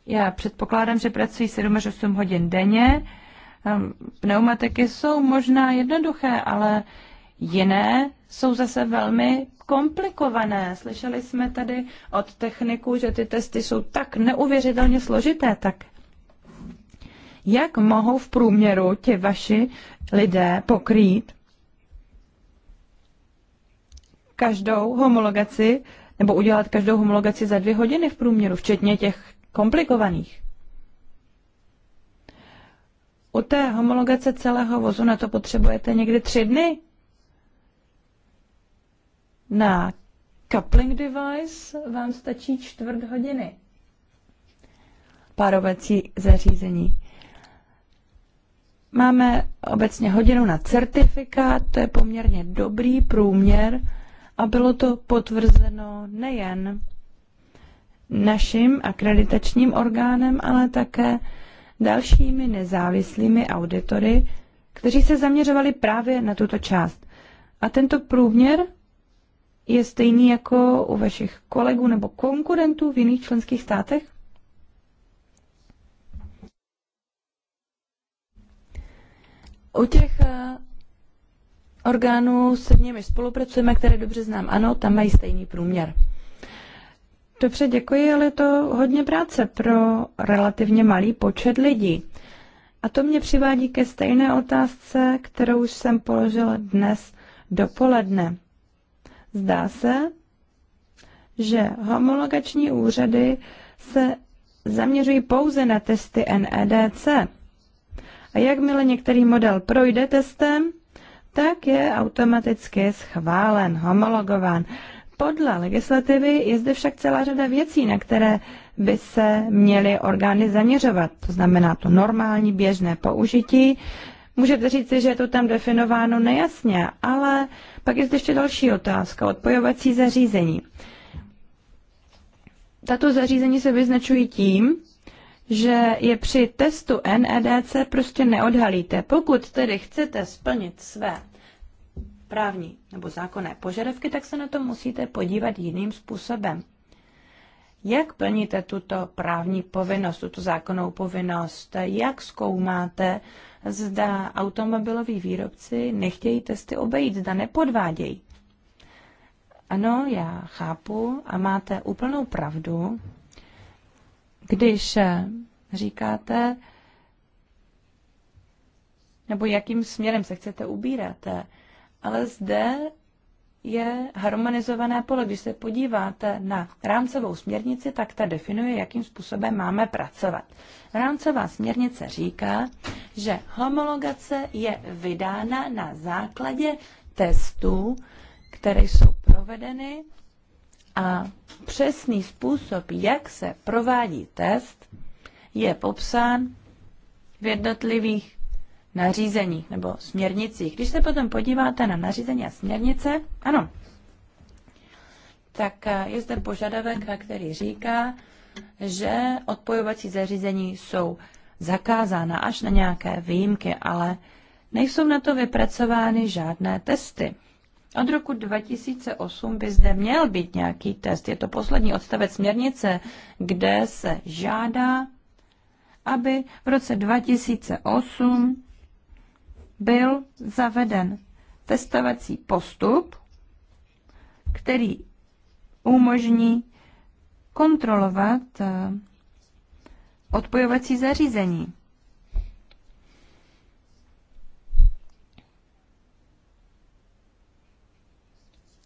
B: Já předpokládám, že pracují 7 až 8 hodin denně. Ehm, pneumatiky jsou možná jednoduché, ale Jiné jsou zase velmi komplikované. Slyšeli jsme tady od techniků, že ty testy jsou tak neuvěřitelně složité, tak jak mohou v průměru ti vaši lidé pokrýt každou homologaci nebo udělat každou homologaci za dvě hodiny v průměru, včetně těch komplikovaných. U té homologace celého vozu na to potřebujete někdy tři dny, na coupling device vám stačí čtvrt hodiny párovací zařízení. Máme obecně hodinu na certifikát, to je poměrně dobrý průměr a bylo to potvrzeno nejen naším akreditačním orgánem, ale také dalšími nezávislými auditory, kteří se zaměřovali právě na tuto část. A tento průměr je stejný jako u vašich kolegů nebo konkurentů v jiných členských státech? U těch eh, orgánů, se nimi spolupracujeme, které dobře znám, ano, tam mají stejný průměr. Dobře, děkuji, ale je to hodně práce pro relativně malý počet lidí. A to mě přivádí ke stejné otázce, kterou už jsem položila dnes dopoledne. Zdá se, že homologační úřady se zaměřují pouze na testy NEDC. A jakmile některý model projde testem, tak je automaticky schválen, homologován. Podle legislativy je zde však celá řada věcí, na které by se měly orgány zaměřovat. To znamená to normální běžné použití, Můžete říci, že je to tam definováno nejasně, ale pak je zde ještě další otázka, odpojovací zařízení. Tato zařízení se vyznačují tím, že je při testu NEDC prostě neodhalíte. Pokud tedy chcete splnit své právní nebo zákonné požadavky, tak se na to musíte podívat jiným způsobem. Jak plníte tuto právní povinnost, tuto zákonnou povinnost? Jak zkoumáte, zda automobiloví výrobci nechtějí testy obejít, zda nepodvádějí. Ano, já chápu a máte úplnou pravdu, když eh, říkáte, nebo jakým směrem se chcete ubírat. Eh, ale zde je harmonizované pole. Když se podíváte na rámcovou směrnici, tak ta definuje, jakým způsobem máme pracovat. Rámcová směrnice říká, že homologace je vydána na základě testů, které jsou provedeny a přesný způsob, jak se provádí test, je popsán v jednotlivých nařízeních nebo směrnicích. Když se potom podíváte na nařízení a směrnice, ano, tak eh, je zde požadavek, který říká, že odpojovací zařízení jsou zakázána až na nějaké výjimky, ale nejsou na to vypracovány žádné testy. Od roku 2008 by zde měl být nějaký test. Je to poslední odstavec směrnice, kde se žádá, aby v roce 2008 byl zaveden testovací postup, který umožní kontrolovat eh, odpojovací zařízení.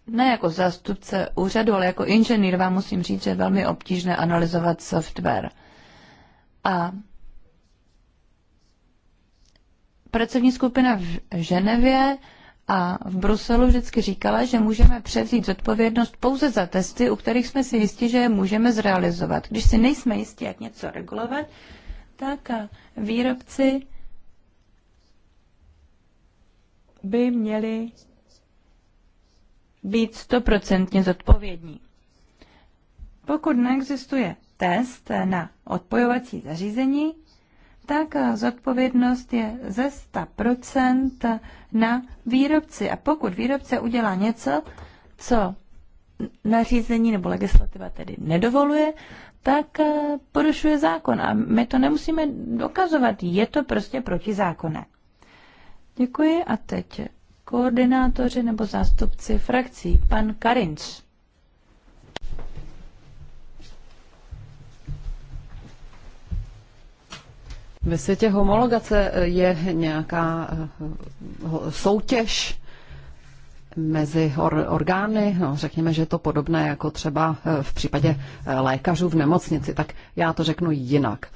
B: Ne jako zástupce úřadu, ale jako inženýr vám musím říct, že je velmi obtížné analyzovat software. A pracovní skupina v Ženevě a v Bruselu vždycky říkala, že můžeme převzít zodpovědnost pouze za testy, u kterých jsme si jistí, že je můžeme zrealizovat. Když si nejsme jistí, jak něco regulovat, tak výrobci by měli být stoprocentně zodpovědní. Pokud neexistuje test na odpojovací zařízení, tak zodpovědnost je ze 100% na výrobci. A pokud výrobce udělá něco, co nařízení nebo legislativa tedy nedovoluje, tak eh, porušuje zákon. A my to nemusíme dokazovat, je to prostě protizákonné. Děkuji a teď koordinátoři nebo zástupci frakcí. Pan Karinč.
A: Ve světě homologace eh, je nějaká eh, soutěž mezi or- orgány, no, řekněme, že je to podobné jako třeba eh, v případě lékařů v nemocnici, tak já to řeknu jinak.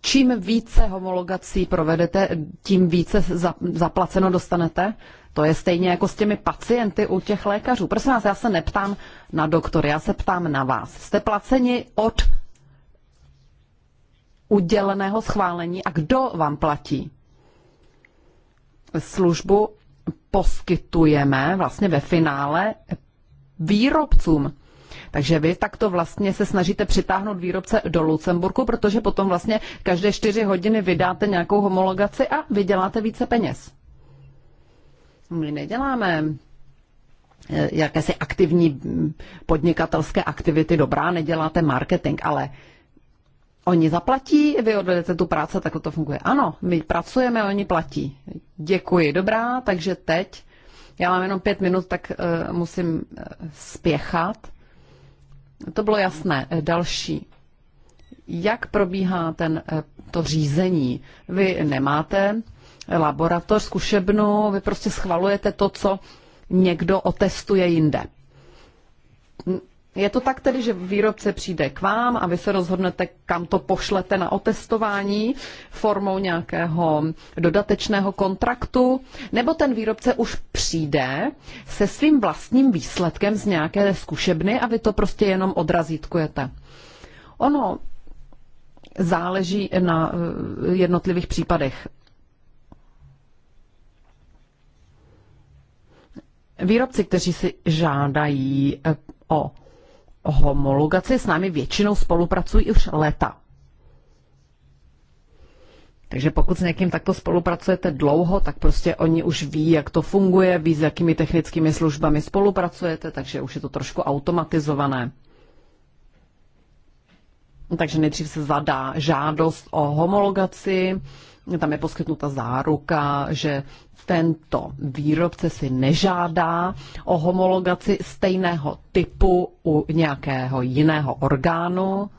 A: Čím více homologací provedete, tím více za- zaplaceno dostanete. To je stejně jako s těmi pacienty u těch lékařů. Prosím vás, já se neptám na doktory, já se ptám na vás. Jste placeni od uděleného schválení a kdo vám platí. Službu poskytujeme vlastně ve finále výrobcům. Takže vy takto vlastně se snažíte přitáhnout výrobce do Lucemburku, protože potom vlastně každé čtyři hodiny vydáte nějakou homologaci a vyděláte více peněz. My neděláme eh, jakési aktivní mm, podnikatelské aktivity, dobrá, neděláte marketing, ale Oni zaplatí, vy odvedete tu práci, tak to funguje. Ano, my pracujeme, oni platí. Děkuji, dobrá, takže teď. Já mám jenom pět minut, tak uh, musím uh, spěchat. To bylo jasné. Eh, další. Jak probíhá ten, uh, to řízení? Vy nemáte laboratoř, zkušebnu, vy prostě schvalujete to, co někdo otestuje jinde je to tak tedy, že výrobce přijde k vám a vy se rozhodnete, kam to pošlete na otestování formou nějakého dodatečného kontraktu, nebo ten výrobce už přijde se svým vlastním výsledkem z nějaké zkušebny a vy to prostě jenom odrazítkujete. Ono záleží na eh, jednotlivých případech. Výrobci, kteří si žádají eh, o homologaci s námi většinou spolupracují už léta. Takže pokud s někým takto spolupracujete dlouho, tak prostě oni už ví, jak to funguje, ví, s jakými technickými službami spolupracujete, takže už je to trošku automatizované. Takže nejdřív se zadá žádost o homologaci, tam je poskytnuta záruka, že tento výrobce si nežádá o homologaci stejného typu u nějakého jiného orgánu.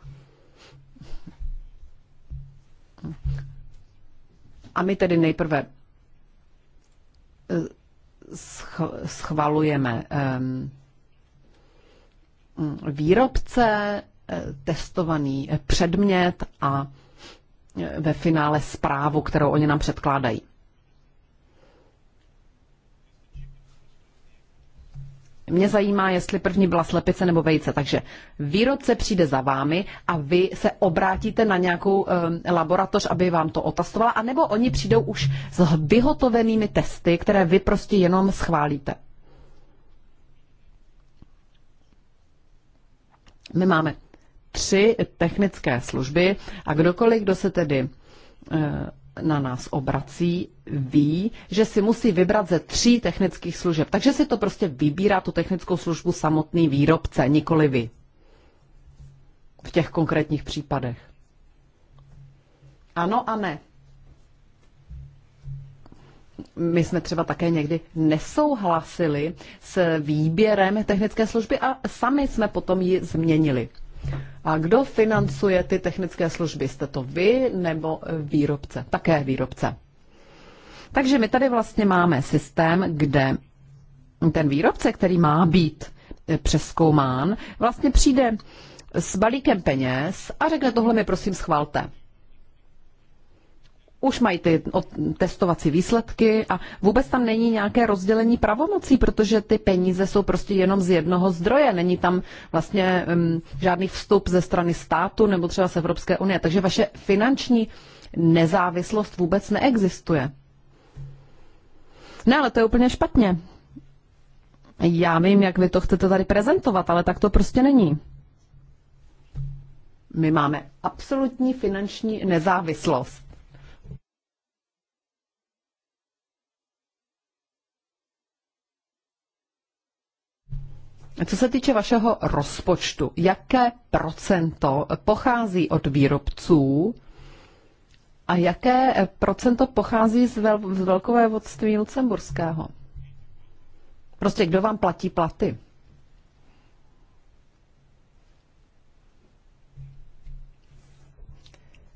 A: A my tedy nejprve eh, schvalujeme ehm, mm, výrobce, eh, testovaný eh, předmět a ve finále zprávu, kterou oni nám předkládají. Mě zajímá, jestli první byla slepice nebo vejce. Takže výrobce přijde za vámi a vy se obrátíte na nějakou um, laboratoř, aby vám to otastovala, anebo oni přijdou už s vyhotovenými testy, které vy prostě jenom schválíte. My máme tři technické služby a kdokoliv, kdo se tedy eh, na nás obrací, ví, že si musí vybrat ze tří technických služeb. Takže si to prostě vybírá tu technickou službu samotný výrobce, nikoli vy. V těch konkrétních případech. Ano a ne. My jsme třeba také někdy nesouhlasili s výběrem technické služby a sami jsme potom ji změnili. A kdo financuje ty technické služby? Jste to vy nebo výrobce? Také výrobce. Takže my tady vlastně máme systém, kde ten výrobce, který má být eh, přeskoumán, vlastně přijde s balíkem peněz a řekne, tohle mi prosím schválte." už mají ty testovací výsledky a vůbec tam není nějaké rozdělení pravomocí, protože ty peníze jsou prostě jenom z jednoho zdroje. Není tam vlastně um, žádný vstup ze strany státu nebo třeba z Evropské unie. Takže vaše finanční nezávislost vůbec neexistuje. Ne, ale to je úplně špatně. Já vím, jak vy to chcete tady prezentovat, ale tak to prostě není. My máme absolutní finanční nezávislost. Co se týče vašeho rozpočtu, jaké procento pochází od výrobců a jaké procento pochází z, vel- z vodství Lucemburského? Prostě kdo vám platí platy?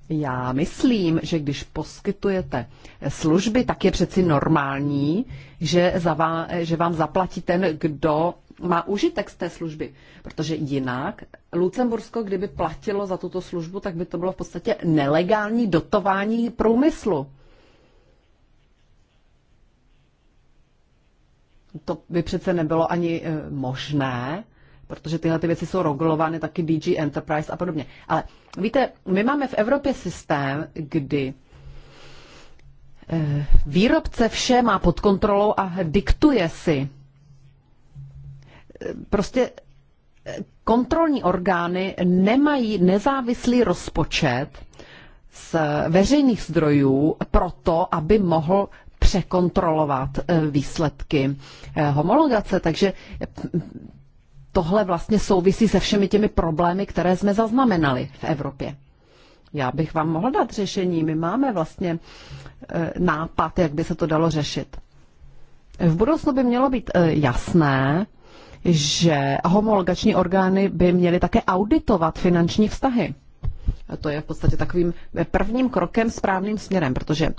A: Já myslím, že když poskytujete služby, tak je přeci normální, že, za vám, že vám zaplatí ten, kdo má užitek z té služby. Protože jinak Lucembursko, kdyby platilo za tuto službu, tak by to bylo v podstatě nelegální dotování průmyslu. To by přece nebylo ani eh, možné protože tyhle ty věci jsou regulovány taky DG Enterprise a podobně. Ale víte, my máme v Evropě systém, kdy eh, výrobce vše má pod kontrolou a diktuje si. Eh, prostě eh, kontrolní orgány nemají nezávislý rozpočet z veřejných zdrojů proto, aby mohl překontrolovat výsledky homologace. Takže tohle vlastně souvisí se všemi těmi problémy, které jsme zaznamenali v Evropě. Já bych vám mohla dát řešení. My máme vlastně e, nápad, jak by se to dalo řešit. V budoucnu by mělo být e, jasné, že homologační orgány by měly také auditovat finanční vztahy. A to je v podstatě takovým e, prvním krokem správným směrem, protože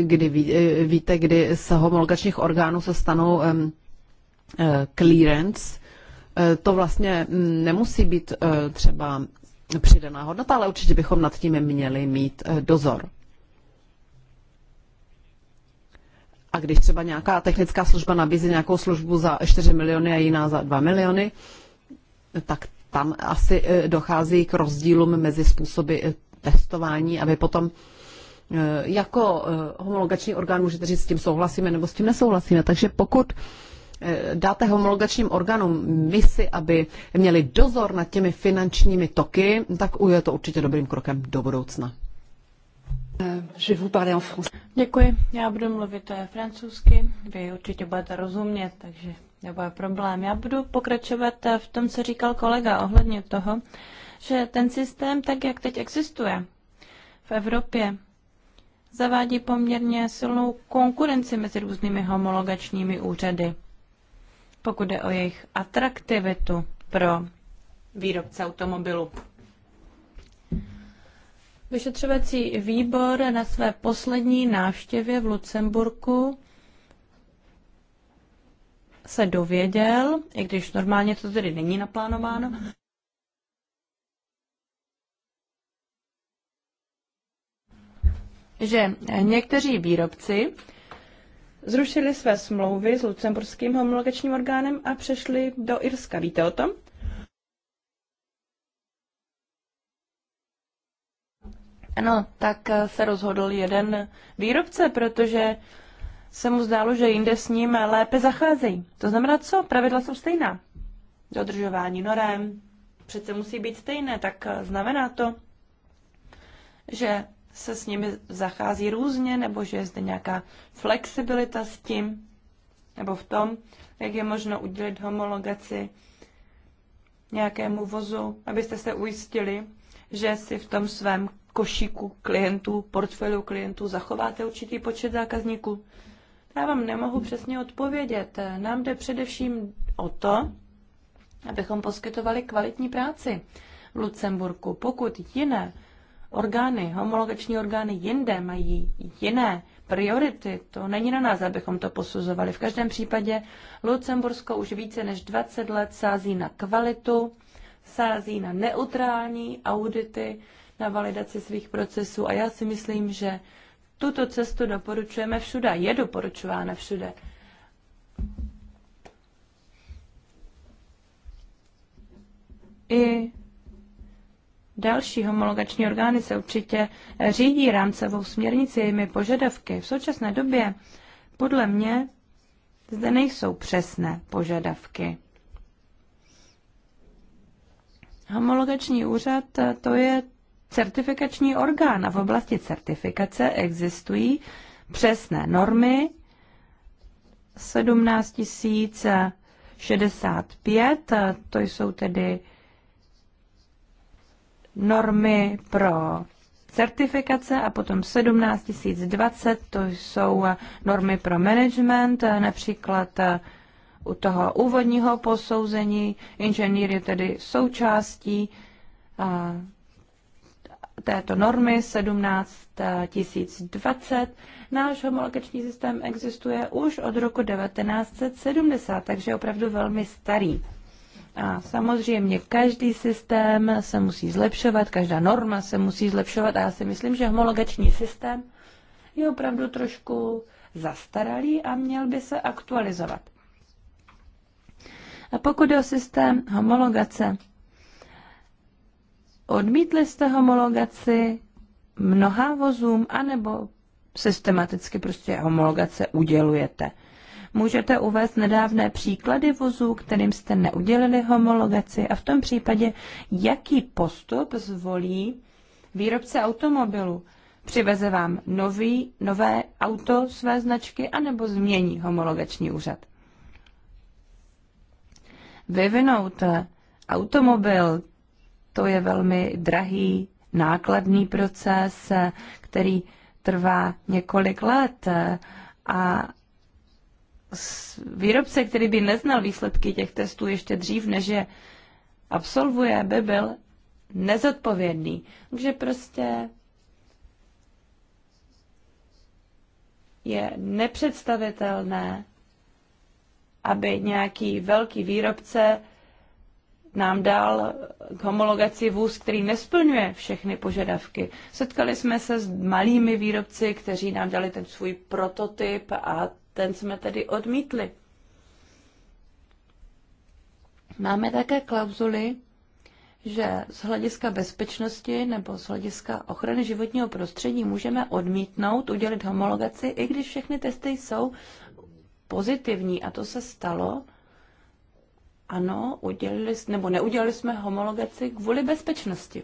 A: kdy ví, víte, kdy z homologačních orgánů se stanou Eh, clearance, eh, to vlastně nemusí být eh, třeba přidaná hodnota, ale určitě bychom nad tím měli mít dozor. A když třeba nějaká technická služba nabízí nějakou službu za 4 miliony a jiná za 2 miliony, tak tam asi dochází k rozdílům mezi způsoby testování, aby potom jako homologační orgán můžete říct, s tím souhlasíme nebo s tím nesouhlasíme. Takže pokud Eh, dáte homologačním orgánům misi, aby měli dozor nad těmi finančními toky, tak je to určitě dobrým krokem do budoucna. Eh, Děkuji.
B: Já budu mluvit eh, francouzsky, vy určitě budete rozumět, takže nebude problém. Já budu pokračovat v tom, co říkal kolega ohledně toho, že ten systém, tak jak teď existuje v Evropě, zavádí poměrně silnou konkurenci mezi různými homologačními úřady pokud jde o jejich atraktivitu pro výrobce automobilů. Vyšetřovací výbor na své poslední návštěvě v Lucemburku se dověděl, i když normálně to tedy není naplánováno, že někteří výrobci zrušili své smlouvy s lucemburským homologačním orgánem a přešli do Irska. Víte o tom? Ano, tak eh, se rozhodl jeden výrobce, protože se mu zdálo, že jinde s ním lépe zacházejí. To znamená co? Pravidla jsou stejná. Dodržování norem přece musí být stejné, tak eh, znamená to, že se s nimi zachází různě, nebo že je zde nějaká flexibilita s tím, nebo v tom, jak je možno udělit homologaci nějakému vozu, abyste se ujistili, že si v tom svém košíku klientů, portfoliu klientů zachováte určitý počet zákazníků? Já vám nemohu přesně odpovědět. Nám jde především o to, abychom poskytovali kvalitní práci v Lucemburku. Pokud jiné, orgány, homologační orgány jinde mají jiné priority. To není na nás, abychom to posuzovali. V každém případě Lucembursko už více než 20 let sází na kvalitu, sází na neutrální audity, na validaci svých procesů a já si myslím, že tuto cestu doporučujeme všude, je doporučována všude. I další homologační orgány se určitě eh, řídí rámcovou směrnici jejími požadavky. V současné době podle mě zde nejsou přesné požadavky. Homologační úřad eh, to je certifikační orgán a v oblasti certifikace existují přesné normy 17 065, eh, to jsou tedy normy pro certifikace a potom 17020, to jsou normy pro management, například eh, u toho úvodního posouzení, inženýr je tedy součástí eh, této normy 17020. Náš homologační systém existuje už od roku 1970, takže je opravdu velmi starý. A samozřejmě každý systém se musí zlepšovat, každá norma se musí zlepšovat a já si myslím, že homologační systém je opravdu trošku zastaralý a měl by se aktualizovat. A pokud je o systém homologace, odmítli jste homologaci mnoha vozům, anebo systematicky prostě homologace udělujete. Můžete uvést nedávné příklady vozů, kterým jste neudělili homologaci a v tom případě, jaký postup zvolí výrobce automobilu? Přiveze vám nový, nové auto své značky anebo změní homologační úřad? Vyvinout automobil, to je velmi drahý, nákladný proces, který trvá několik let a výrobce, který by neznal výsledky těch testů ještě dřív, než je absolvuje, by byl nezodpovědný. Takže prostě je nepředstavitelné, aby nějaký velký výrobce nám dal k homologaci vůz, který nesplňuje všechny požadavky. Setkali jsme se s malými výrobci, kteří nám dali ten svůj prototyp a ten jsme tedy odmítli. Máme také klauzuly, že z hlediska bezpečnosti nebo z hlediska ochrany životního prostředí můžeme odmítnout udělit homologaci, i když všechny testy jsou pozitivní. A to se stalo. Ano, udělili, nebo neudělali jsme homologaci kvůli bezpečnosti.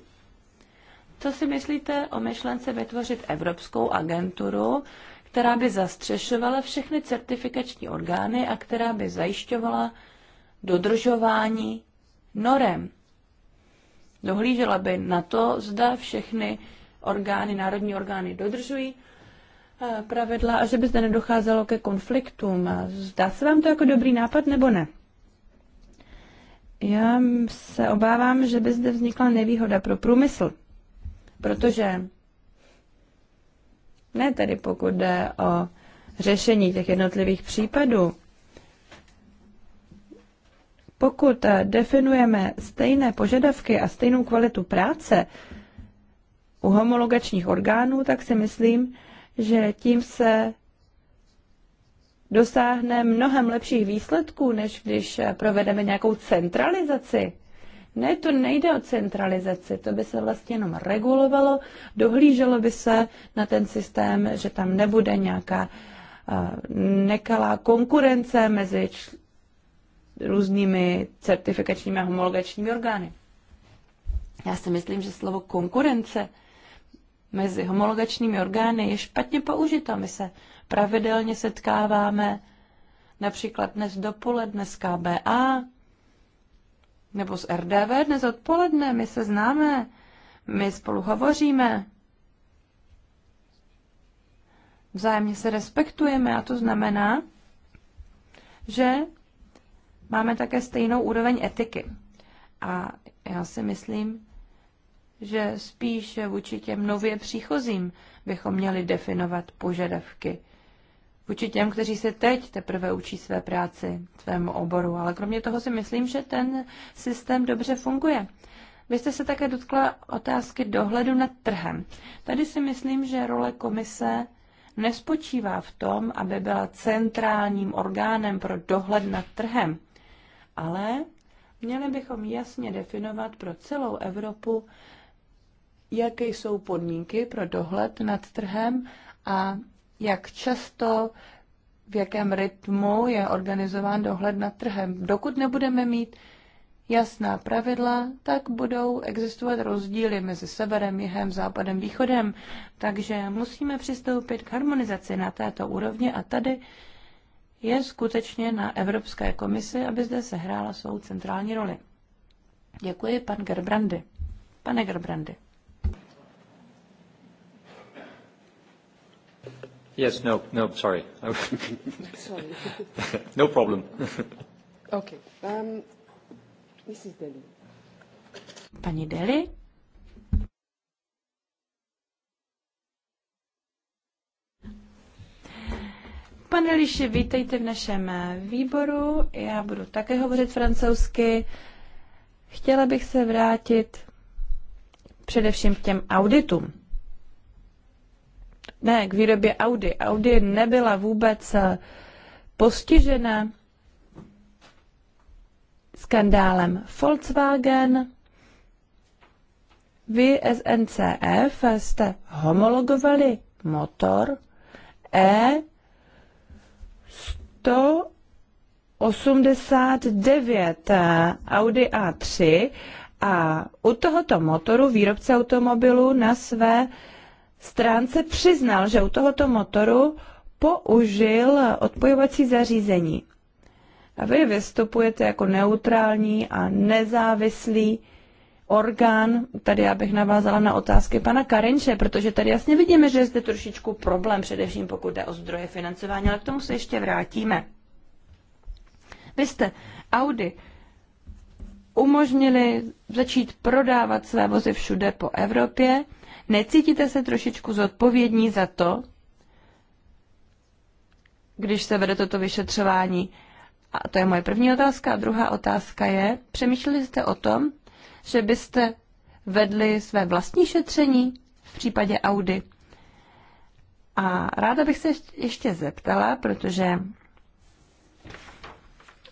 B: Co si myslíte o myšlence vytvořit Evropskou agenturu, která by zastřešovala všechny certifikační orgány a která by zajišťovala dodržování norem. Dohlížela by na to, zda všechny orgány, národní orgány dodržují eh, pravidla a že by zde nedocházelo ke konfliktům. Zdá se vám to jako dobrý nápad nebo ne? Já se obávám, že by zde vznikla nevýhoda pro průmysl, protože ne tedy pokud jde o řešení těch jednotlivých případů. Pokud eh, definujeme stejné požadavky a stejnou kvalitu práce u homologačních orgánů, tak si myslím, že tím se dosáhne mnohem lepších výsledků, než když eh, provedeme nějakou centralizaci ne, to nejde o centralizaci, to by se vlastně jenom regulovalo, dohlíželo by se na ten systém, že tam nebude nějaká nekalá konkurence mezi různými certifikačními a homologačními orgány. Já si myslím, že slovo konkurence mezi homologačními orgány je špatně použito. My se pravidelně setkáváme například dnes dopoledne s KBA, nebo z RDV dnes odpoledne. My se známe, my spolu hovoříme, vzájemně se respektujeme a to znamená, že máme také stejnou úroveň etiky. A já si myslím, že spíš vůči těm nově příchozím bychom měli definovat požadavky vůči těm, kteří se teď teprve učí své práci, svému oboru. Ale kromě toho si myslím, že ten systém dobře funguje. Vy jste se také dotkla otázky dohledu nad trhem. Tady si myslím, že role komise nespočívá v tom, aby byla centrálním orgánem pro dohled nad trhem, ale měli bychom jasně definovat pro celou Evropu, jaké jsou podmínky pro dohled nad trhem a jak často, v jakém rytmu je organizován dohled nad trhem. Dokud nebudeme mít jasná pravidla, tak budou existovat rozdíly mezi severem, jihem, západem, východem. Takže musíme přistoupit k harmonizaci na této úrovni a tady je skutečně na Evropské komisi, aby zde sehrála svou centrální roli. Děkuji, pan Gerbrandy. Pane Gerbrandy.
E: Yes. No, no, sorry. Sorry. No problem. Okay. Um,
D: Mrs. Deli.
B: Pani Deli? Pane Liši, vítejte v našem eh, výboru. Já budu také hovořit francouzsky. Chtěla bych se vrátit především k těm auditům ne, k výrobě Audi. Audi nebyla vůbec eh, postižena skandálem Volkswagen. Vy SNCF jste homologovali motor E 189 eh, Audi A3 a u tohoto motoru výrobce automobilu na své stránce přiznal, že u tohoto motoru použil odpojovací zařízení. A vy vystupujete jako neutrální a nezávislý orgán. Tady já bych navázala na otázky pana Karinče, protože tady jasně vidíme, že je zde trošičku problém, především pokud jde o zdroje financování, ale k tomu se ještě vrátíme. Vy jste Audi umožnili začít prodávat své vozy všude po Evropě Necítíte se trošičku zodpovědní za to, když se vede toto vyšetřování? A to je moje první otázka. A druhá otázka je, přemýšleli jste o tom, že byste vedli své vlastní šetření v případě Audi? A ráda bych se ještě zeptala, protože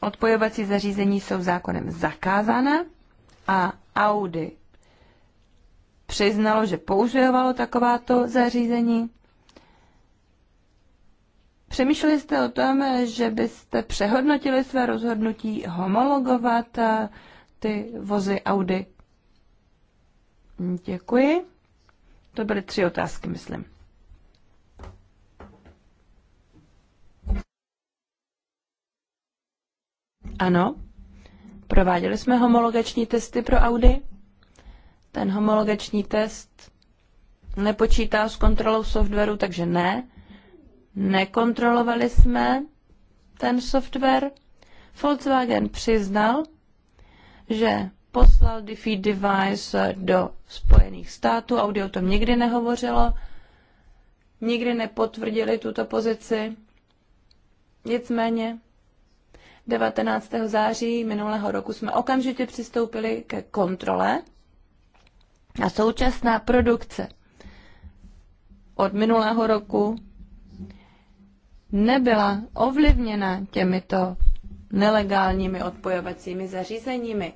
B: odpojovací zařízení jsou zákonem zakázána a Audi přiznalo, že používalo takováto zařízení? Přemýšleli jste o tom, že byste přehodnotili své rozhodnutí homologovat eh, ty vozy Audi? Děkuji. To byly tři otázky, myslím. Ano, prováděli jsme homologační testy pro Audi. Ten homologační test nepočítá s kontrolou softwaru, takže ne. Nekontrolovali jsme ten software. Volkswagen přiznal, že poslal defeat device do Spojených států. Audi o tom nikdy nehovořilo, nikdy nepotvrdili tuto pozici. Nicméně 19. září minulého roku jsme okamžitě přistoupili ke kontrole a současná produkce od minulého roku nebyla ovlivněna těmito nelegálními odpojovacími zařízeními.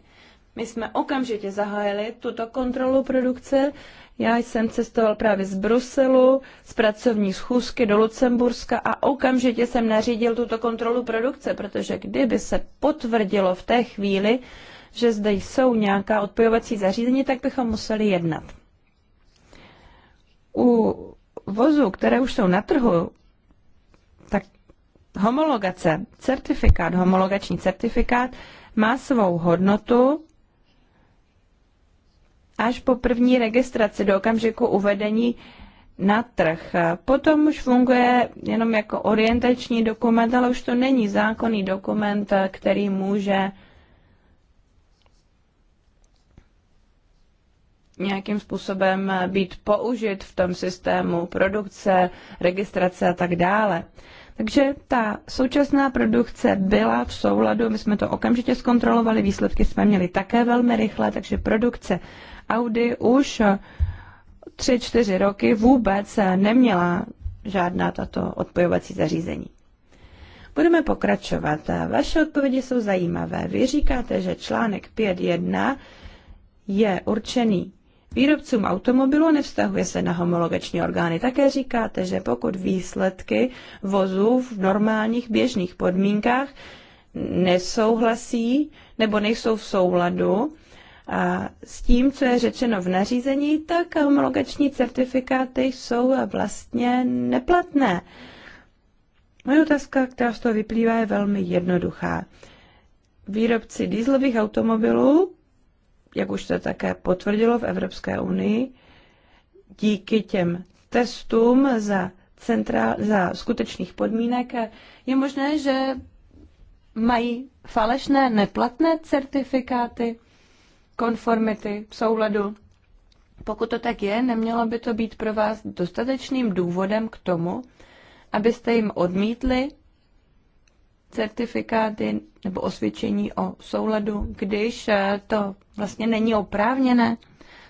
B: My jsme okamžitě zahájili tuto kontrolu produkce. Já jsem cestoval právě z Bruselu, z pracovní schůzky do Lucemburska a okamžitě jsem nařídil tuto kontrolu produkce, protože kdyby se potvrdilo v té chvíli, že zde jsou nějaká odpojovací zařízení, tak bychom museli jednat. U vozů, které už jsou na trhu, tak homologace, certifikát, homologační certifikát má svou hodnotu až po první registraci do okamžiku uvedení na trh. Potom už funguje jenom jako orientační dokument, ale už to není zákonný dokument, který může nějakým způsobem být použit v tom systému produkce, registrace a tak dále. Takže ta současná produkce byla v souladu, my jsme to okamžitě zkontrolovali, výsledky jsme měli také velmi rychle, takže produkce Audi už 3-4 roky vůbec neměla žádná tato odpojovací zařízení. Budeme pokračovat. Vaše odpovědi jsou zajímavé. Vy říkáte, že článek 5.1 je určený výrobcům automobilů nevztahuje se na homologační orgány. Také říkáte, že pokud výsledky vozů v normálních běžných podmínkách nesouhlasí nebo nejsou v souladu a s tím, co je řečeno v nařízení, tak homologační certifikáty jsou vlastně neplatné. Moje otázka, která z toho vyplývá, je velmi jednoduchá. Výrobci dýzlových automobilů jak už se také potvrdilo v Evropské unii, díky těm testům za, centrál, za skutečných podmínek je možné, že mají falešné, neplatné certifikáty konformity, souladu. Pokud to tak je, nemělo by to být pro vás dostatečným důvodem k tomu, abyste jim odmítli certifikáty nebo osvědčení o souladu, když eh, to vlastně není oprávněné?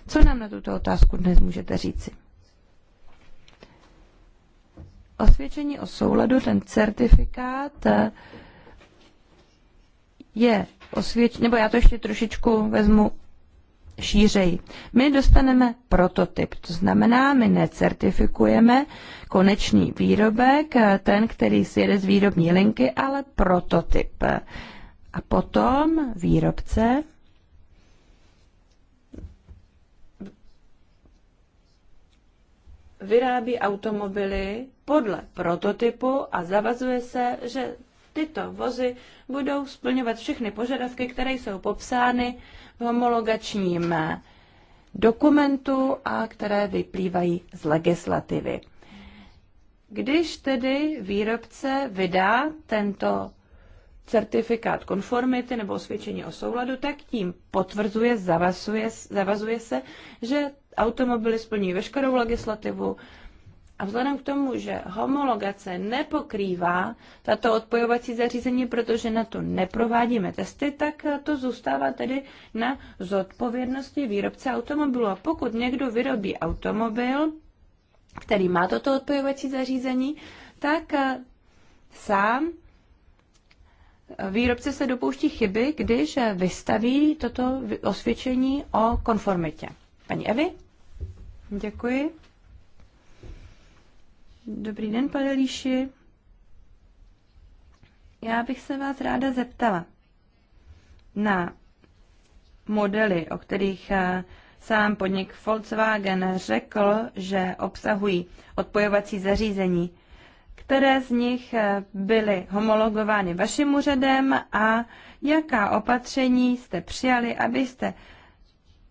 B: Co nám na tuto otázku dnes můžete říci? Osvědčení o souladu, ten certifikát, eh, je osvědčení, nebo já to ještě trošičku vezmu šířejí. My dostaneme prototyp, to znamená, my necertifikujeme konečný výrobek, eh, ten, který si jede z výrobní linky, ale prototyp. A potom výrobce vyrábí automobily podle prototypu a zavazuje se, že tyto vozy budou splňovat všechny požadavky, které jsou popsány homologačním dokumentu a které vyplývají z legislativy. Když tedy výrobce vydá tento certifikát konformity nebo osvědčení o souladu, tak tím potvrzuje, zavazuje, zavazuje se, že automobily splní veškerou legislativu, a vzhledem k tomu, že homologace nepokrývá tato odpojovací zařízení, protože na to neprovádíme testy, tak to zůstává tedy na zodpovědnosti výrobce automobilu. A pokud někdo vyrobí automobil, který má toto odpojovací zařízení, tak eh, sám výrobce se dopouští chyby, když vystaví toto osvědčení o konformitě. Paní Evi? Děkuji. Dobrý den, pane Líši. Já bych se vás ráda zeptala na modely, o kterých eh, sám podnik Volkswagen řekl, že obsahují odpojovací zařízení. Které z nich eh, byly homologovány vaším úřadem a jaká opatření jste přijali, abyste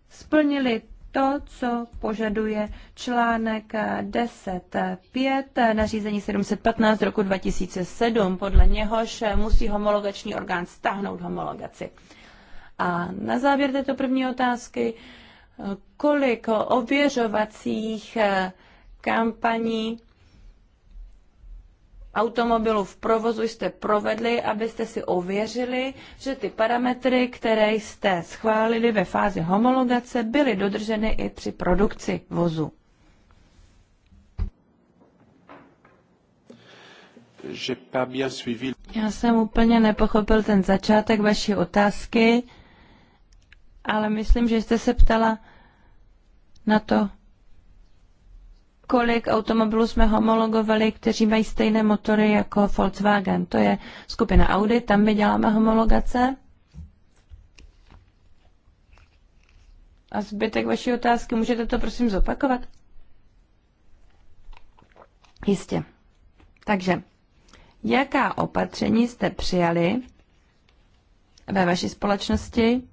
B: splnili to, co požaduje článek 10.5 nařízení 715 roku 2007. Podle něhož musí homologační orgán stáhnout homologaci. A na závěr této první otázky, kolik ověřovacích kampaní Automobilu v provozu jste provedli, abyste si ověřili, že ty parametry, které jste schválili ve fázi homologace, byly dodrženy i při produkci vozu? Já jsem úplně nepochopil ten začátek vaší otázky, ale myslím, že jste se ptala na to, kolik automobilů jsme homologovali, kteří mají stejné motory jako Volkswagen. To je skupina Audi, tam my děláme homologace. A zbytek vaší otázky, můžete to prosím zopakovat? Jistě. Takže, jaká opatření jste přijali ve vaší společnosti,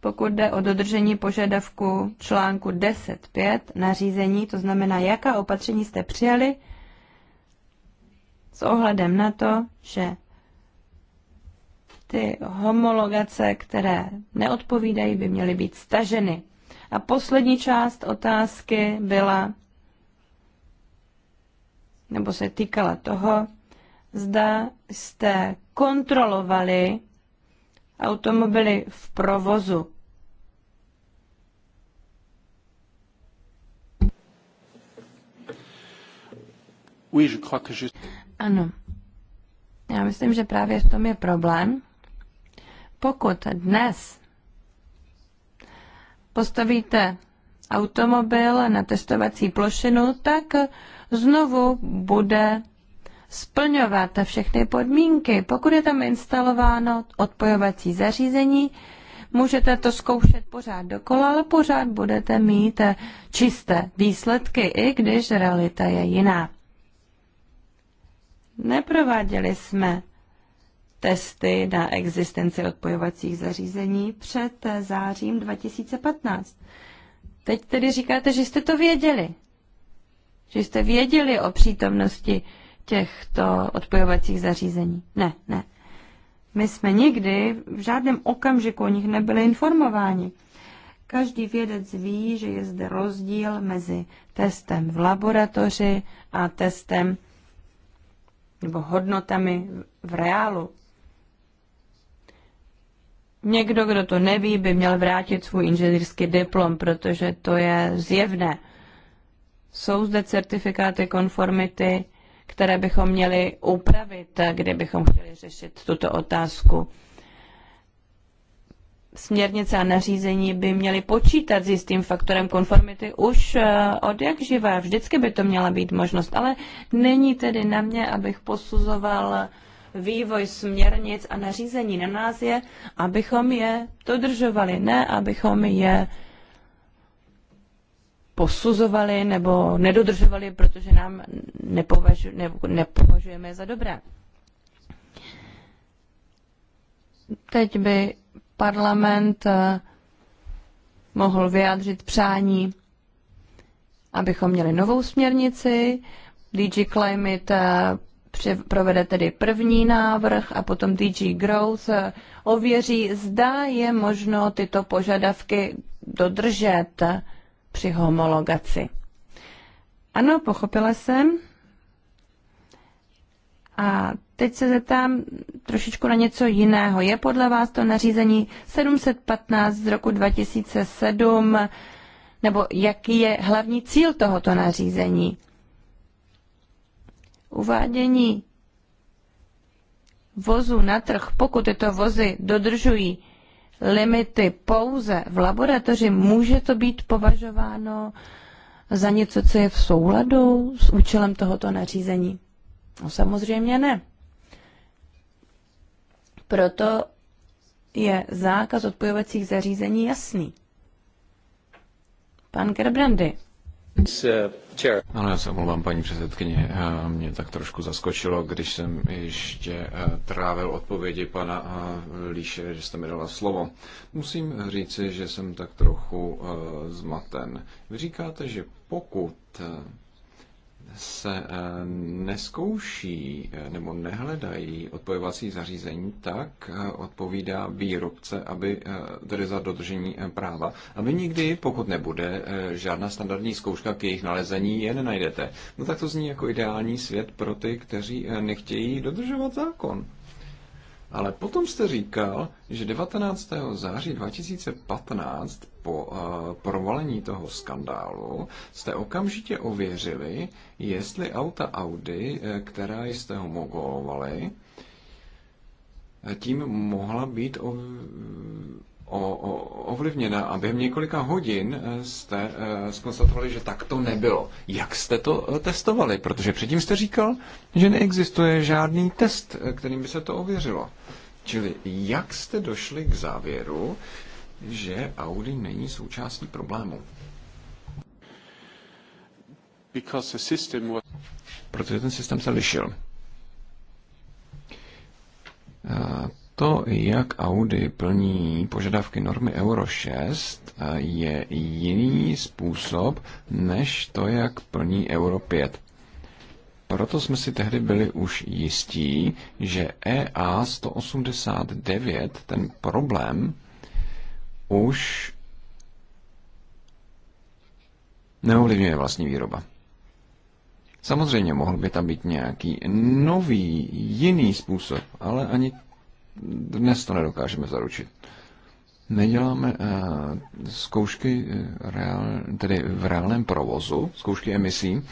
B: pokud jde o dodržení požadavku článku 10.5 nařízení, to znamená, jaká opatření jste přijali s ohledem na to, že ty homologace, které neodpovídají, by měly být staženy. A poslední část otázky byla, nebo se týkala toho, zda jste kontrolovali automobily v provozu. Ano. Já myslím, že právě v tom je problém. Pokud dnes postavíte automobil na testovací plošinu, tak znovu bude splňovat všechny podmínky. Pokud je tam instalováno odpojovací zařízení, můžete to zkoušet pořád dokola, ale pořád budete mít čisté výsledky, i když realita je jiná. Neprováděli jsme testy na existenci odpojovacích zařízení před zářím 2015. Teď tedy říkáte, že jste to věděli. Že jste věděli o přítomnosti těchto odpojovacích zařízení. Ne, ne. My jsme nikdy v žádném okamžiku o nich nebyli informováni. Každý vědec ví, že je zde rozdíl mezi testem v laboratoři a testem nebo hodnotami v reálu. Někdo, kdo to neví, by měl vrátit svůj inženýrský diplom, protože to je zjevné. Jsou zde certifikáty konformity, které bychom měli upravit, kdybychom chtěli řešit tuto otázku. Směrnice a nařízení by měly počítat s jistým faktorem konformity už eh, od jak živá. Vždycky by to měla být možnost, ale není tedy na mě, abych posuzoval vývoj směrnic a nařízení. Na nás je, abychom je dodržovali, ne abychom je uh, posuzovali nebo nedodržovali, protože nám nepovažu, ne, nepovažujeme za dobré. Teď by parlament eh, mohl vyjádřit přání, abychom měli novou směrnici. DG Climate eh, provede tedy první návrh a potom DG Growth eh, ověří, zda je možno tyto požadavky dodržet při homologaci. Ano, pochopila jsem. A teď se zeptám trošičku na něco jiného. Je podle vás to nařízení 715 z roku 2007, nebo jaký je hlavní cíl tohoto nařízení? Uvádění vozu na trh, pokud tyto vozy dodržují limity pouze v laboratoři, může to být považováno za něco, co je v souladu s účelem tohoto nařízení? No samozřejmě ne. Proto je zákaz odpojovacích zařízení jasný. Pan Gerbrandy.
C: Ano, já se omlouvám, paní předsedkyně. Eh, Mě tak trošku zaskočilo, když jsem ještě eh, trávil odpovědi pana eh, Líše, že jste mi dala slovo. Musím říci, že jsem tak trochu zmaten. Vy říkáte, že pokud se eh, neskouší eh, nebo nehledají odpojovací zařízení, tak eh, odpovídá výrobce, aby tedy za dodržení práva, aby nikdy, pokud nebude žádná standardní zkouška k jejich nalezení, je nenajdete. No tak to zní jako ideální svět pro ty, kteří nechtějí dodržovat zákon. Ale potom jste říkal, že 19. září 2015 po eh, provalení toho skandálu jste okamžitě ověřili, jestli auta Audi, eh, která jste homologovali, eh, tím mohla být o, o, ovlivněna a během několika hodin jste skonstatovali, že tak to nebylo. Jak jste to testovali? Protože předtím jste říkal, že neexistuje žádný test, kterým by se to ověřilo. Čili jak jste došli k závěru, že Audi není součástí problému. Protože ten systém se lišil. To, jak Audi plní požadavky normy Euro 6, je jiný způsob, než to, jak plní Euro 5. Proto jsme si tehdy byli už jistí, že EA 189, ten problém, už neovlivňuje vlastní výroba. Samozřejmě mohl by tam být nějaký nový, jiný způsob, ale ani dnes to nedokážeme zaručit. Neděláme uh, zkoušky eh, reál, tedy v reálném provozu, zkoušky emisí.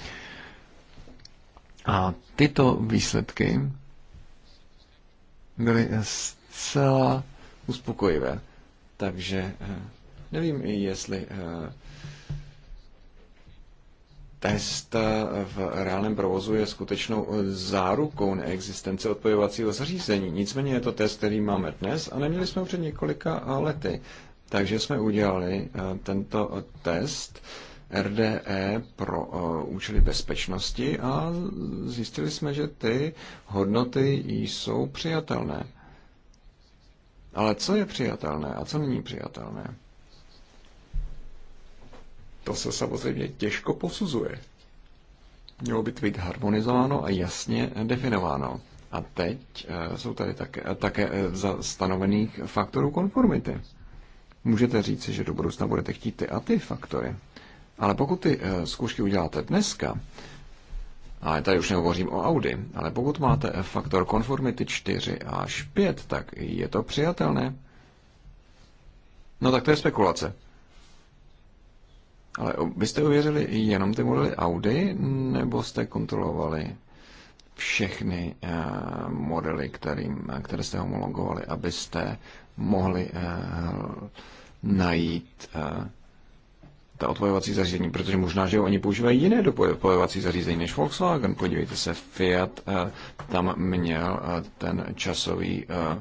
C: A tyto výsledky byly zcela uspokojivé. Takže eh, nevím, jestli eh, test eh, v reálném provozu je skutečnou zárukou neexistence odpojovacího zařízení. Nicméně je to test, který máme dnes a neměli jsme ho před několika lety. Takže jsme udělali tento test RDE pro účely bezpečnosti a zjistili jsme, že ty hodnoty jsou přijatelné. Ale co je přijatelné a co není přijatelné? To se samozřejmě těžko posuzuje. Mělo by to být harmonizováno a jasně definováno. A teď eh, jsou tady také, eh, také eh, za stanovených faktorů konformity. Můžete říci, že do budoucna budete chtít ty a ty faktory. Ale pokud ty zkoušky uděláte dneska, a tady už nehovořím o Audi, ale pokud máte faktor konformity 4 až 5, tak je to přijatelné. No tak to je spekulace. Ale byste uvěřili jenom ty modely Audi, nebo jste kontrolovali všechny uh, modely, kterým, které jste homologovali, abyste mohli uh, najít eh, ta odpojovací zařízení, protože možná, že oni používají jiné odpojovací zařízení než Volkswagen. Podívejte se, Fiat eh, tam měl eh, ten časový eh,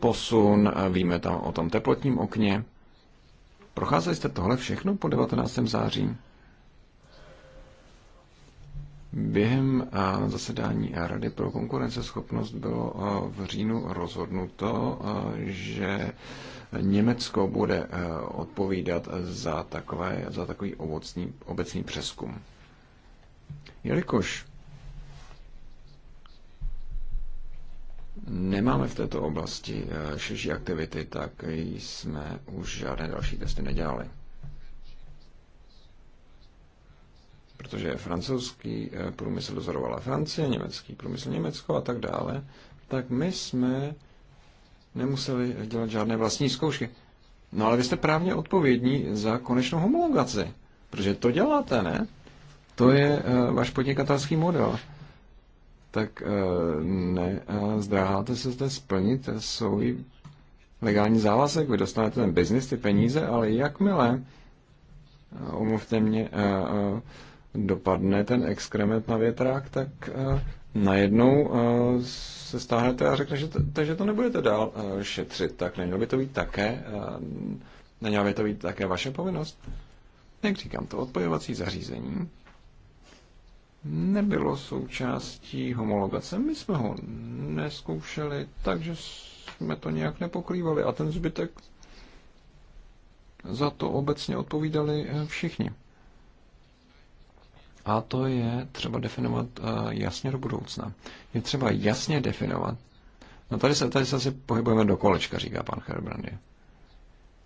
C: posun, víme tam o tom teplotním okně. Procházeli jste tohle všechno po 19. září? Během eh, zasedání Rady pro konkurenceschopnost bylo eh, v říjnu rozhodnuto, eh, že Německo bude odpovídat za, takové, za takový ovocný, obecný přeskum. Jelikož nemáme v této oblasti širší aktivity, tak jsme už žádné další testy nedělali. protože francouzský eh, průmysl dozorovala Francie, německý průmysl Německo a tak dále, tak my jsme nemuseli dělat žádné vlastní zkoušky. No ale vy jste právně odpovědní za konečnou homologaci, protože to děláte, ne? To je uh, váš podnikatelský model. Tak uh, eh, ne, uh, zdráháte se zde splnit svůj legální závazek, vy dostanete ten biznis, ty peníze, ale jakmile, uh, omluvte mě, uh, uh, dopadne ten exkrement na větrák, tak eh, najednou eh, se stáhnete a řekne, že to, takže to nebudete dál eh, šetřit. Tak nemělo by to být také, Není by to být také vaše povinnost? Jak říkám, to odpojovací zařízení nebylo součástí homologace. My jsme ho neskoušeli, takže jsme to nějak nepokrývali a ten zbytek za to obecně odpovídali všichni. A to je třeba definovat eh, jasně do budoucna. Je třeba jasně definovat. No tady se, tady se asi pohybujeme do kolečka, říká pan Herbrandy.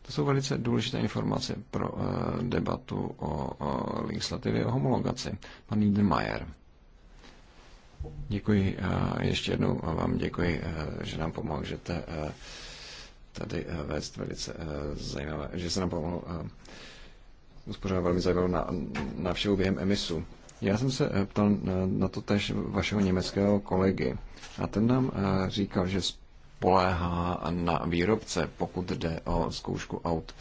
C: To jsou velice důležité informace pro uh, debatu o, o legislativě o homologaci. Pan Niedermayer. Děkuji. Uh, ještě jednou vám děkuji, uh, že nám pomohl, uh, tady uh, vést velice uh, zajímavé, že se nám pomohl uh, uspořádal velmi zajímavou návštěvu během emisu. Já jsem se eh, ptal eh, na to tež vašeho německého kolegy a ten nám eh, říkal, že spoléhá na výrobce, pokud jde o zkoušku aut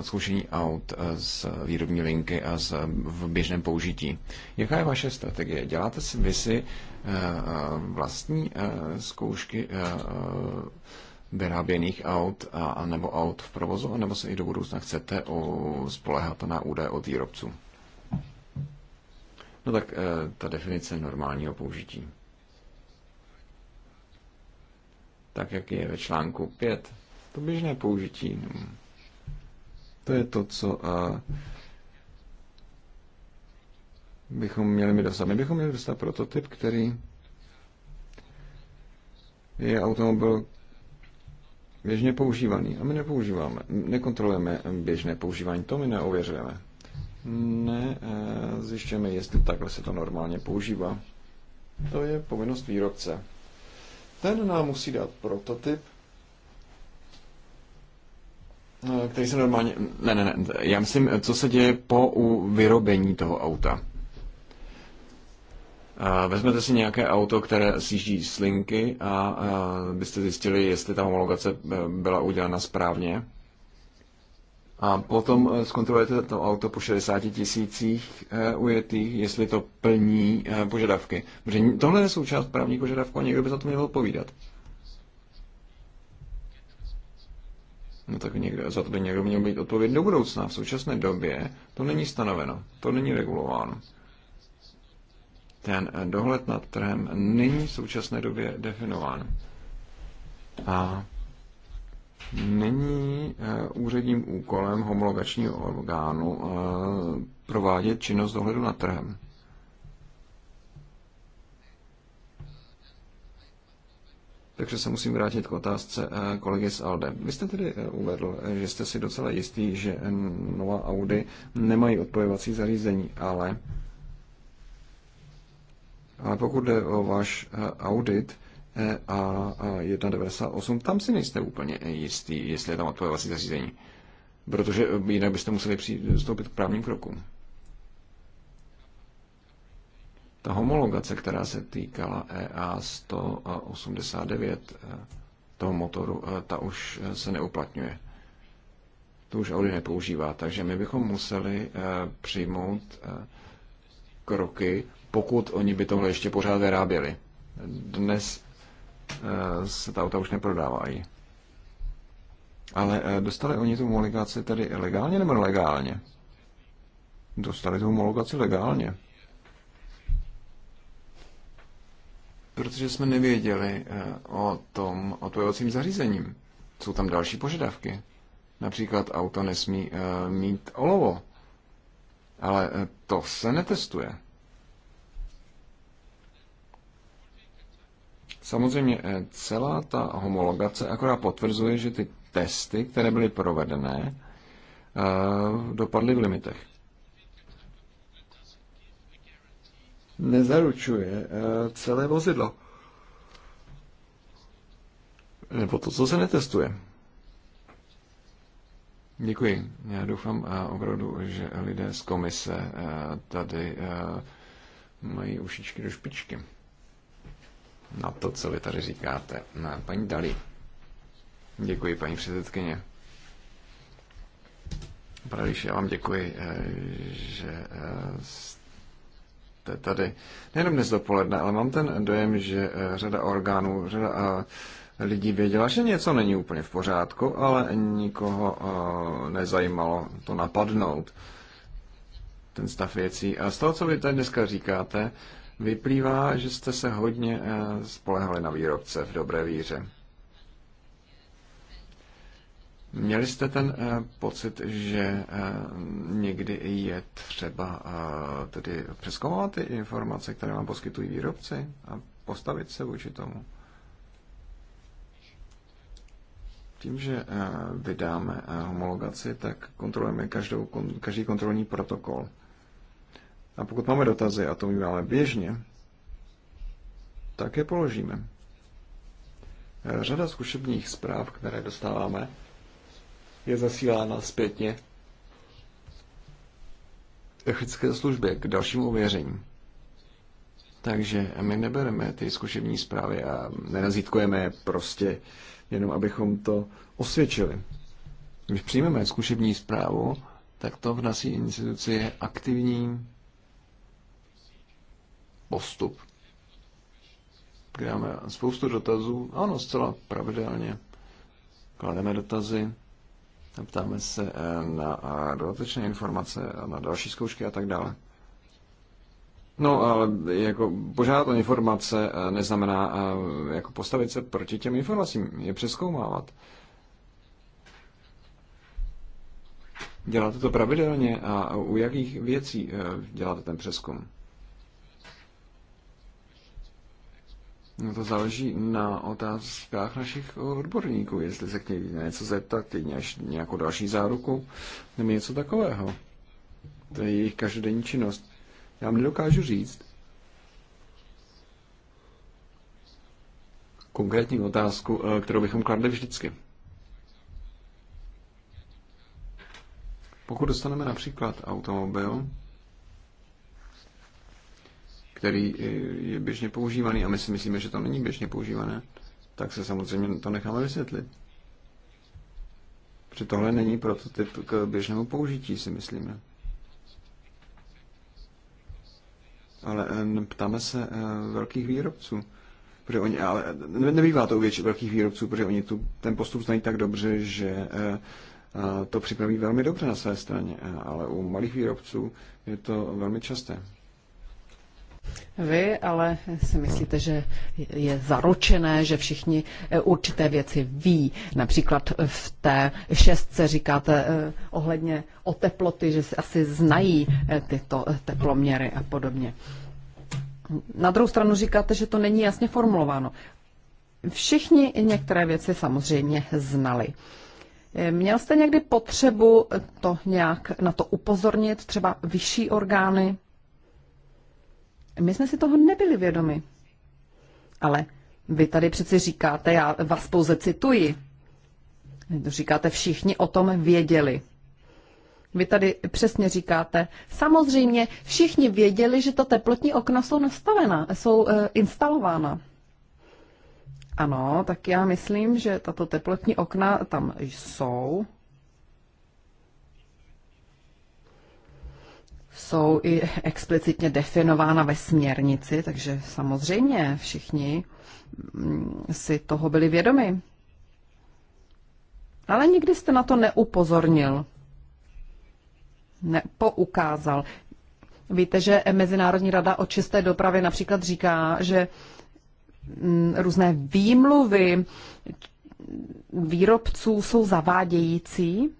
C: zkoušení aut z výrobní linky a z, v běžném použití. Jaká je vaše strategie? Děláte si vy si vlastní zkoušky vyráběných aut a, a nebo aut v provozu, nebo se i do budoucna chcete o, spolehat na údaje od výrobců? No tak eh, ta definice normálního použití. Tak, jak je ve článku 5. To běžné použití. To je to, co eh, bychom měli mi dostat. My bychom měli dostat prototyp, který je automobil, běžně používaný. A my nepoužíváme, nekontrolujeme běžné používání, to my neověřujeme. Ne, eh, zjišťujeme, jestli takhle se to normálně používá. To je povinnost výrobce. Ten nám musí dát prototyp, eh, který se normálně... Ne, ne, ne, já myslím, eh, co se děje po u vyrobení toho auta. Vezmete si nějaké auto, které sjíždí z linky a byste zjistili, jestli ta homologace e, byla udělána správně. A potom e, zkontrolujete to auto po 60 tisících e, ujetých, jestli to plní požadavky. Protože tohle je součást právní požadavku a někdo by za to měl odpovídat. No tak někdo, za to by někdo měl být odpověd do budoucna. V současné době to není stanoveno, to není regulováno. Ten dohled nad trhem není v současné době definován. A není eh, úředním úkolem homologačního orgánu eh, provádět činnost dohledu nad trhem. Takže se musím vrátit k otázce eh, kolegy z Alde. Vy jste tedy uvedl, že jste si docela jistý, že nová Audi nemají odpojovací zařízení, ale ale pokud jde o váš eh, audit eh, a 198, tam si nejste úplně jistý, jestli je tam odpojovací zařízení. Protože eh, jinak byste museli přistoupit k právním krokům. Ta homologace, která se týkala EA 189 toho motoru, ta už se neuplatňuje. To už Audi nepoužívá, takže my bychom museli přijmout kroky pokud oni by tohle ještě pořád vyráběli. Dnes eh, se ta auta už neprodávají. Ale eh, dostali oni tu homologaci tedy legálně nebo legálně? Dostali tu homologaci legálně. Protože jsme nevěděli eh, o tom odpojovacím zařízením. Jsou tam další požadavky. Například auto nesmí mít olovo. Ale to se netestuje. Samozřejmě eh, celá ta homologace akorát potvrzuje, že ty testy, které byly provedené, eh, dopadly v limitech. Nezaručuje eh, celé vozidlo.
D: Nebo to, co se netestuje.
C: Děkuji. Já doufám opravdu, že lidé z komise tady mají ušičky do špičky na to, co vy tady říkáte. Na paní Dali. Děkuji, paní předsedkyně. Prališ, já vám děkuji, eh, že eh, jste tady nejenom dnes dopoledne, ale mám ten dojem, že eh, řada orgánů, řada lidí věděla, že něco není úplně v pořádku, ale nikoho nezajímalo to napadnout, ten stav věcí. A z toho, co vy tady dneska říkáte, Vyplývá, že jste se hodně eh, spolehali na výrobce v dobré víře. Měli jste ten eh, pocit, že eh, někdy je třeba tedy přeskoumat ty informace, které vám poskytují výrobci a postavit se vůči tomu? Tím, že vydáme homologaci, tak kontrolujeme každou, každý kontrolní protokol. A pokud máme dotazy, a to uděláme běžně, tak je položíme. Řada zkušebních zpráv, které dostáváme,
D: je zasílána zpětně
C: technické službě k dalšímu ověření. Takže my nebereme ty zkušební zprávy a nenazítkujeme je prostě jenom, abychom to osvědčili. Když přijmeme zkušební zprávu, tak to v naší instituci je aktivní postup. Máme spoustu dotazů, ano, zcela pravidelně. Klademe dotazy, ptáme se eh, na eh, dodatečné informace, na další zkoušky a tak dále. No, ale jako požádat o informace eh, neznamená jako postavit se proti těm informacím, je přeskoumávat. Děláte to pravidelně a u jakých věcí děláte ten přeskum? No to záleží na otázkách našich odborníků, jestli se k něj něco zeptat, chtějí nějakou další záruku nebo něco takového. To je jejich každodenní činnost. Já vám nedokážu říct konkrétní otázku, eh, kterou bychom kladli vždycky. Pokud dostaneme například automobil, který eh, je běžně používaný a my si myslíme, že to není běžně používané, tak se samozřejmě to necháme vysvětlit. Protože tohle není prototyp k běžnému použití, si myslíme. Ale eh, ptáme se eh, velkých výrobců. Protože oni, ale nebývá to u větších velkých výrobců, protože oni tu, ten postup znají tak dobře, že to připraví velmi dobře na své straně, ale u malých výrobců je to velmi časté.
A: Vy ale si myslíte, že je zaručené, že všichni eh, určité věci ví. Například v té šestce říkáte eh, ohledně o teploty, že si asi znají eh, tyto teploměry a podobně. Na druhou stranu říkáte, že to není jasně formulováno. Všichni některé věci samozřejmě znali. Měl jste někdy potřebu to nějak na to upozornit, třeba vyšší orgány? My jsme si toho nebyli vědomi. Ale vy tady přeci říkáte, já vás pouze cituji. Říkáte, všichni o tom věděli. Vy tady přesně říkáte, samozřejmě všichni věděli, že to teplotní okna jsou nastavená, jsou e, instalována. Ano, tak já myslím, že tato teplotní okna tam jsou. jsou i explicitně definována ve směrnici, takže samozřejmě všichni mm, si toho byli vědomi. Ale nikdy jste na to neupozornil, nepoukázal. Víte, že Mezinárodní rada o čisté dopravě například říká, že mm, různé výmluvy výrobců jsou zavádějící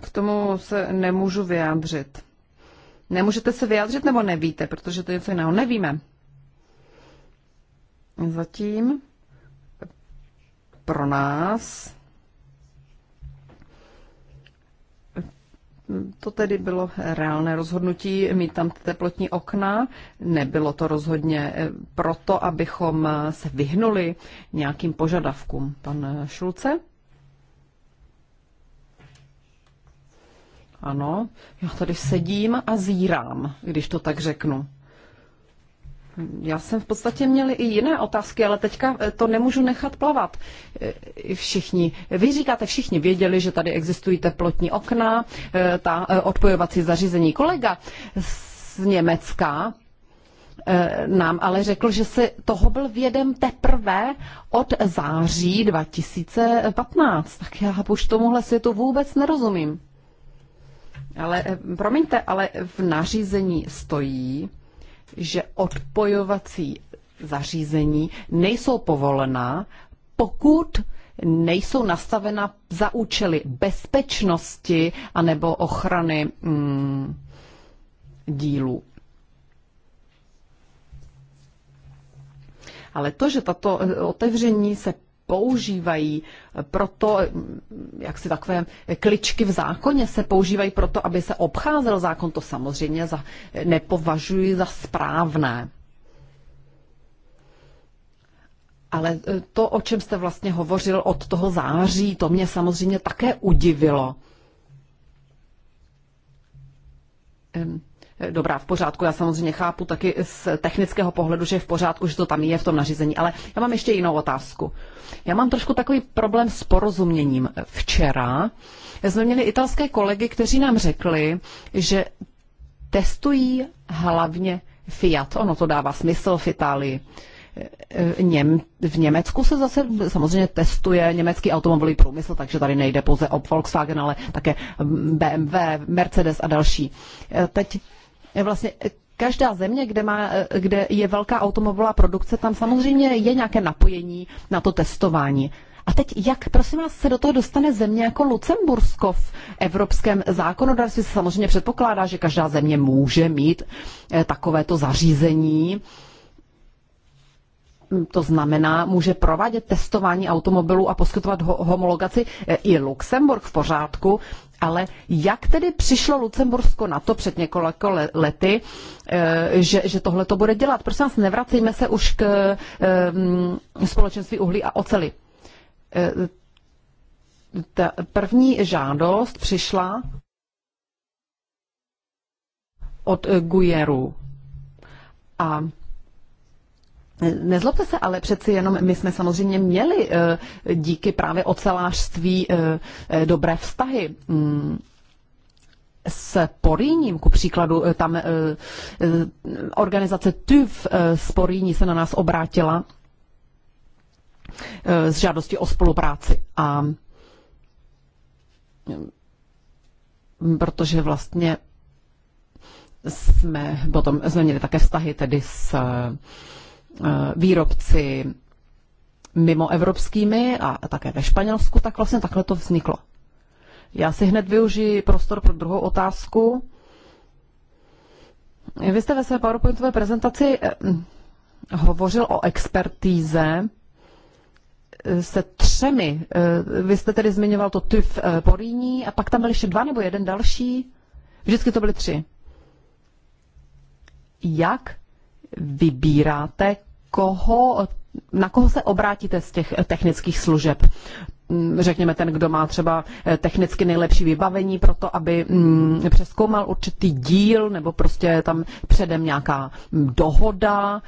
A: K tomu se nemůžu vyjádřit. Nemůžete se vyjádřit nebo nevíte, protože to je něco jiného. Nevíme. Zatím pro nás to tedy bylo reálné rozhodnutí mít tam teplotní okna. Nebylo to rozhodně eh, proto, abychom se vyhnuli nějakým požadavkům. Pan Šulce? Ano, já tady sedím a zírám, když to tak řeknu. Já jsem v podstatě měl i jiné otázky, ale teďka eh, to nemůžu nechat plavat. Eh, všichni, vy říkáte, všichni věděli, že tady existují teplotní okna, eh, ta odpojovací zařízení. Kolega z Německa nám ale řekl, že se toho byl vědem teprve od září 2015. Tak já už tomuhle světu vůbec nerozumím. Ale eh, promiňte, ale v nařízení stojí, že odpojovací zařízení nejsou povolená, pokud nejsou nastavena za účely bezpečnosti anebo ochrany mm, dílů. Ale to, že tato eh, otevření se používají proto, jak si takové kličky v zákoně se používají proto, aby se obcházel zákon, to samozřejmě za, nepovažuji za správné. Ale e, to, o čem jste vlastně hovořil od toho září, to mě samozřejmě také udivilo dobrá, v pořádku. Já samozřejmě chápu taky z technického pohledu, že je v pořádku, že to tam je v tom nařízení, ale já mám ještě jinou otázku. Já mám trošku takový problém s porozuměním. Včera jsme měli italské kolegy, kteří nám řekli, že testují hlavně Fiat. Ono to dává smysl v Itálii. E, Něm, v Německu se zase samozřejmě testuje německý automobilový průmysl, takže tady nejde pouze o Volkswagen, ale také BMW, Mercedes a další. E, teď Eh, vlastně eh, každá země, kde, má, eh, kde je velká automobilová produkce, tam samozřejmě je nějaké napojení na to testování. A teď jak, prosím vás, se do toho dostane země jako Lucembursko v evropském zákonodárství? Se samozřejmě předpokládá, že každá země může mít takovéto zařízení. Mm, to znamená, může provádět testování automobilů a poskytovat ho- homologaci i Luxemburg v pořádku, ale jak tedy přišlo Lucembursko na to před několika lety, eh, že, že tohle to bude dělat? Prosím vás, nevracejme se už k eh, společenství uhlí a oceli. Eh, ta první žádost přišla od Gujeru. A Nezlobte se, ale přeci jenom my jsme samozřejmě měli eh, díky právě ocelářství eh, eh, dobré vztahy. Mm. S Poríním, ku příkladu, tam organizace TÜV z Poríní se na nás obrátila s žádostí o spolupráci. A mm, protože vlastně jsme potom jsme měli také vztahy tedy s Eh, výrobci mimo evropskými a také ve Španělsku, tak vlastně takhle to vzniklo. Já si hned využiji prostor pro druhou otázku. Vy jste ve své PowerPointové prezentaci eh, hovořil o expertíze eh, se třemi. Vy jste tedy zmiňoval to TÜV Poríní a pak tam byly ještě dva nebo jeden další. Vždycky to byly tři. Jak vybíráte, koho, na koho se obrátíte z těch technických služeb. Mm, řekněme ten, kdo má třeba eh, technicky nejlepší vybavení pro to, aby mm, přeskoumal určitý díl, nebo prostě je tam předem nějaká mm, dohoda.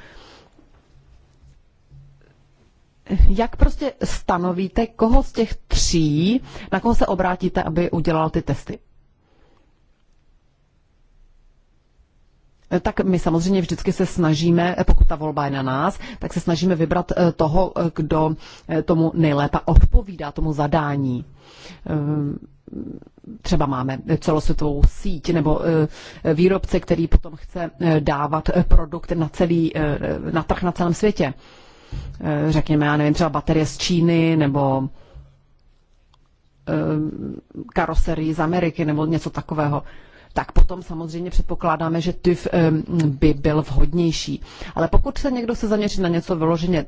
A: Jak prostě stanovíte, koho z těch tří, na koho se obrátíte, aby udělal ty testy? tak my samozřejmě vždycky se snažíme, pokud ta volba je na nás, tak se snažíme vybrat eh, toho, eh, kdo eh, tomu nejlépe odpovídá tomu zadání třeba máme celosvětovou síť nebo výrobce, který potom chce dávat produkt na, celý, na trh na celém světě. Řekněme, já nevím, třeba baterie z Číny nebo karoserii z Ameriky nebo něco takového tak potom samozřejmě předpokládáme, že TIF by byl vhodnější. Ale pokud se někdo se zaměří na něco vyloženě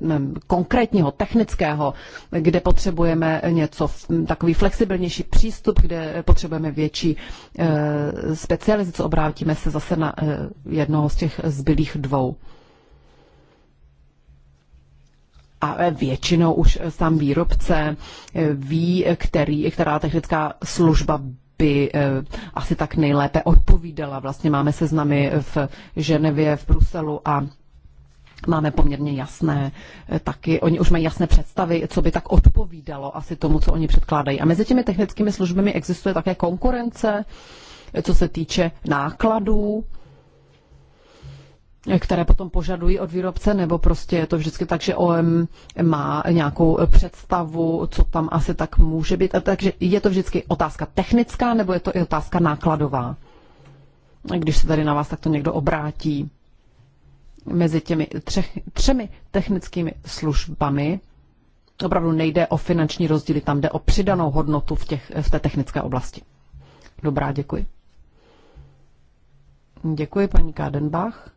A: konkrétního, technického, kde potřebujeme něco, takový flexibilnější přístup, kde potřebujeme větší e, specializaci, obrátíme se zase na e, jednoho z těch zbylých dvou a e, většinou už sám výrobce ví, který, která technická služba by eh, asi tak nejlépe odpovídala. Vlastně máme seznamy v Ženevě, v Bruselu a máme poměrně jasné eh, taky, oni už mají jasné představy, co by tak odpovídalo asi tomu, co oni předkládají. A mezi těmi technickými službami existuje také konkurence, eh, co se týče nákladů které potom požadují od výrobce, nebo prostě je to vždycky tak, že OM má nějakou představu, co tam asi tak může být. A takže je to vždycky otázka technická, nebo je to i otázka nákladová, když se tady na vás takto někdo obrátí mezi těmi třech, třemi technickými službami. Opravdu nejde o finanční rozdíly, tam jde o přidanou hodnotu v, těch, v té technické oblasti. Dobrá, děkuji. Děkuji, paní Kádenbach.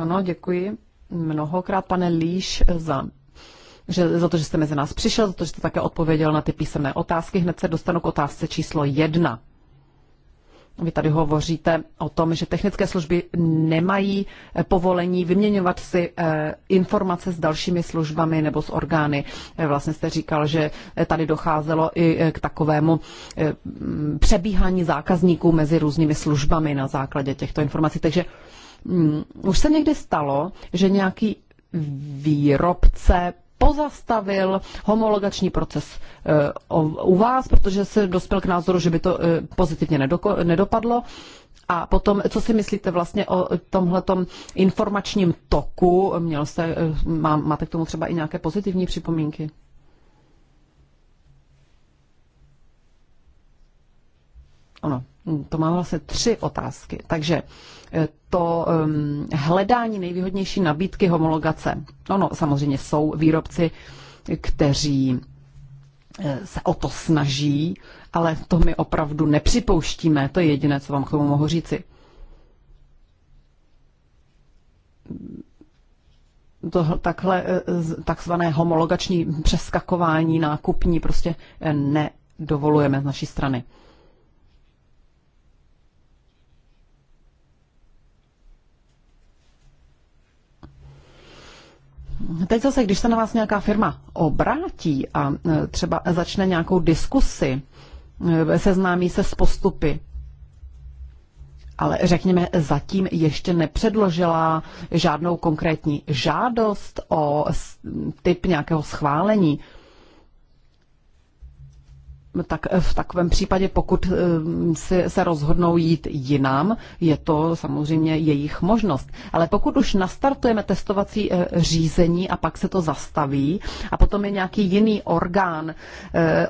A: Ano, děkuji mnohokrát, pane Líš, za že, za to, že jste mezi nás přišel, za to, že jste také odpověděl na ty písemné otázky. Hned se dostanu k otázce číslo jedna. Vy tady hovoříte o tom, že technické služby nemají eh, povolení vyměňovat si eh, informace s dalšími službami nebo s orgány. Eh, vlastně jste říkal, že tady docházelo i k takovému přebíhání zákazníků mezi různými službami na základě těchto informací. Takže Hmm, už se někdy stalo, že nějaký výrobce pozastavil homologační proces eh, u vás, protože se dospěl k názoru, že by to eh, pozitivně nedopadlo. A potom, co si myslíte vlastně o tomhletom informačním toku? Měl jste, eh, má, máte k tomu třeba i nějaké pozitivní připomínky? Ono, to mám vlastně tři otázky. Takže to hledání nejvýhodnější nabídky homologace. No, no, samozřejmě jsou výrobci, kteří eh, se o to snaží, ale to my opravdu nepřipouštíme. To je jediné, co vám k tomu mohu říci. To, takhle eh, takzvané homologační přeskakování nákupní prostě eh, nedovolujeme z naší strany. Teď zase, když se na vás nějaká firma obrátí a e, třeba začne nějakou diskusi, e, seznámí se s postupy, ale řekněme, zatím ještě nepředložila žádnou konkrétní žádost o typ nějakého schválení, tak eh, v takovém případě, pokud eh, si, se rozhodnou jít jinam, je to samozřejmě jejich možnost. Ale pokud už nastartujeme testovací eh, řízení a pak se to zastaví a potom je nějaký jiný orgán,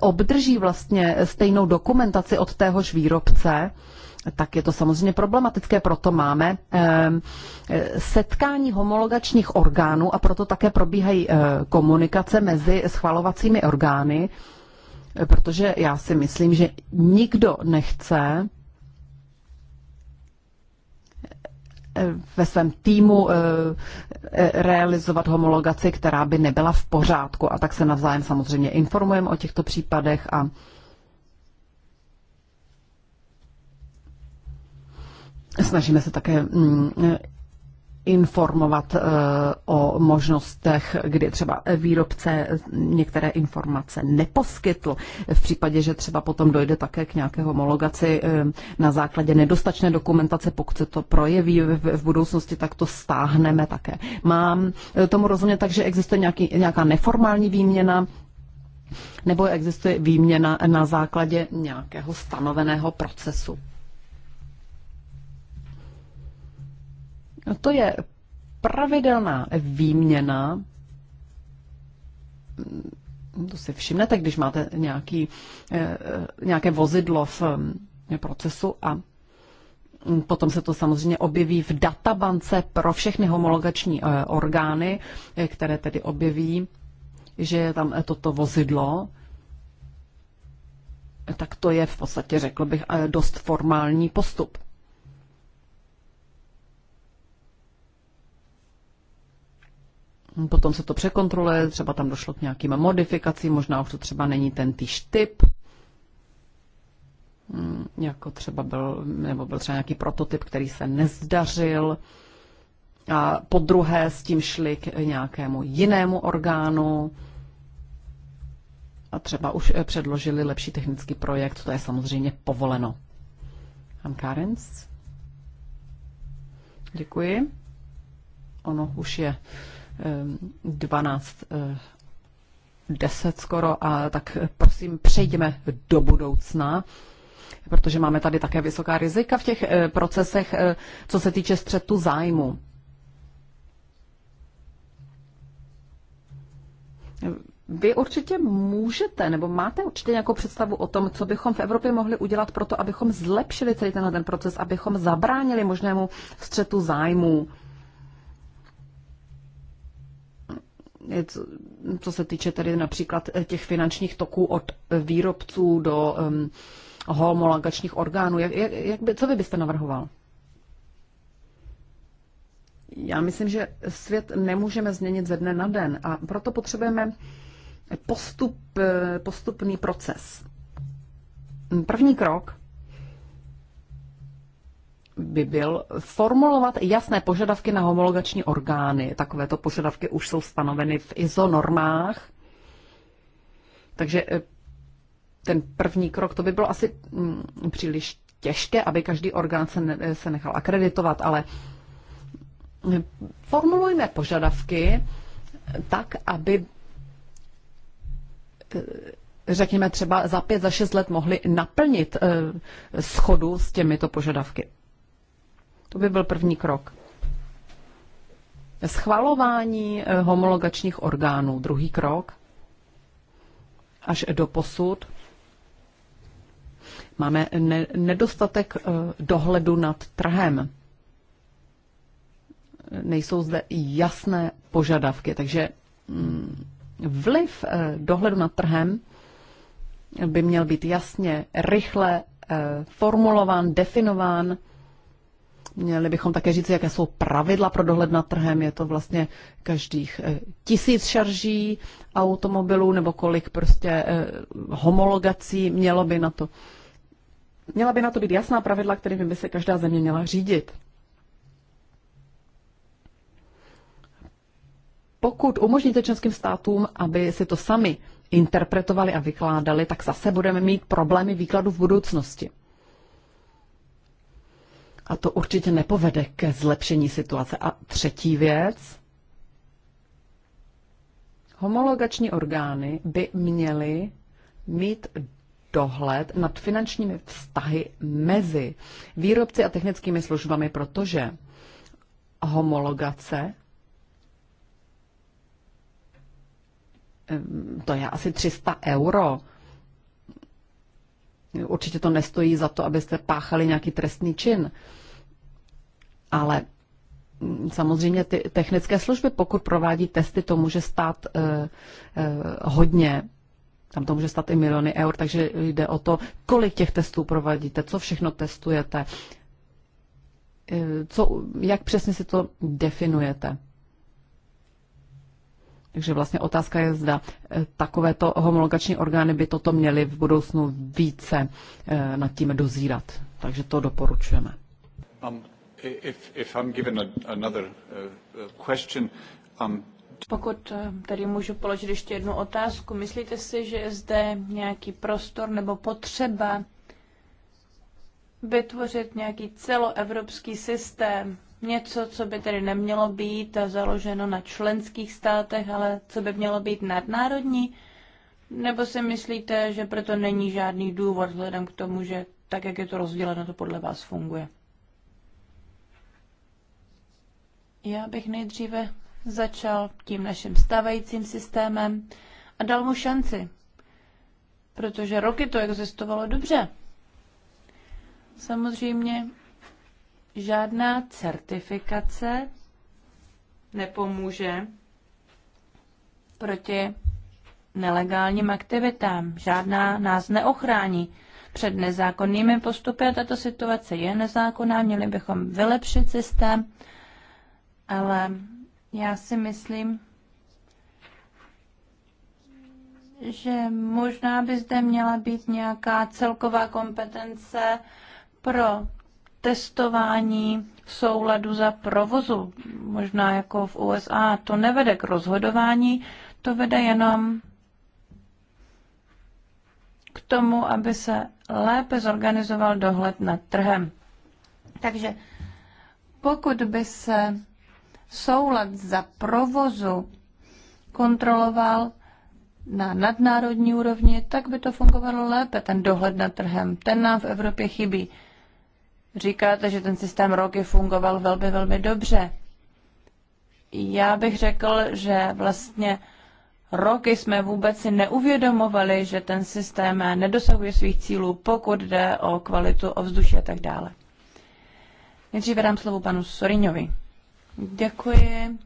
A: obdrží vlastně stejnou dokumentaci od téhož výrobce, tak je to samozřejmě problematické, proto máme setkání homologačních orgánů a proto také probíhají komunikace mezi schvalovacími orgány, protože já si myslím, že nikdo nechce eh, ve svém týmu eh, eh, realizovat homologaci, která by nebyla v pořádku. A tak se navzájem samozřejmě informujeme o těchto případech a snažíme se také mm, informovat eh, o možnostech, kdy třeba výrobce některé informace neposkytl, v případě, že třeba potom dojde také k nějaké homologaci eh, na základě nedostačné dokumentace, pokud se to projeví v budoucnosti, tak to stáhneme také. Mám eh, tomu rozumět tak, že existuje nějaký, nějaká neformální výměna, nebo existuje výměna na základě nějakého stanoveného procesu. No to je pravidelná výměna mm, to si všimnete, když máte nějaký, eh, eh, nějaké vozidlo v mm, procesu a mm, potom se to samozřejmě objeví v databance pro všechny homologační eh, orgány, které tedy objeví, že je tam toto vozidlo, tak to je v podstatě, řekl bych, dost formální postup. Potom se to překontroluje, třeba tam došlo k nějakým modifikacím, možná už to třeba není ten týž typ, hmm, jako třeba byl, nebo byl třeba nějaký prototyp, který se nezdařil. A po druhé s tím šli k nějakému jinému orgánu a třeba už eh, předložili lepší technický projekt, to je samozřejmě povoleno. Pan Karens? Děkuji. Ono už je 12 10 eh, skoro a tak eh, prosím přejdeme do budoucna, protože máme tady také vysoká rizika v těch eh, procesech, co se týče střetu zájmu. Vy určitě můžete, nebo máte určitě nějakou představu o tom, co bychom v Evropě mohli udělat pro to, abychom zlepšili celý tenhle ten proces, abychom zabránili možnému střetu zájmů. co, se týče tedy například eh, těch finančních toků od eh, výrobců do um, homologačních orgánů. Jak, jak, jak by, co vy byste navrhoval? Já myslím, že svět nemůžeme změnit ze dne na den a proto potřebujeme postup, eh, postupný proces. První krok by byl formulovat jasné požadavky na homologační orgány. Takovéto požadavky už jsou stanoveny v ISO normách. Takže e, ten první krok, to by bylo asi mm, příliš těžké, aby každý orgán se, ne, se nechal akreditovat, ale e, formulujme požadavky tak, aby e, řekněme třeba za pět, za šest let mohli naplnit schodu s těmito požadavky. To by byl první krok. Schvalování eh, homologačních orgánů, druhý krok, až do posud. Máme ne- nedostatek eh, dohledu nad trhem. Nejsou zde jasné požadavky, takže mm, vliv eh, dohledu nad trhem by měl být jasně, rychle formulován, definován Měli bychom také říct, jaké jsou pravidla pro dohled nad trhem. Je to vlastně každých eh, tisíc šarží automobilů nebo kolik prostě eh, homologací mělo by na to. Měla by na to být jasná pravidla, kterými by se každá země měla řídit. Pokud umožníte členským státům, aby si to sami interpretovali a vykládali, tak zase budeme mít problémy výkladu v budoucnosti. A to určitě nepovede ke zlepšení situace. A třetí věc. Homologační orgány by měly mít dohled nad finančními vztahy mezi výrobci a technickými službami, protože homologace, to je asi 300 euro Určitě to nestojí za to, abyste páchali nějaký trestný čin. Ale mm, samozřejmě ty technické služby, pokud provádí testy, to může stát eh, eh, hodně. Tam to může stát i miliony eur, takže jde o to, kolik těch testů provádíte, co všechno testujete, eh, co, jak přesně si to definujete. Takže vlastně otázka je, zda e, takovéto homologační orgány by toto měly v budoucnu více e, nad tím dozírat. Takže to doporučujeme.
C: Um, if, if I'm given another uh, question, um...
B: Pokud e, tady můžu položit ještě jednu otázku, myslíte si, že je zde nějaký prostor nebo potřeba vytvořit nějaký celoevropský systém něco, co by tedy nemělo být založeno na členských státech, ale co by mělo být nadnárodní? Nebo si myslíte, že proto není žádný důvod vzhledem k tomu, že tak, jak je to rozděleno, to podle vás funguje? Já bych nejdříve začal tím naším stávajícím systémem a dal mu šanci, protože roky to existovalo dobře. Samozřejmě žádná certifikace nepomůže proti nelegálním aktivitám. Žádná nás neochrání před nezákonnými postupy a tato situace je nezákonná. Měli bychom vylepšit systém, ale já si myslím, že možná by zde měla být nějaká celková kompetence pro testování v souladu za provozu, možná jako v USA. To nevede k rozhodování, to vede jenom k tomu, aby se lépe zorganizoval dohled nad trhem. Takže pokud by se soulad za provozu kontroloval na nadnárodní úrovni, tak by to fungovalo lépe, ten dohled nad trhem. Ten nám v Evropě chybí. Říkáte, že ten systém roky fungoval velmi, velmi dobře. Já bych řekl, že vlastně roky jsme vůbec si neuvědomovali, že ten systém nedosahuje svých cílů, pokud jde o kvalitu ovzduší a tak dále. Nejdříve dám slovo panu Soriňovi. Děkuji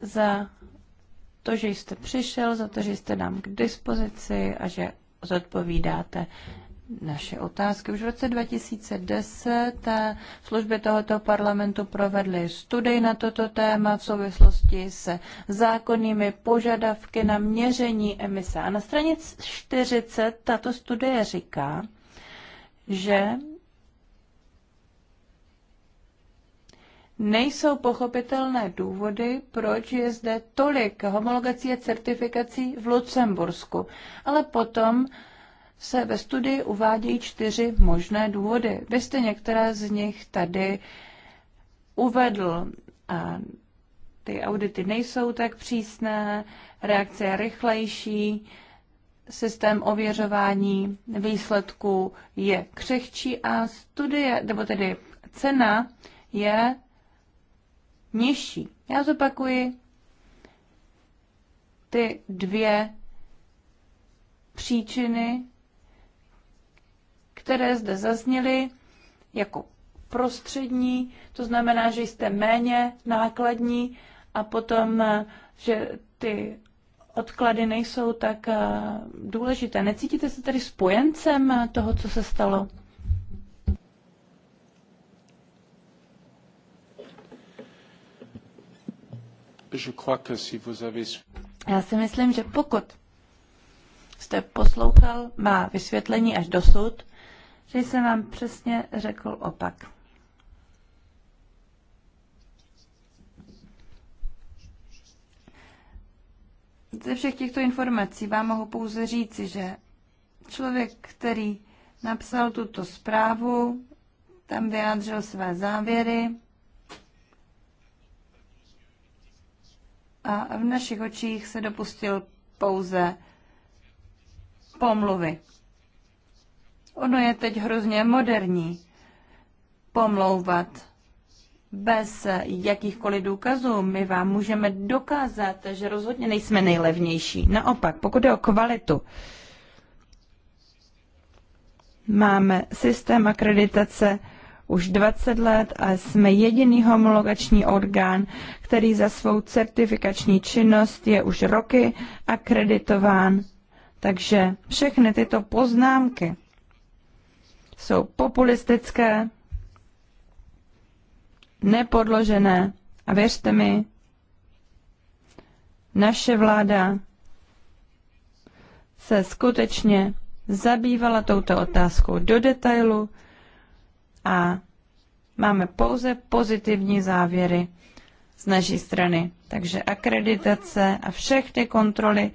B: za to, že jste přišel, za to, že jste nám k dispozici a že zodpovídáte naše otázky. Už v roce 2010 eh, služby tohoto parlamentu provedly studii na toto téma v souvislosti se zákonnými požadavky na měření emise. A na straně 40 tato studie říká, že nejsou pochopitelné důvody, proč je zde tolik homologací a certifikací v Lucembursku. Ale potom se ve studii uvádějí čtyři možné důvody. Vy jste některé z nich tady uvedl. A ty audity nejsou tak přísné, reakce je rychlejší, systém ověřování výsledků je křehčí a studie, nebo tedy cena je nižší. Já zopakuji ty dvě příčiny které zde zazněly jako prostřední, to znamená, že jste méně nákladní a potom, eh, že ty odklady nejsou tak eh, důležité. Necítíte se tedy spojencem eh, toho, co se stalo? Já si myslím, že pokud jste poslouchal má vysvětlení až dosud, že jsem vám přesně řekl opak. Ze všech těchto informací vám mohu pouze říci, že člověk, který napsal tuto zprávu, tam vyjádřil své závěry a v našich očích se dopustil pouze pomluvy. Ono je teď hrozně moderní pomlouvat bez jakýchkoliv důkazů. My vám můžeme dokázat, že rozhodně nejsme nejlevnější. Naopak, pokud jde o kvalitu, máme systém akreditace už 20 let a jsme jediný homologační orgán, který za svou certifikační činnost je už roky akreditován. Takže všechny tyto poznámky jsou populistické, nepodložené a věřte mi, naše vláda se skutečně zabývala touto otázkou do detailu a máme pouze pozitivní závěry z naší strany. Takže akreditace a všechny kontroly,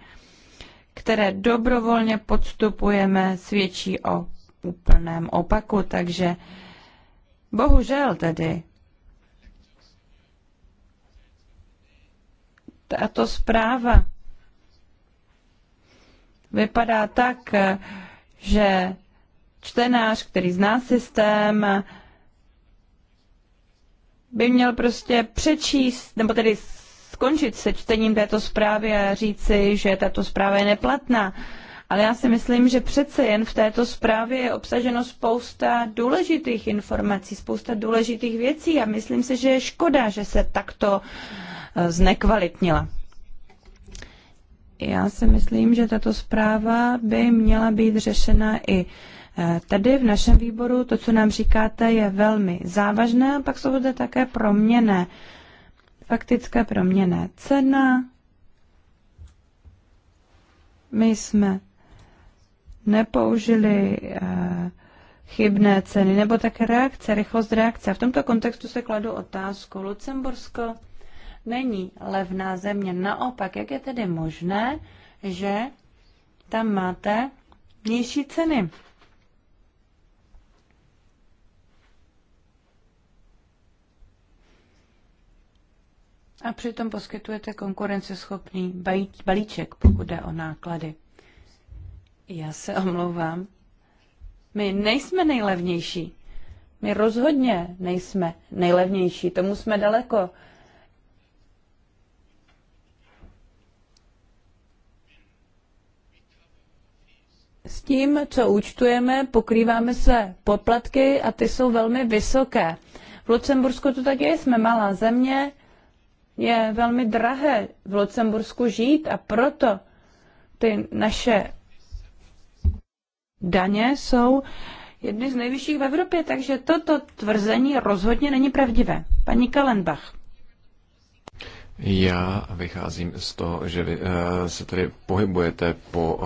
B: které dobrovolně podstupujeme, svědčí o úplném opaku, takže bohužel tedy tato zpráva vypadá tak, že čtenář, který zná systém, by měl prostě přečíst, nebo tedy skončit se čtením této zprávy a říci, že tato zpráva je neplatná ale já si myslím, že přece jen v této zprávě je obsaženo spousta důležitých informací, spousta důležitých věcí a myslím si, že je škoda, že se takto eh, znekvalitnila. Já si myslím, že tato zpráva by měla být řešena i eh, Tady v našem výboru to, co nám říkáte, je velmi závažné a pak jsou zde také proměné, faktické proměné cena. My jsme nepoužili eh, chybné ceny, nebo také reakce, rychlost reakce. A v tomto kontextu se kladu otázku. Lucembursko není levná země. Naopak, jak je tedy možné, že tam máte nižší ceny? A přitom poskytujete konkurenceschopný balíček, pokud jde o náklady. Já se omlouvám. My nejsme nejlevnější. My rozhodně nejsme nejlevnější. Tomu jsme daleko. S tím, co účtujeme, pokrýváme se poplatky a ty jsou velmi vysoké. V Lucembursku to tak je, jsme malá země, je velmi drahé v Lucembursku žít a proto ty naše daně jsou jedny z nejvyšších v Evropě, takže toto tvrzení rozhodně není pravdivé. Paní Kalenbach.
C: Já vycházím z toho, že vy eh, se tedy pohybujete po eh,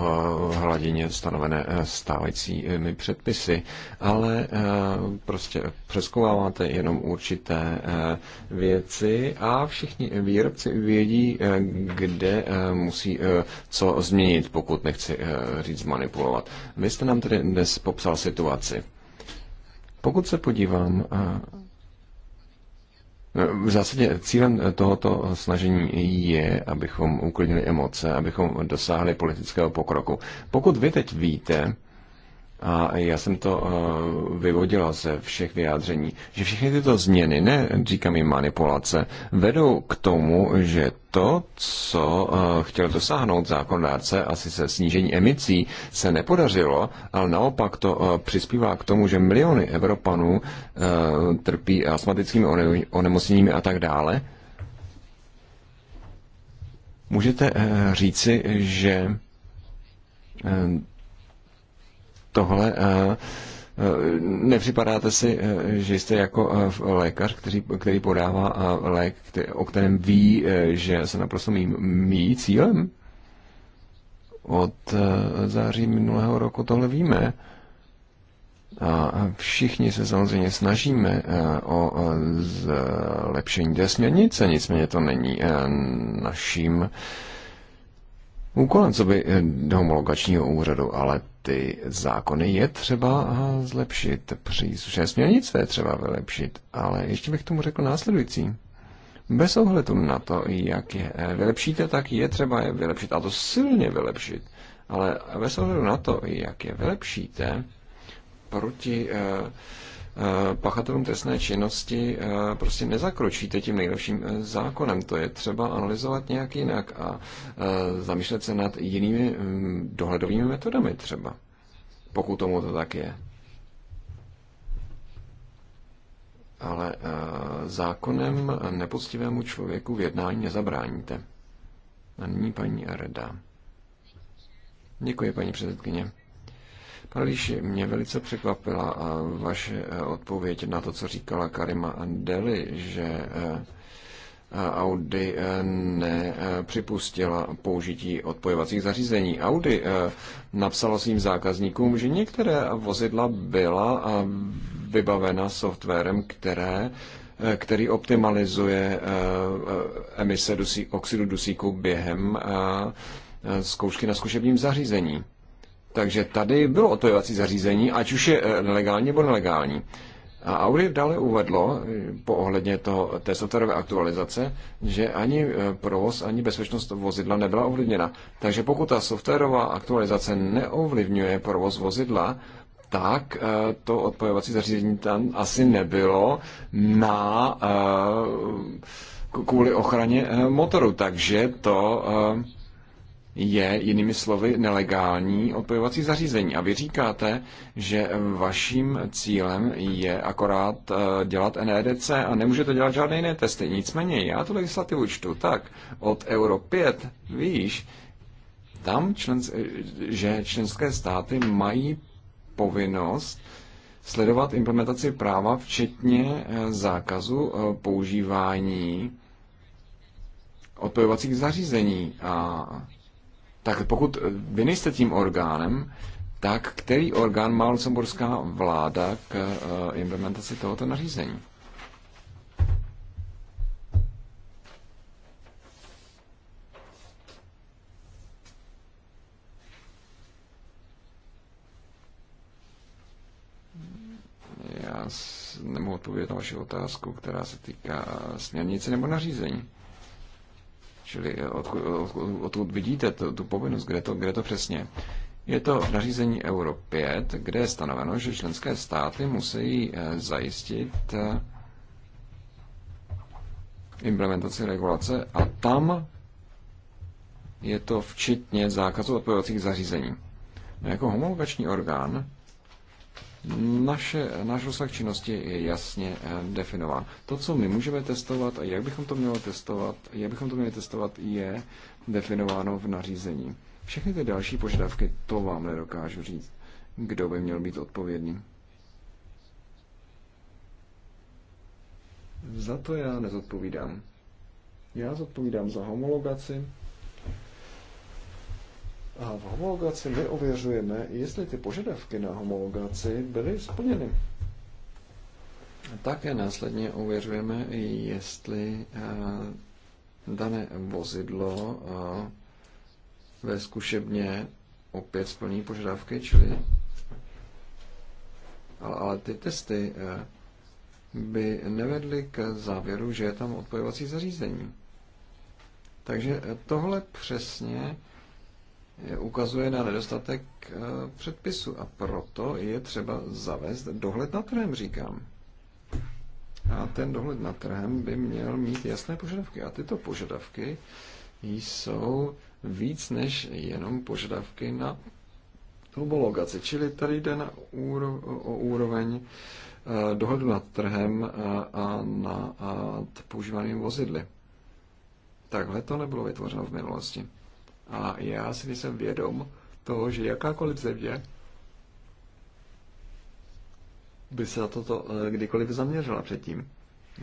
C: hladině stanovené eh, stávajícími předpisy, ale prostě přeskováváte jenom určité věci a všichni výrobci vědí, kde musí co změnit, pokud nechci říct manipulovat. Vy jste nám tedy dnes popsal situaci. Pokud se podívám v zásadě cílem tohoto snažení je, abychom uklidnili emoce, abychom dosáhli politického pokroku. Pokud vy teď víte, a já jsem to eh, vyvodila ze všech vyjádření, že všechny tyto změny, ne říkám jim manipulace, vedou k tomu, že to, co eh, chtěl dosáhnout zákonodárce, asi se snížení emisí, se nepodařilo, ale naopak to eh, přispívá k tomu, že miliony Evropanů trpí astmatickými onemocněními a tak dále. Můžete říci, že tohle eh, eh, Nepřipadáte si, eh, že jste jako lékař, který, který podává lék, který, o kterém ví, že se naprosto mý, mý cílem? Od září minulého roku tohle víme. A všichni se samozřejmě snažíme o zlepšení té směrnice, nicméně to není naším úkolem, co by eh, do homologačního úřadu, ale ty zákony je třeba eh, zlepšit. Příslušné směrnice je třeba vylepšit, ale ještě bych tomu řekl následující. Bez ohledu na to, jak je eh, vylepšíte, tak je třeba je vylepšit, a to silně vylepšit. Ale bez ohledu na to, jak je vylepšíte, proti eh, Eh, pachatelům trestné činnosti eh, prostě nezakročíte tím nejlepším eh, zákonem. To je třeba analyzovat nějak jinak a zamýšlet se nad jinými mm, dohledovými metodami třeba, pokud tomu to tak je. Ale zákonem nepoctivému člověku v jednání nezabráníte. A nyní paní Reda. Děkuji, paní předsedkyně. Kalíši, mě velice překvapila eh, vaše eh, odpověď na to, co říkala Karima Andeli, že eh, Audi nepřipustila použití odpojovacích zařízení. Audi napsala svým zákazníkům, že některé vozidla byla vybavena softwarem, které který optimalizuje emise dusí, oxidu dusíku během zkoušky na zkušebním zařízení. Takže tady bylo otojovací zařízení, ať už je e, legální nebo nelegální. A Audi dále uvedlo e, po ohledně toho, té softwarové aktualizace, že ani e, provoz, ani bezpečnost vozidla nebyla ovlivněna. Takže pokud ta softwarová aktualizace neovlivňuje provoz vozidla, tak to odpojovací zařízení tam asi nebylo na kvůli ochraně motoru. Takže to je jinými slovy nelegální odpojovací zařízení. A vy říkáte, že vaším cílem je akorát eh, dělat NEDC a nemůžete dělat žádné jiné testy. Nicméně já tu legislativu čtu tak od Euro 5, víš, tam, člens, eh, že členské státy mají povinnost sledovat implementaci práva, včetně eh, zákazu používání odpojovacích zařízení. A tak pokud eh, vy nejste tím orgánem, tak který orgán má lucemburská vláda k eh, implementaci tohoto nařízení? Já nemohu odpovědět na vaši otázku, která se týká eh, směrnice nebo nařízení čili odkud, odkud vidíte tu, tu povinnost, kde to, kde to přesně. Je to nařízení Euro 5, kde je stanoveno, že členské státy musí eh, zajistit eh, implementaci regulace a tam je to včetně zákazu odpojovacích zařízení. No, jako homologační orgán naše, náš rozsah činnosti je jasně eh, definován. To, co my můžeme testovat a jak bychom to měli testovat, jak bychom to měli testovat, je definováno v nařízení. Všechny ty další požadavky, to vám nedokážu říct, kdo by měl být odpovědný. Za to já nezodpovídám. Já zodpovídám za homologaci, a v homologaci my ověřujeme, jestli ty požadavky na homologaci byly splněny. Také následně ověřujeme, jestli eh, dané vozidlo eh, ve zkušebně opět splní požadavky, čili ale, ale ty testy eh, by nevedly k závěru, že je tam odpojovací zařízení. Takže tohle přesně ukazuje na nedostatek eh, předpisu a proto je třeba zavést dohled na trhem, říkám. A ten dohled na trhem by měl mít jasné požadavky. A tyto požadavky jsou víc než jenom požadavky na homologaci. Čili tady jde na úro, o úroveň eh, dohledu nad trhem eh, a nad používanými vozidly. Takhle to nebylo vytvořeno v minulosti. A já si nejsem vědom toho, že jakákoliv země by se na toto eh, kdykoliv zaměřila předtím.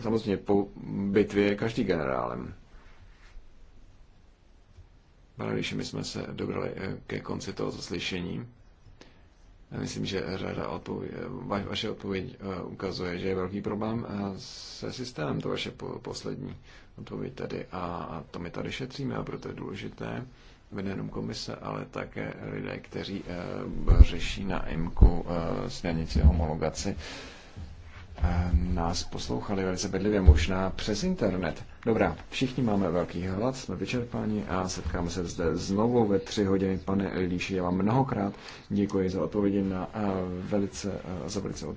C: Samozřejmě po bitvě je každý generálem. Pane Ríši, my jsme se dobrali eh, ke konci toho zaslyšení. Myslím, že řada odpověd, eh, vaše odpověď ukazuje, že je velký problém se systémem, to vaše poslední odpověď tady. A to my tady šetříme, a proto je důležité, nejenom komise, ale také lidé, kteří eh, řeší na IMKU eh, směrnici homologaci, eh, nás poslouchali velice bedlivě, možná přes internet. Dobrá, všichni máme velký hlad, jsme vyčerpáni a setkáme se zde znovu ve tři hodiny.
E: Pane Líši, já vám mnohokrát děkuji za odpovědi na velice, za velice otevřené.